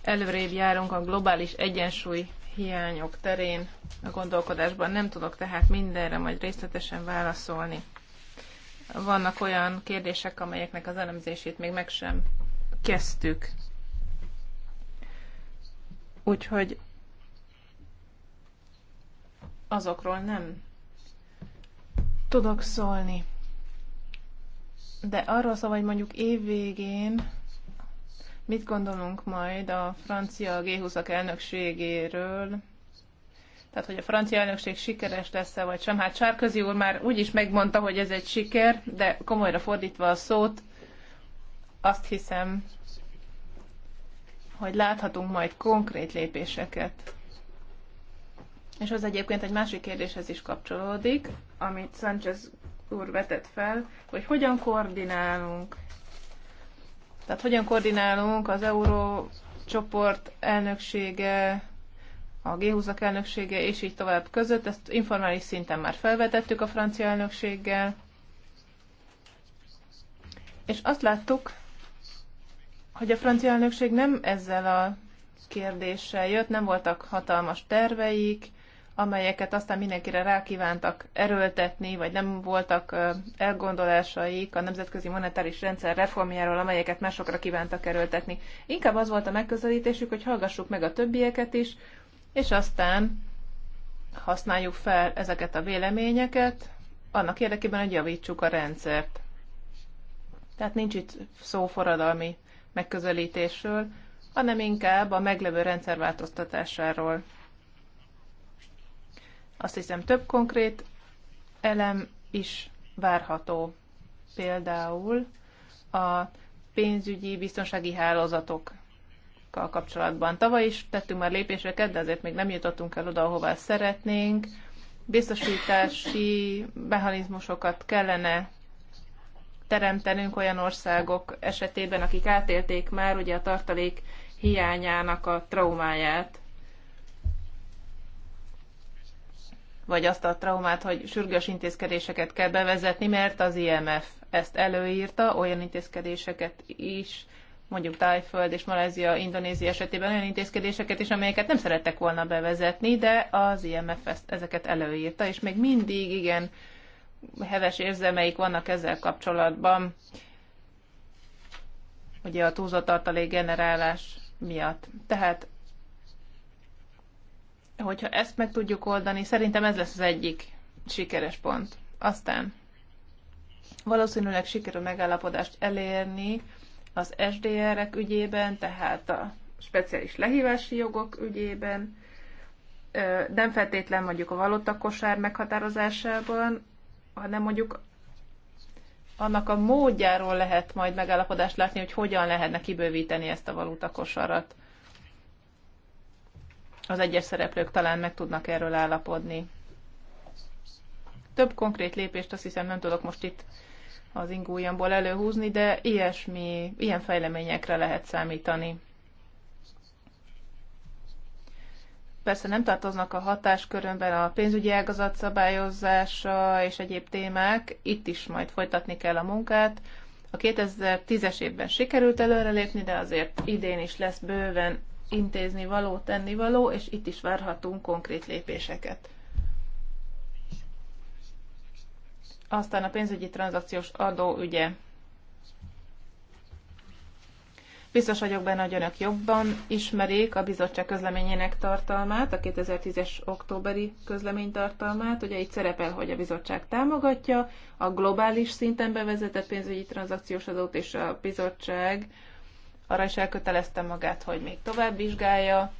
előrébb járunk a globális egyensúly hiányok terén a gondolkodásban. Nem tudok tehát mindenre majd részletesen válaszolni. Vannak olyan kérdések, amelyeknek az elemzését még meg sem kezdtük. Úgyhogy azokról nem tudok szólni. De arról szól, hogy mondjuk évvégén mit gondolunk majd a francia G20-ak elnökségéről, tehát hogy a francia elnökség sikeres lesz-e vagy sem. Hát Sárközi úr már úgy is megmondta, hogy ez egy siker, de komolyra fordítva a szót, azt hiszem, hogy láthatunk majd konkrét lépéseket. És az egyébként egy másik kérdéshez is kapcsolódik, amit Sánchez úr vetett fel, hogy hogyan koordinálunk. Tehát hogyan koordinálunk az euró csoport elnöksége, a g 20 elnöksége és így tovább között. Ezt informális szinten már felvetettük a francia elnökséggel. És azt láttuk, hogy a francia elnökség nem ezzel a kérdéssel jött, nem voltak hatalmas terveik, amelyeket aztán mindenkire rákívántak erőltetni, vagy nem voltak elgondolásaik a nemzetközi monetáris rendszer reformjáról, amelyeket másokra kívántak erőltetni. Inkább az volt a megközelítésük, hogy hallgassuk meg a többieket is, és aztán használjuk fel ezeket a véleményeket, annak érdekében, hogy javítsuk a rendszert. Tehát nincs itt szó forradalmi megközelítésről, hanem inkább a meglevő rendszer változtatásáról. Azt hiszem több konkrét elem is várható. Például a pénzügyi biztonsági hálózatokkal kapcsolatban. Tavaly is tettünk már lépéseket, de azért még nem jutottunk el oda, ahová szeretnénk. Biztosítási mechanizmusokat kellene teremtenünk olyan országok esetében, akik átélték már ugye a tartalék hiányának a traumáját. vagy azt a traumát, hogy sürgős intézkedéseket kell bevezetni, mert az IMF ezt előírta, olyan intézkedéseket is, mondjuk Tájföld és Malázia, Indonézia esetében olyan intézkedéseket is, amelyeket nem szerettek volna bevezetni, de az IMF ezt, ezeket előírta, és még mindig igen heves érzelmeik vannak ezzel kapcsolatban, ugye a túlzott tartalék generálás miatt. Tehát hogyha ezt meg tudjuk oldani, szerintem ez lesz az egyik sikeres pont. Aztán valószínűleg sikerül megállapodást elérni az SDR-ek ügyében, tehát a speciális lehívási jogok ügyében, nem feltétlen mondjuk a valótakosár meghatározásában, hanem mondjuk annak a módjáról lehet majd megállapodást látni, hogy hogyan lehetne kibővíteni ezt a kosarat az egyes szereplők talán meg tudnak erről állapodni. Több konkrét lépést azt hiszem nem tudok most itt az ingújamból előhúzni, de ilyesmi, ilyen fejleményekre lehet számítani. Persze nem tartoznak a hatáskörömben a pénzügyi ágazat szabályozása és egyéb témák, itt is majd folytatni kell a munkát. A 2010-es évben sikerült előrelépni, de azért idén is lesz bőven intézni való, tenni való, és itt is várhatunk konkrét lépéseket. Aztán a pénzügyi tranzakciós adó ügye. Biztos vagyok benne, hogy önök jobban ismerik a bizottság közleményének tartalmát, a 2010-es októberi közlemény tartalmát. Ugye itt szerepel, hogy a bizottság támogatja a globális szinten bevezetett pénzügyi tranzakciós adót, és a bizottság arra is elkötelezte magát, hogy még tovább vizsgálja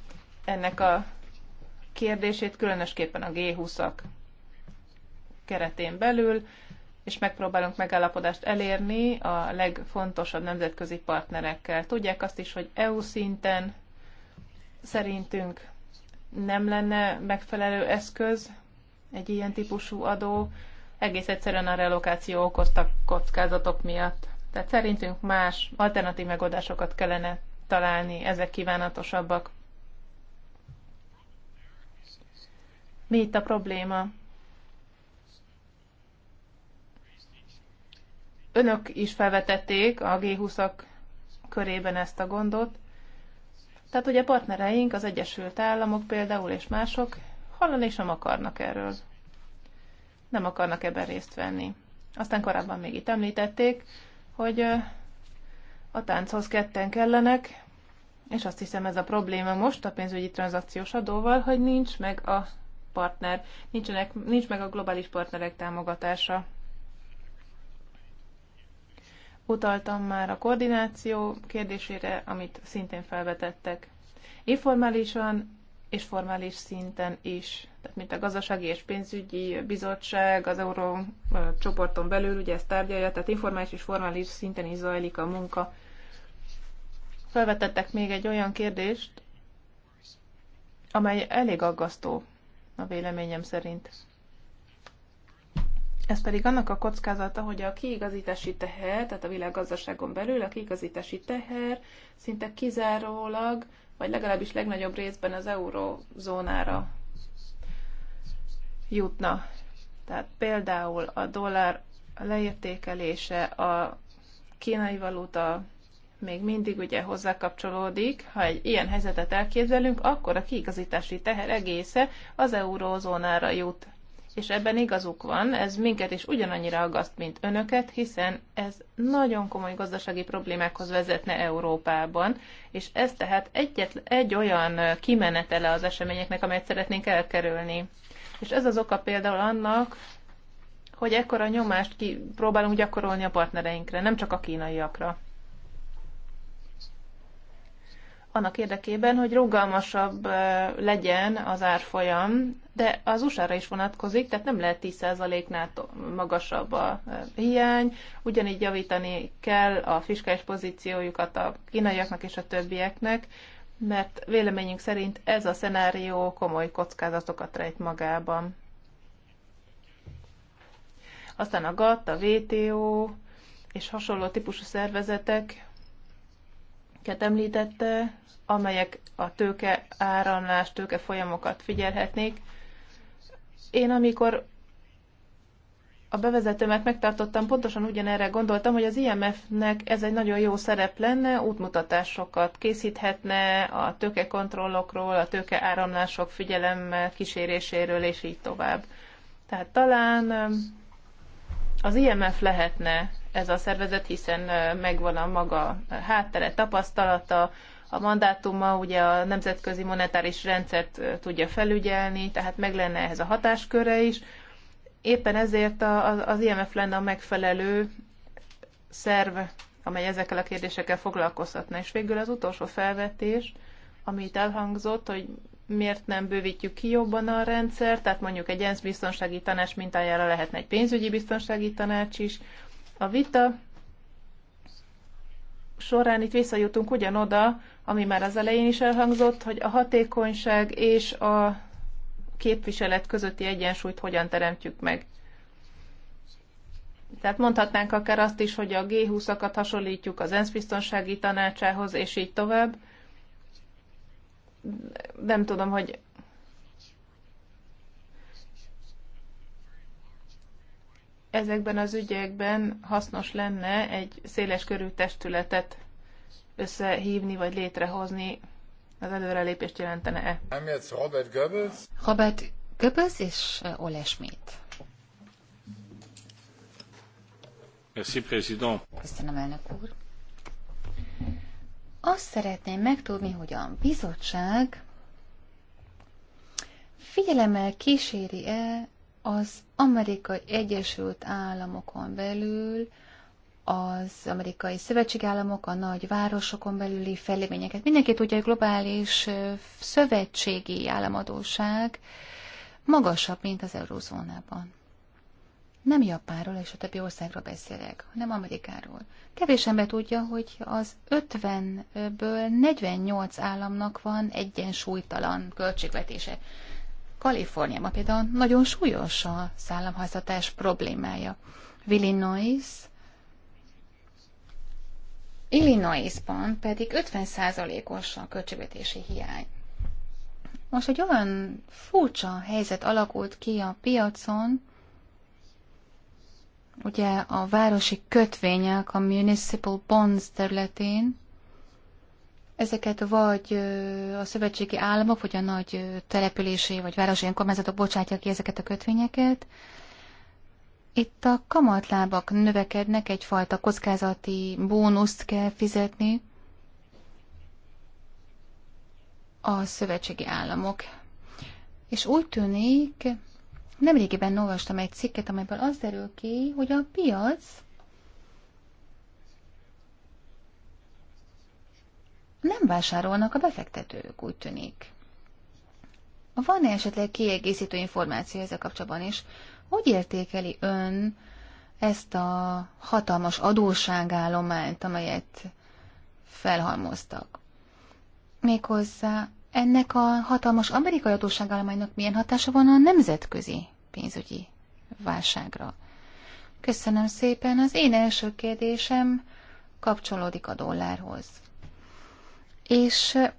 ennek a kérdését, különösképpen a G20-ak keretén belül, és megpróbálunk megállapodást elérni a legfontosabb nemzetközi partnerekkel. Tudják azt is, hogy EU szinten szerintünk nem lenne megfelelő eszköz egy ilyen típusú adó, egész egyszerűen a relokáció okozta kockázatok miatt. Tehát szerintünk más alternatív megoldásokat kellene találni, ezek kívánatosabbak. Mi itt a probléma? Önök is felvetették a G20-ak körében ezt a gondot. Tehát ugye partnereink, az Egyesült Államok például és mások hallani sem akarnak erről. Nem akarnak ebben részt venni. Aztán korábban még itt említették, hogy a tánchoz ketten kellenek, és azt hiszem ez a probléma most a pénzügyi tranzakciós adóval, hogy nincs meg a partner, nincsenek, nincs meg a globális partnerek támogatása. Utaltam már a koordináció kérdésére, amit szintén felvetettek. Informálisan és formális szinten is. Tehát mint a gazdasági és pénzügyi bizottság az euró csoporton belül, ugye ezt tárgyalja, tehát informális és formális szinten is zajlik a munka. Felvetettek még egy olyan kérdést, amely elég aggasztó a véleményem szerint. Ez pedig annak a kockázata, hogy a kiigazítási teher, tehát a világgazdaságon belül a kiigazítási teher szinte kizárólag vagy legalábbis legnagyobb részben az eurózónára jutna. Tehát például a dollár leértékelése, a kínai valuta még mindig ugye hozzákapcsolódik, ha egy ilyen helyzetet elképzelünk, akkor a kiigazítási teher egésze az eurózónára jut és ebben igazuk van, ez minket is ugyanannyira aggaszt, mint önöket, hiszen ez nagyon komoly gazdasági problémákhoz vezetne Európában, és ez tehát egyetlen, egy olyan kimenetele az eseményeknek, amelyet szeretnénk elkerülni. És ez az oka például annak, hogy ekkora nyomást ki, próbálunk gyakorolni a partnereinkre, nem csak a kínaiakra. annak érdekében, hogy rugalmasabb legyen az árfolyam, de az USA-ra is vonatkozik, tehát nem lehet 10%-nál magasabb a hiány, ugyanígy javítani kell a fiskális pozíciójukat a kínaiaknak és a többieknek, mert véleményünk szerint ez a szenárió komoly kockázatokat rejt magában. Aztán a GATT, a WTO és hasonló típusú szervezetek említette, amelyek a tőke áramlás, tőke folyamokat figyelhetnék. Én amikor a bevezetőmet megtartottam, pontosan ugyanerre gondoltam, hogy az IMF-nek ez egy nagyon jó szerep lenne, útmutatásokat készíthetne a kontrollokról, a tőke áramlások figyelem kíséréséről, és így tovább. Tehát talán az IMF lehetne ez a szervezet, hiszen megvan a maga háttere, tapasztalata, a mandátuma ugye a nemzetközi monetáris rendszert tudja felügyelni, tehát meg lenne ehhez a hatásköre is. Éppen ezért az IMF lenne a megfelelő szerv, amely ezekkel a kérdésekkel foglalkozhatna. És végül az utolsó felvetés, amit elhangzott, hogy miért nem bővítjük ki jobban a rendszer, tehát mondjuk egy ENSZ biztonsági tanács mintájára lehetne egy pénzügyi biztonsági tanács is. A vita során itt visszajutunk ugyanoda, ami már az elején is elhangzott, hogy a hatékonyság és a képviselet közötti egyensúlyt hogyan teremtjük meg. Tehát mondhatnánk akár azt is, hogy a G20-akat hasonlítjuk az ENSZ biztonsági tanácsához, és így tovább nem tudom, hogy ezekben az ügyekben hasznos lenne egy széles körű testületet összehívni vagy létrehozni, az előrelépést jelentene-e? Robert Goebbels. Robert Goebbels és Ole Schmidt. Merci, président. Köszönöm, elnök úr. Azt szeretném megtudni, hogy a bizottság figyelemmel kíséri-e az Amerikai Egyesült Államokon belül az amerikai szövetségállamok, a nagy városokon belüli fellépényeket. Mindenki tudja, hogy globális szövetségi államadóság magasabb, mint az eurózónában. Nem Japánról és a többi országról beszélek, hanem Amerikáról. Kevés ember tudja, hogy az 50-ből 48 államnak van egyensúlytalan költségvetése. Kaliforniában például nagyon súlyos a szállamháztatás problémája. Illinois, Illinoisban pedig 50%-os a költségvetési hiány. Most egy olyan furcsa helyzet alakult ki a piacon, Ugye a városi kötvények a municipal bonds területén, ezeket vagy a szövetségi államok, vagy a nagy települési vagy városi önkormányzatok bocsátják ki ezeket a kötvényeket. Itt a kamatlábak növekednek, egyfajta kockázati bónuszt kell fizetni a szövetségi államok. És úgy tűnik, Nemrégiben olvastam egy cikket, amelyből az derül ki, hogy a piac nem vásárolnak a befektetők, úgy tűnik. Van-e esetleg kiegészítő információ ezzel kapcsolatban is? Hogy értékeli ön ezt a hatalmas adósságállományt, amelyet felhalmoztak? Méghozzá ennek a hatalmas amerikai adósságállománynak milyen hatása van a nemzetközi pénzügyi válságra? Köszönöm szépen. Az én első kérdésem kapcsolódik a dollárhoz. És eh,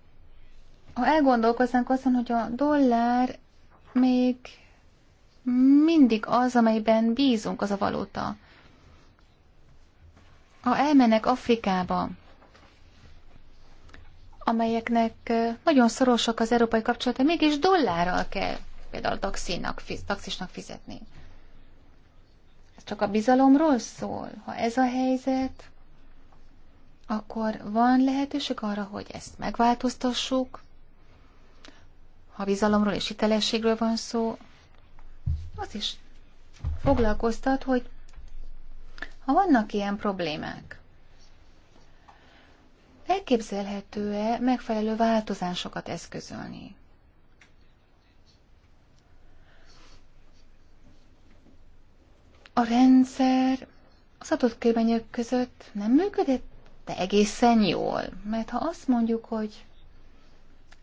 ha elgondolkoznánk azon, hogy a dollár még mindig az, amelyben bízunk, az a valuta. Ha elmennek Afrikába, amelyeknek nagyon szorosak az európai kapcsolata, mégis dollárral kell például a taxinak, taxisnak fizetni. Ez csak a bizalomról szól. Ha ez a helyzet, akkor van lehetőség arra, hogy ezt megváltoztassuk. Ha bizalomról és hitelességről van szó, az is foglalkoztat, hogy ha vannak ilyen problémák, Elképzelhető-e megfelelő változásokat eszközölni? A rendszer az adott körbenyök között nem működött, de egészen jól. Mert ha azt mondjuk, hogy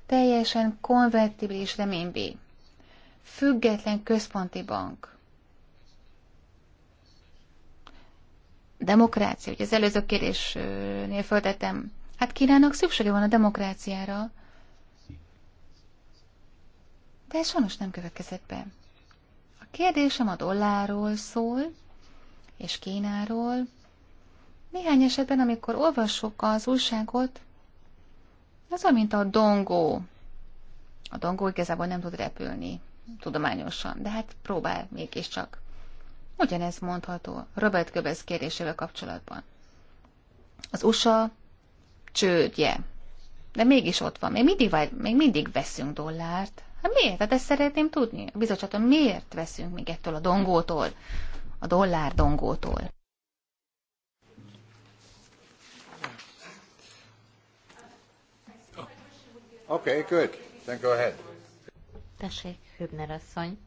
teljesen konvertibilis reménybé, független központi bank, demokrácia, ugye az előző kérdésnél föltettem, Hát Kínának szüksége van a demokráciára. De ez sajnos nem következett be. A kérdésem a dollárról szól, és Kínáról. Néhány esetben, amikor olvasok az újságot, az olyan, mint a dongó. A dongó igazából nem tud repülni tudományosan, de hát próbál mégiscsak. Ugyanez mondható Robert Göbez kérdésével kapcsolatban. Az USA csődje. De mégis ott van, még mindig, még mindig veszünk dollárt. Hát miért? Hát ezt szeretném tudni. A bizottságon miért veszünk még ettől a dongótól, a dollár dongótól? Okay, good. Then go ahead. Tessék, Hübner asszony.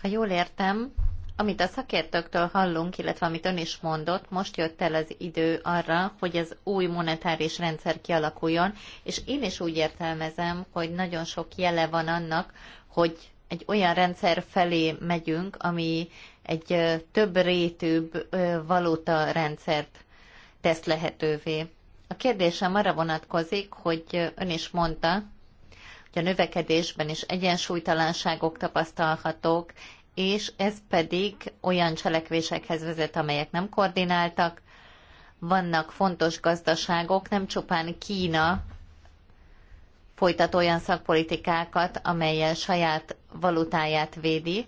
Ha jól értem, amit a szakértőktől hallunk, illetve amit ön is mondott, most jött el az idő arra, hogy az új monetáris rendszer kialakuljon, és én is úgy értelmezem, hogy nagyon sok jele van annak, hogy egy olyan rendszer felé megyünk, ami egy több rétűbb valuta rendszert tesz lehetővé. A kérdésem arra vonatkozik, hogy ön is mondta, hogy a növekedésben is egyensúlytalanságok tapasztalhatók, és ez pedig olyan cselekvésekhez vezet, amelyek nem koordináltak. Vannak fontos gazdaságok, nem csupán Kína folytat olyan szakpolitikákat, amelyel saját valutáját védi.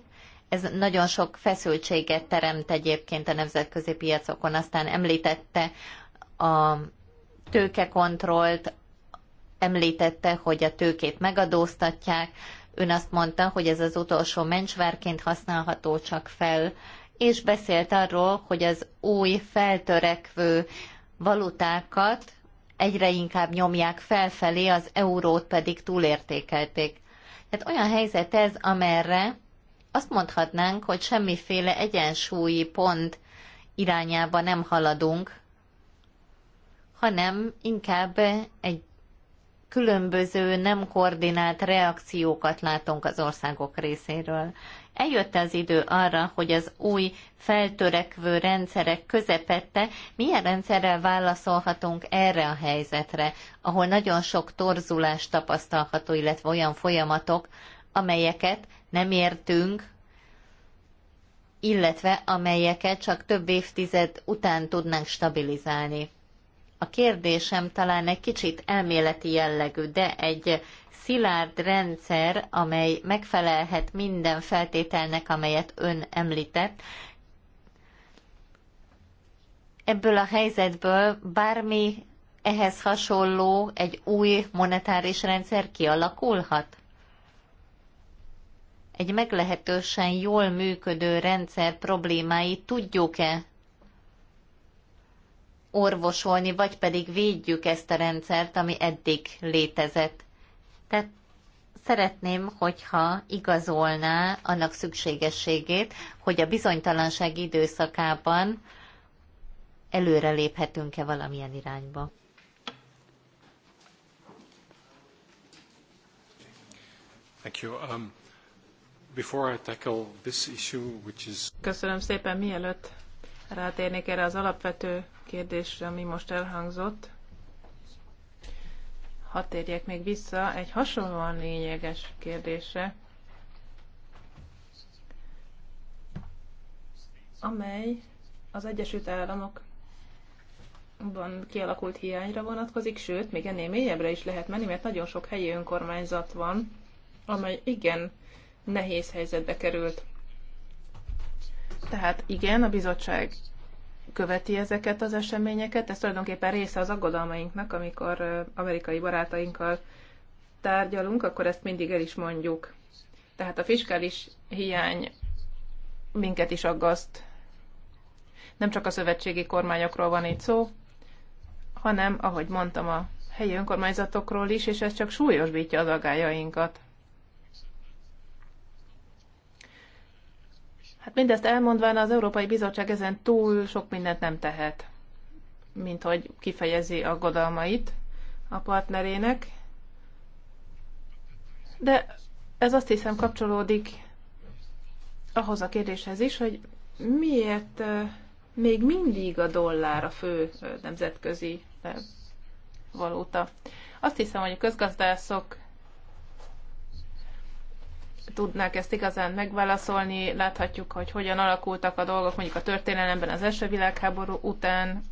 Ez nagyon sok feszültséget teremt egyébként a nemzetközi piacokon. Aztán említette a tőkekontrollt, említette, hogy a tőkét megadóztatják, Ön azt mondta, hogy ez az utolsó mencsvárként használható csak fel, és beszélt arról, hogy az új feltörekvő valutákat egyre inkább nyomják felfelé, az eurót pedig túlértékelték. Tehát olyan helyzet ez, amerre azt mondhatnánk, hogy semmiféle egyensúlyi pont irányába nem haladunk, hanem inkább egy különböző nem koordinált reakciókat látunk az országok részéről. Eljött az idő arra, hogy az új feltörekvő rendszerek közepette milyen rendszerrel válaszolhatunk erre a helyzetre, ahol nagyon sok torzulás tapasztalható, illetve olyan folyamatok, amelyeket nem értünk, illetve amelyeket csak több évtized után tudnánk stabilizálni. A kérdésem talán egy kicsit elméleti jellegű, de egy szilárd rendszer, amely megfelelhet minden feltételnek, amelyet ön említett, ebből a helyzetből bármi ehhez hasonló egy új monetáris rendszer kialakulhat? Egy meglehetősen jól működő rendszer problémái tudjuk-e orvosolni, vagy pedig védjük ezt a rendszert, ami eddig létezett. Tehát szeretném, hogyha igazolná annak szükségességét, hogy a bizonytalanság időszakában előre léphetünk-e valamilyen irányba. Thank you. Um, before I tackle this issue, which is... Köszönöm szépen, mielőtt rátérnék erre az alapvető kérdésre, ami most elhangzott, hadd térjek még vissza egy hasonlóan lényeges kérdésre, amely az Egyesült Államokban kialakult hiányra vonatkozik, sőt, még ennél mélyebbre is lehet menni, mert nagyon sok helyi önkormányzat van, amely igen nehéz helyzetbe került. Tehát igen, a bizottság követi ezeket az eseményeket. Ez tulajdonképpen része az aggodalmainknak, amikor amerikai barátainkkal tárgyalunk, akkor ezt mindig el is mondjuk. Tehát a fiskális hiány minket is aggaszt. Nem csak a szövetségi kormányokról van itt szó, hanem, ahogy mondtam, a helyi önkormányzatokról is, és ez csak súlyosbítja az aggájainkat. Hát mindezt elmondván az Európai Bizottság ezen túl sok mindent nem tehet, mint hogy kifejezi aggodalmait a partnerének. De ez azt hiszem kapcsolódik ahhoz a kérdéshez is, hogy miért még mindig a dollár a fő nemzetközi valuta. Azt hiszem, hogy a közgazdászok tudnák ezt igazán megválaszolni. Láthatjuk, hogy hogyan alakultak a dolgok mondjuk a történelemben az első világháború után.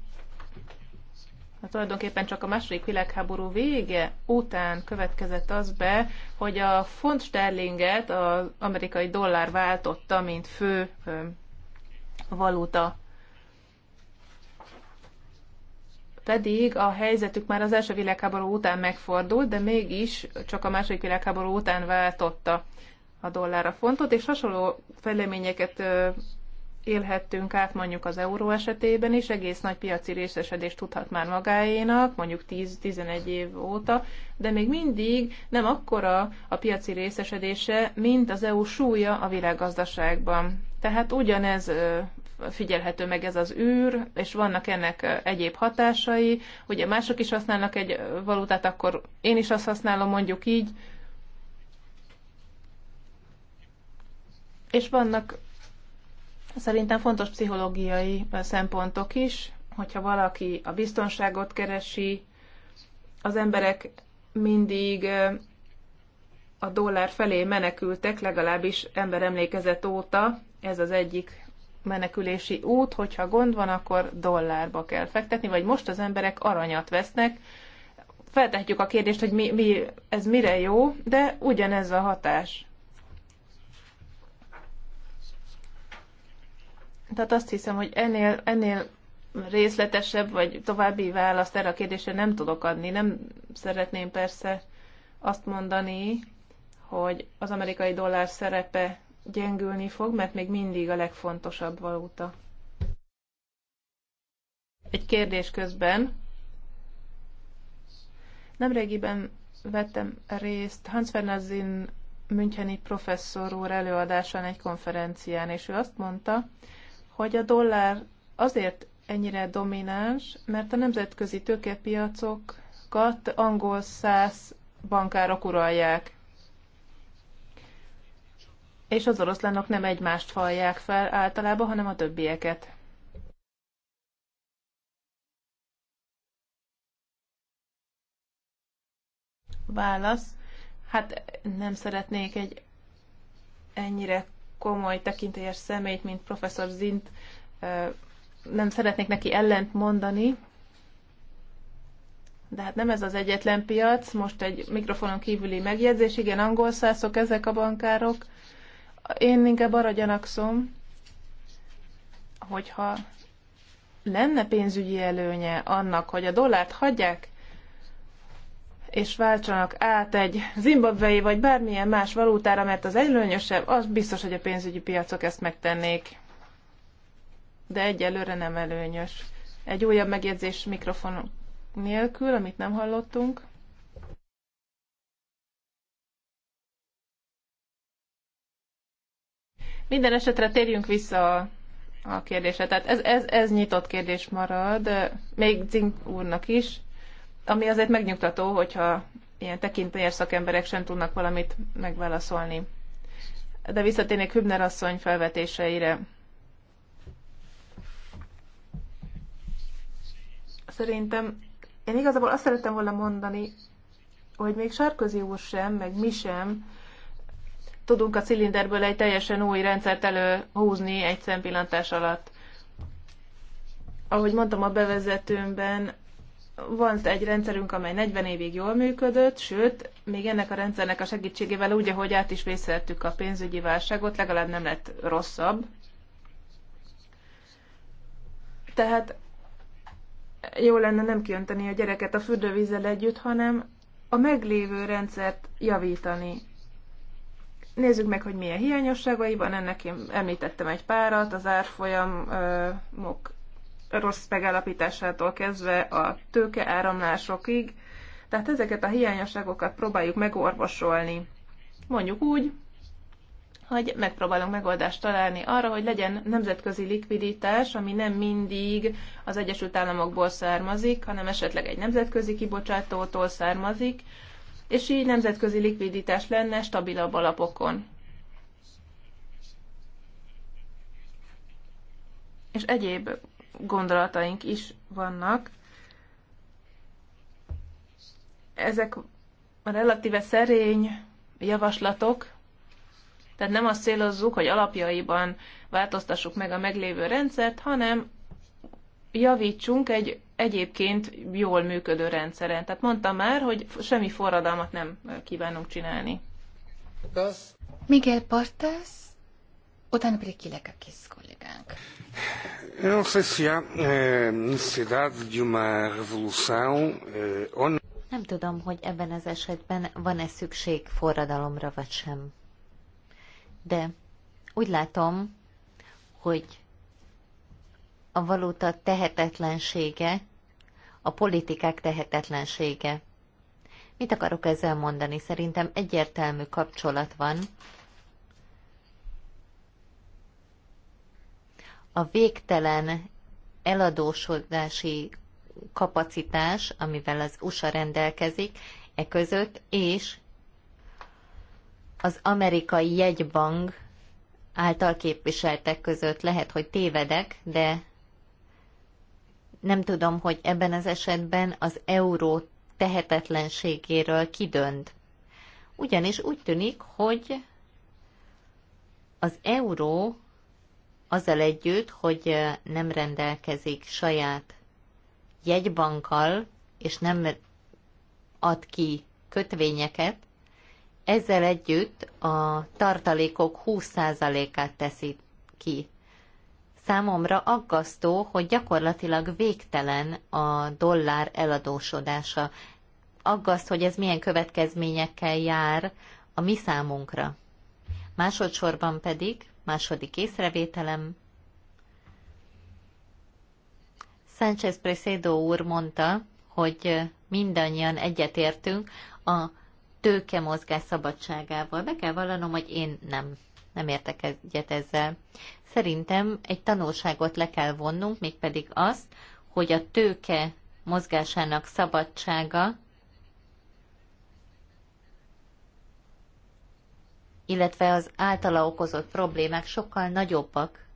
Hát tulajdonképpen csak a második világháború vége után következett az be, hogy a font sterlinget az amerikai dollár váltotta, mint fő valuta pedig a helyzetük már az első világháború után megfordult, de mégis csak a második világháború után váltotta a dollár a fontot, és hasonló fejleményeket élhettünk át mondjuk az euró esetében is, egész nagy piaci részesedés tudhat már magáénak, mondjuk 10-11 év óta, de még mindig nem akkora a piaci részesedése, mint az EU súlya a világgazdaságban. Tehát ugyanez figyelhető meg ez az űr, és vannak ennek egyéb hatásai. Ugye mások is használnak egy valutát, akkor én is azt használom mondjuk így, És vannak szerintem fontos pszichológiai szempontok is, hogyha valaki a biztonságot keresi, az emberek mindig a dollár felé menekültek, legalábbis ember emlékezett óta, ez az egyik menekülési út, hogyha gond van, akkor dollárba kell fektetni, vagy most az emberek aranyat vesznek. Feltehetjük a kérdést, hogy mi, mi, ez mire jó, de ugyanez a hatás. Tehát azt hiszem, hogy ennél, ennél részletesebb vagy további választ erre a kérdésre nem tudok adni. Nem szeretném persze azt mondani, hogy az amerikai dollár szerepe gyengülni fog, mert még mindig a legfontosabb valuta. Egy kérdés közben. Nemrégiben vettem részt Hans Fernazin Müncheni professzor úr előadásán egy konferencián, és ő azt mondta, hogy a dollár azért ennyire domináns, mert a nemzetközi tőkepiacokat angol száz bankárok uralják. És az oroszlánok nem egymást hallják fel általában, hanem a többieket. Válasz. Hát nem szeretnék egy ennyire komoly, tekintélyes személyt, mint professzor Zint, nem szeretnék neki ellent mondani, de hát nem ez az egyetlen piac, most egy mikrofonon kívüli megjegyzés, igen, angol szászok ezek a bankárok. Én inkább arra gyanakszom, hogyha lenne pénzügyi előnye annak, hogy a dollárt hagyják és váltsanak át egy zimbabvei vagy bármilyen más valutára, mert az előnyösebb, az biztos, hogy a pénzügyi piacok ezt megtennék. De egyelőre nem előnyös. Egy újabb megjegyzés mikrofon nélkül, amit nem hallottunk. Minden esetre térjünk vissza a, a kérdésre. Tehát ez, ez, ez nyitott kérdés marad, még Zink úrnak is ami azért megnyugtató, hogyha ilyen tekintélyes szakemberek sem tudnak valamit megválaszolni. De visszatérnék Hübner asszony felvetéseire. Szerintem én igazából azt szerettem volna mondani, hogy még Sárközi úr sem, meg mi sem tudunk a cilinderből egy teljesen új rendszert előhúzni egy szempillantás alatt. Ahogy mondtam a bevezetőmben, volt egy rendszerünk, amely 40 évig jól működött, sőt, még ennek a rendszernek a segítségével úgy, ahogy át is vészeltük a pénzügyi válságot, legalább nem lett rosszabb. Tehát jó lenne nem kiönteni a gyereket a fürdővízzel együtt, hanem a meglévő rendszert javítani. Nézzük meg, hogy milyen hiányosságai van, ennek én említettem egy párat, az árfolyamok rossz megállapításától kezdve a áramlásokig. Tehát ezeket a hiányosságokat próbáljuk megorvosolni. Mondjuk úgy, hogy megpróbálunk megoldást találni arra, hogy legyen nemzetközi likviditás, ami nem mindig az Egyesült Államokból származik, hanem esetleg egy nemzetközi kibocsátótól származik, és így nemzetközi likviditás lenne stabilabb alapokon. És egyéb gondolataink is vannak. Ezek a relatíve szerény javaslatok, tehát nem azt célozzuk, hogy alapjaiban változtassuk meg a meglévő rendszert, hanem javítsunk egy egyébként jól működő rendszeren. Tehát mondtam már, hogy semmi forradalmat nem kívánunk csinálni. Miguel Portas Utána pedig kilek a kis kollégánk. Eu não sei se há necessidade de uma revolução eh, ou não. Nem tudom, hogy ebben az esetben van-e szükség forradalomra vagy sem. De úgy látom, hogy a valóta tehetetlensége, a politikák tehetetlensége. Mit akarok ezzel mondani? Szerintem egyértelmű kapcsolat van a végtelen eladósodási kapacitás, amivel az USA rendelkezik, e között, és az amerikai jegybank által képviseltek között lehet, hogy tévedek, de nem tudom, hogy ebben az esetben az euró tehetetlenségéről kidönt. Ugyanis úgy tűnik, hogy az euró azzal együtt, hogy nem rendelkezik saját jegybankkal, és nem ad ki kötvényeket, ezzel együtt a tartalékok 20%-át teszi ki. Számomra aggasztó, hogy gyakorlatilag végtelen a dollár eladósodása. Aggaszt, hogy ez milyen következményekkel jár a mi számunkra. Másodszorban pedig Második észrevételem. Sánchez Presedo úr mondta, hogy mindannyian egyetértünk a tőke mozgás szabadságával. Be kell vallanom, hogy én nem, nem értek egyet ezzel. Szerintem egy tanulságot le kell vonnunk, mégpedig azt, hogy a tőke mozgásának szabadsága illetve az általa okozott problémák sokkal nagyobbak,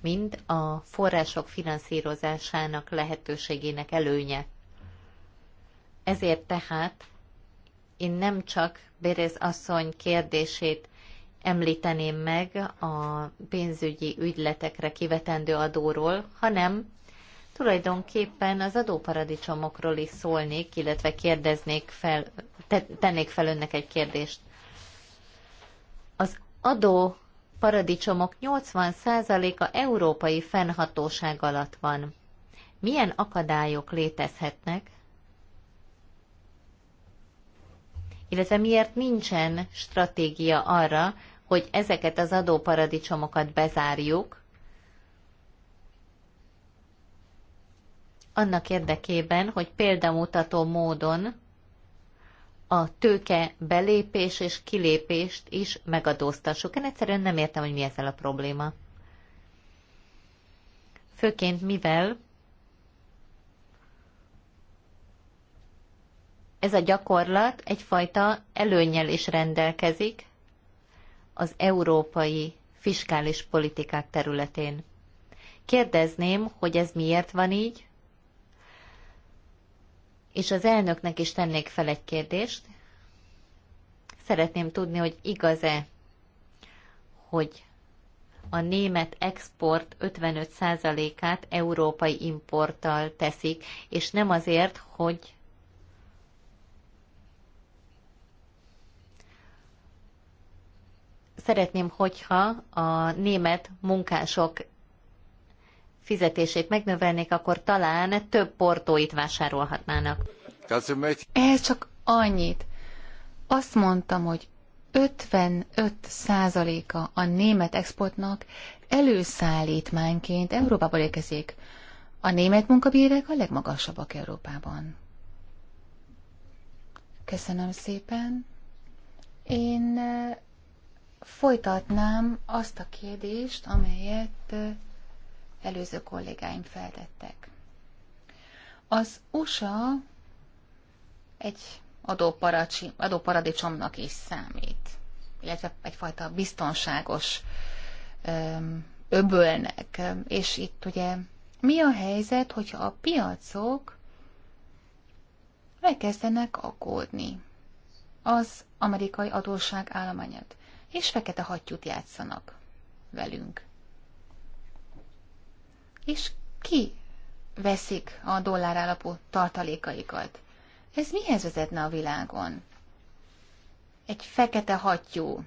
mint a források finanszírozásának lehetőségének előnye. Ezért tehát én nem csak Bérez asszony kérdését említeném meg a pénzügyi ügyletekre kivetendő adóról, hanem tulajdonképpen az adóparadicsomokról is szólnék, illetve kérdeznék fel, tennék fel önnek egy kérdést adó paradicsomok 80%-a európai fennhatóság alatt van. Milyen akadályok létezhetnek? Illetve miért nincsen stratégia arra, hogy ezeket az adóparadicsomokat bezárjuk, annak érdekében, hogy példamutató módon a tőke belépés és kilépést is megadóztassuk. Én egyszerűen nem értem, hogy mi ezzel a probléma. Főként mivel ez a gyakorlat egyfajta előnyel is rendelkezik az európai fiskális politikák területén. Kérdezném, hogy ez miért van így, és az elnöknek is tennék fel egy kérdést. Szeretném tudni, hogy igaz-e, hogy a német export 55%-át európai importtal teszik, és nem azért, hogy szeretném, hogyha a német munkások fizetését megnövelnék, akkor talán több portóit vásárolhatnának. Ez eh, csak annyit. Azt mondtam, hogy 55%-a a német exportnak előszállítmányként Európába érkezik. A német munkabérek a legmagasabbak Európában. Köszönöm szépen. Én eh, folytatnám azt a kérdést, amelyet eh, előző kollégáim feltettek. Az USA egy adóparadicsomnak is számít, illetve egyfajta biztonságos öbölnek. És itt ugye mi a helyzet, hogyha a piacok elkezdenek aggódni az amerikai adósság állományát, és fekete hattyút játszanak velünk és ki veszik a dollár alapú tartalékaikat. Ez mihez vezetne a világon? Egy fekete hattyú.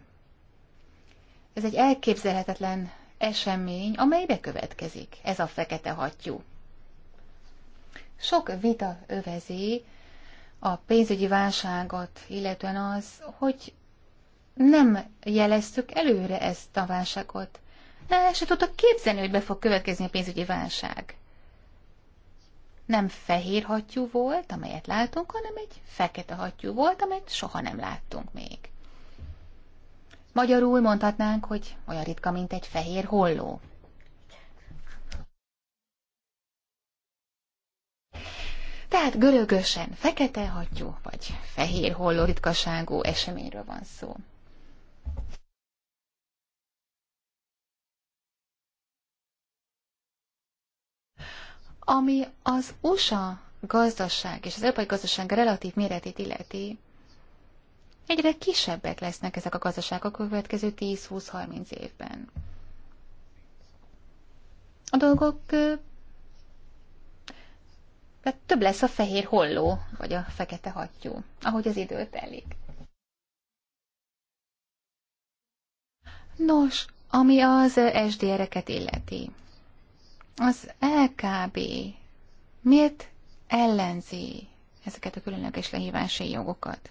Ez egy elképzelhetetlen esemény, amely bekövetkezik. Ez a fekete hattyú. Sok vita övezi a pénzügyi válságot, illetően az, hogy nem jeleztük előre ezt a válságot el se tudta képzelni, hogy be fog következni a pénzügyi válság. Nem fehér hattyú volt, amelyet látunk, hanem egy fekete hattyú volt, amelyet soha nem láttunk még. Magyarul mondhatnánk, hogy olyan ritka, mint egy fehér holló. Tehát görögösen fekete hattyú vagy fehér holló ritkaságú eseményről van szó. Ami az USA gazdaság és az európai gazdaság relatív méretét illeti, egyre kisebbek lesznek ezek a gazdaságok a következő 10-20-30 évben. A dolgok tehát több lesz a fehér holló, vagy a fekete hattyú, ahogy az idő telik. Nos, ami az SDR-eket illeti. Az LKB miért ellenzi ezeket a különleges lehívási jogokat?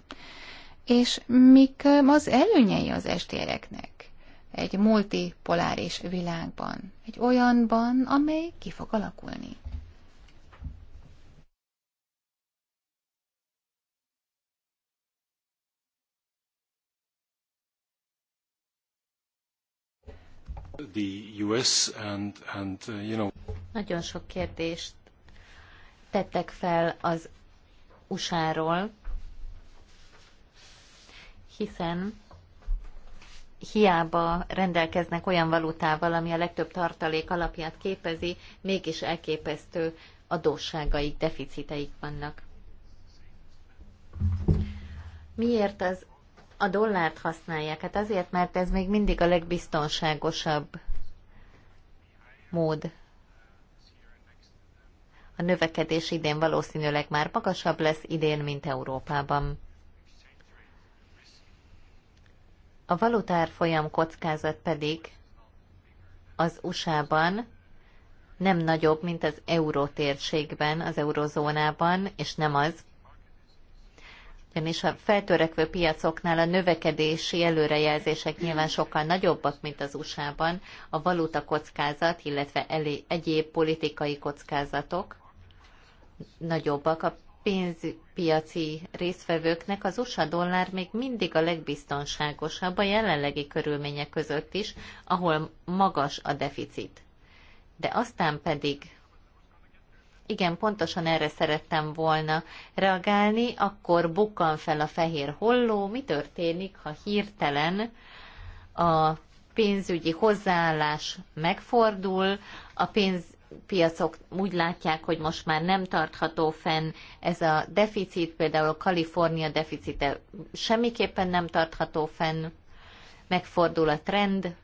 És mik az előnyei az estéreknek egy multipoláris világban, egy olyanban, amely ki fog alakulni? The US and, and, uh, you know... Nagyon sok kérdést tettek fel az USA-ról, hiszen hiába rendelkeznek olyan valutával, ami a legtöbb tartalék alapját képezi, mégis elképesztő adósságaik, deficiteik vannak. Miért az a dollárt használják. Hát azért, mert ez még mindig a legbiztonságosabb mód. A növekedés idén valószínűleg már magasabb lesz idén, mint Európában. A valutár folyam kockázat pedig az USA-ban nem nagyobb, mint az euró az eurozónában, és nem az, ugyanis a feltörekvő piacoknál a növekedési előrejelzések nyilván sokkal nagyobbak, mint az USA-ban, a valuta kockázat, illetve elé, egyéb politikai kockázatok nagyobbak. A pénzpiaci résztvevőknek az USA dollár még mindig a legbiztonságosabb a jelenlegi körülmények között is, ahol magas a deficit. De aztán pedig igen, pontosan erre szerettem volna reagálni, akkor bukkan fel a fehér holló, mi történik, ha hirtelen a pénzügyi hozzáállás megfordul, a piacok úgy látják, hogy most már nem tartható fenn ez a deficit, például a Kalifornia deficite semmiképpen nem tartható fenn, megfordul a trend,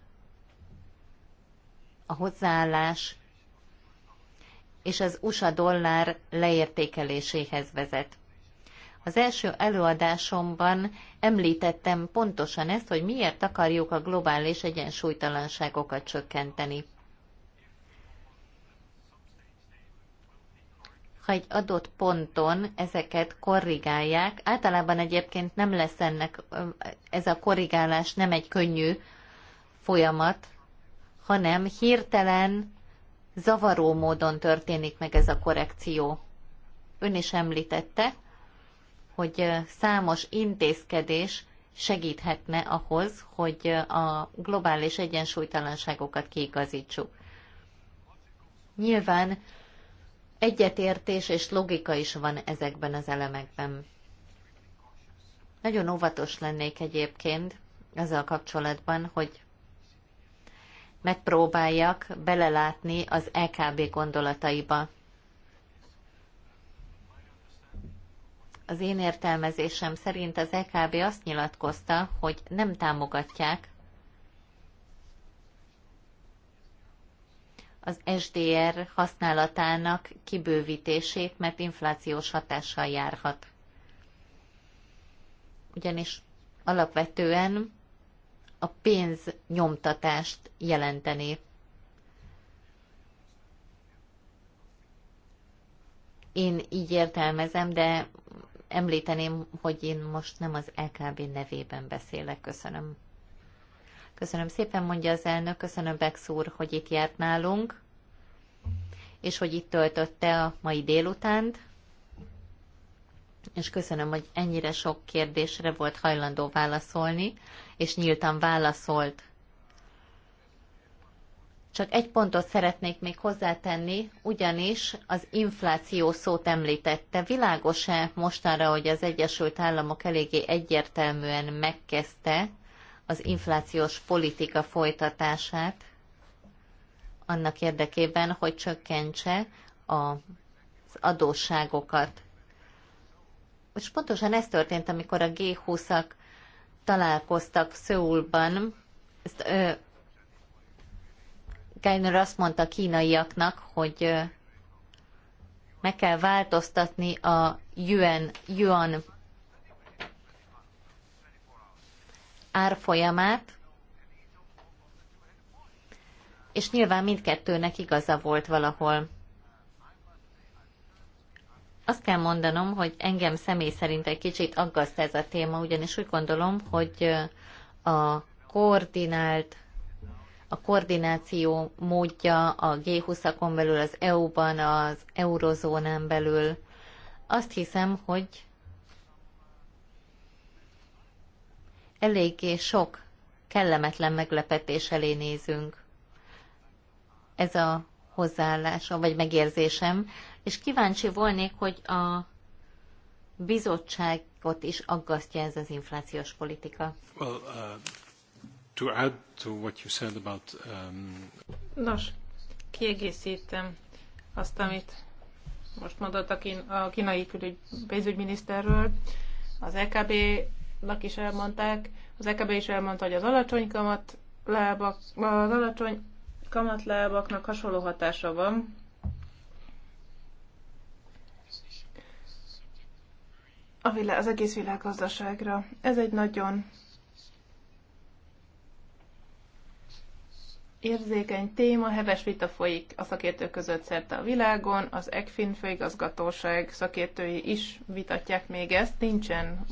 a hozzáállás, és az USA dollár leértékeléséhez vezet. Az első előadásomban említettem pontosan ezt, hogy miért akarjuk a globális egyensúlytalanságokat csökkenteni. ha egy adott ponton ezeket korrigálják, általában egyébként nem lesz ennek, ez a korrigálás nem egy könnyű folyamat, hanem hirtelen zavaró módon történik meg ez a korrekció. Ön is említette, hogy számos intézkedés segíthetne ahhoz, hogy a globális egyensúlytalanságokat kiigazítsuk. Nyilván egyetértés és logika is van ezekben az elemekben. Nagyon óvatos lennék egyébként azzal kapcsolatban, hogy megpróbáljak belelátni az EKB gondolataiba. Az én értelmezésem szerint az EKB azt nyilatkozta, hogy nem támogatják az SDR használatának kibővítését, mert inflációs hatással járhat. Ugyanis alapvetően a pénz nyomtatást jelenteni. Én így értelmezem, de említeném, hogy én most nem az LKB nevében beszélek. Köszönöm. Köszönöm szépen, mondja az elnök. Köszönöm, Bex úr, hogy itt járt nálunk, és hogy itt töltötte a mai délutánt. És köszönöm, hogy ennyire sok kérdésre volt hajlandó válaszolni és nyíltan válaszolt. Csak egy pontot szeretnék még hozzátenni, ugyanis az infláció szót említette. Világos-e mostanra, hogy az Egyesült Államok eléggé egyértelműen megkezdte az inflációs politika folytatását annak érdekében, hogy csökkentse az adósságokat. És pontosan ez történt, amikor a G20-ak találkoztak Szöulban. Ezt, ö, Geiner azt mondta a kínaiaknak, hogy ö, meg kell változtatni a yuan, yuan árfolyamát, és nyilván mindkettőnek igaza volt valahol azt kell mondanom, hogy engem személy szerint egy kicsit aggaszt ez a téma, ugyanis úgy gondolom, hogy a koordinált a koordináció módja a G20-akon belül, az EU-ban, az eurozónán belül. Azt hiszem, hogy eléggé sok kellemetlen meglepetés elé nézünk. Ez a hozzáállásom vagy megérzésem, és kíváncsi volnék, hogy a bizottságot is aggasztja ez az inflációs politika. Well, uh, to add to what you said about, um... Nos, kiegészítem azt, amit most mondott a, kín, a kínai külügy, pénzügyminiszterről. Az LKB-nak e is elmondták, az LKB e is elmondta, hogy az alacsony kamat lábak, az alacsony kamatlábaknak hasonló hatása van. A világ, az egész világgazdaságra. Ez egy nagyon érzékeny téma, heves vita folyik a szakértők között szerte a világon, az ECFIN főigazgatóság szakértői is vitatják még ezt, nincsen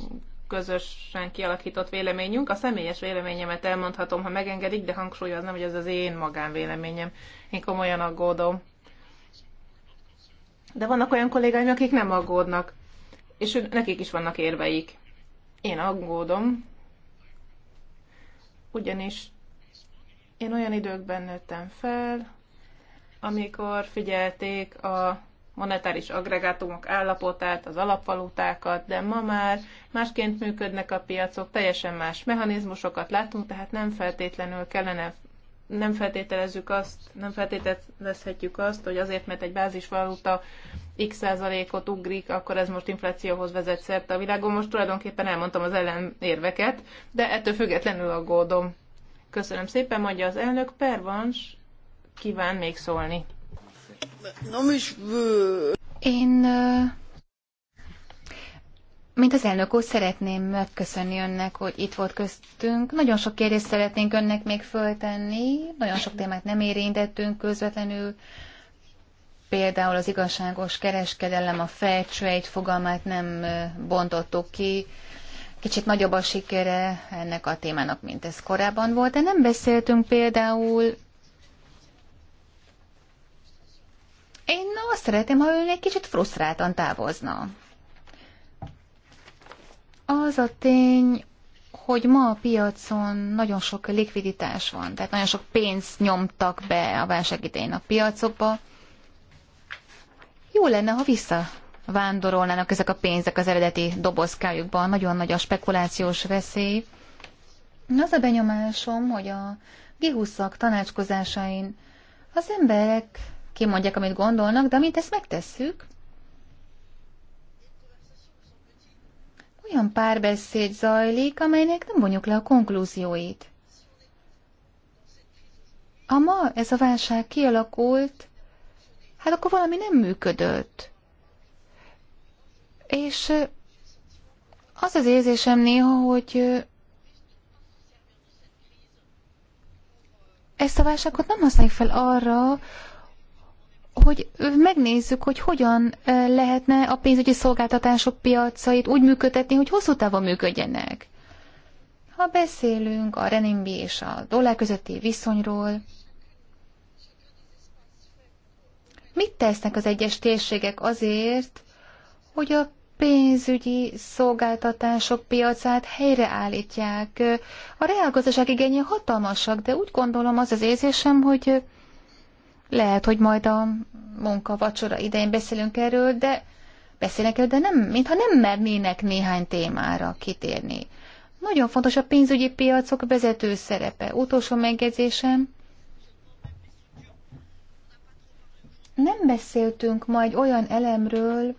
közösen kialakított véleményünk. A személyes véleményemet elmondhatom, ha megengedik, de hangsúlyoznám, hogy ez az én magánvéleményem. Én komolyan aggódom. De vannak olyan kollégáim, akik nem aggódnak, és nekik is vannak érveik. Én aggódom, ugyanis én olyan időkben nőttem fel, amikor figyelték a monetáris agregátumok állapotát, az alapvalutákat, de ma már másként működnek a piacok, teljesen más mechanizmusokat látunk, tehát nem feltétlenül kellene nem feltételezzük azt, nem feltételezhetjük azt, hogy azért, mert egy bázisvaluta x százalékot ugrik, akkor ez most inflációhoz vezet szerte a világon. Most tulajdonképpen elmondtam az ellenérveket, de ettől függetlenül aggódom. Köszönöm szépen, mondja az elnök. Pervans kíván még szólni. Én, mint az elnök úr, szeretném megköszönni önnek, hogy itt volt köztünk. Nagyon sok kérdést szeretnénk önnek még föltenni, nagyon sok témát nem érintettünk közvetlenül. Például az igazságos kereskedelem, a fair trade fogalmát nem bontottuk ki. Kicsit nagyobb a sikere ennek a témának, mint ez korábban volt, de nem beszéltünk például Azt szeretem, ha ön egy kicsit frusztráltan távozna. Az a tény, hogy ma a piacon nagyon sok likviditás van, tehát nagyon sok pénzt nyomtak be a válság idején a piacokba. Jó lenne, ha vissza vándorolnának ezek a pénzek az eredeti dobozkájukba, nagyon nagy a spekulációs veszély. Az a benyomásom, hogy a G20-ak tanácskozásain az emberek kimondják, amit gondolnak, de mint ezt megtesszük, olyan párbeszéd zajlik, amelynek nem vonjuk le a konklúzióit. A ma ez a válság kialakult, hát akkor valami nem működött. És az az érzésem néha, hogy ezt a válságot nem használjuk fel arra, hogy megnézzük, hogy hogyan lehetne a pénzügyi szolgáltatások piacait úgy működtetni, hogy hosszú távon működjenek. Ha beszélünk a renimbi és a dollár közötti viszonyról, mit tesznek az egyes térségek azért, hogy a pénzügyi szolgáltatások piacát helyreállítják. A reálgazdaság igénye hatalmasak, de úgy gondolom az az érzésem, hogy lehet, hogy majd a munka vacsora idején beszélünk erről, de beszélnek erről, de nem, mintha nem mernének néhány témára kitérni. Nagyon fontos a pénzügyi piacok vezető szerepe. Utolsó megjegyzésem. Nem beszéltünk majd olyan elemről,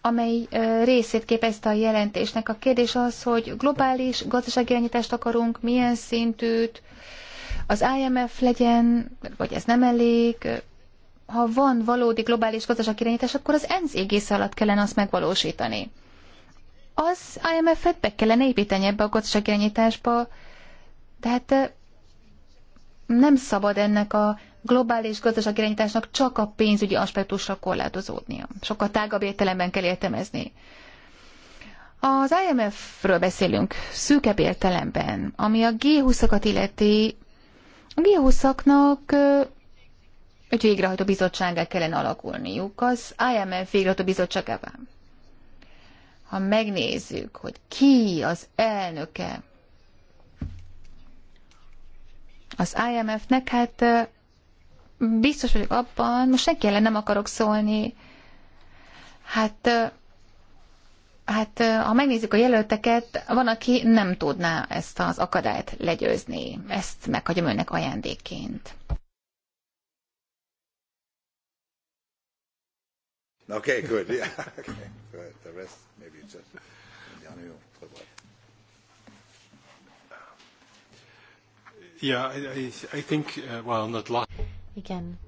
amely részét képezte a jelentésnek. A kérdés az, hogy globális gazdaságirányítást akarunk, milyen szintűt, az IMF legyen, vagy ez nem elég, ha van valódi globális irányítás, akkor az ENSZ égész alatt kellene azt megvalósítani. Az IMF-et be kellene építeni ebbe a de hát nem szabad ennek a globális irányításnak csak a pénzügyi aspektusra korlátozódnia. Sokkal tágabb értelemben kell értelmezni. Az IMF-ről beszélünk szűkebb értelemben, ami a G20-akat illeti, a g egy végrehajtó bizottságá kellene alakulniuk, az IMF végrehajtó bizottságában. Ha megnézzük, hogy ki az elnöke az IMF-nek, hát biztos vagyok abban, most senki ellen nem akarok szólni, hát Hát ha megnézzük a jelölteket, van, aki nem tudná ezt az akadályt legyőzni. Ezt meghagyom önnek ajándékként. Okay, good. Yeah. Okay, good. The rest maybe just Yeah, I, I think, uh, well, not lot. Igen.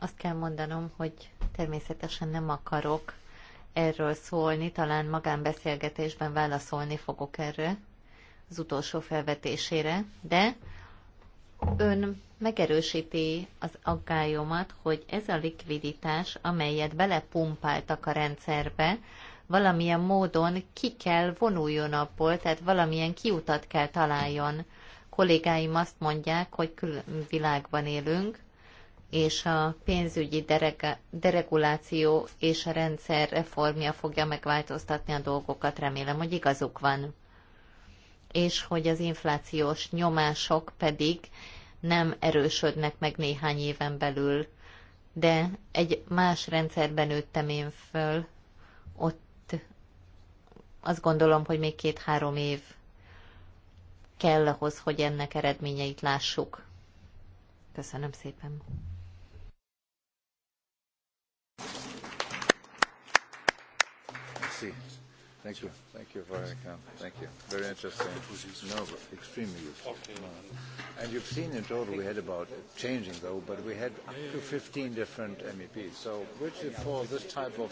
Azt kell mondanom, hogy természetesen nem akarok erről szólni, talán magánbeszélgetésben válaszolni fogok erre az utolsó felvetésére, de ön megerősíti az aggályomat, hogy ez a likviditás, amelyet belepumpáltak a rendszerbe, valamilyen módon ki kell vonuljon abból, tehát valamilyen kiutat kell találjon. Kollégáim azt mondják, hogy külön világban élünk, és a pénzügyi dereguláció és a rendszer reformja fogja megváltoztatni a dolgokat. Remélem, hogy igazuk van. És hogy az inflációs nyomások pedig nem erősödnek meg néhány éven belül. De egy más rendszerben nőttem én föl, ott azt gondolom, hogy még két-három év kell ahhoz, hogy ennek eredményeit lássuk. Köszönöm szépen. see. Thank you. Thank you for coming. Thank you. Very interesting. No, extremely useful. And you've seen in total we had about changing though, but we had up to 15 different MEPs. So which for this type of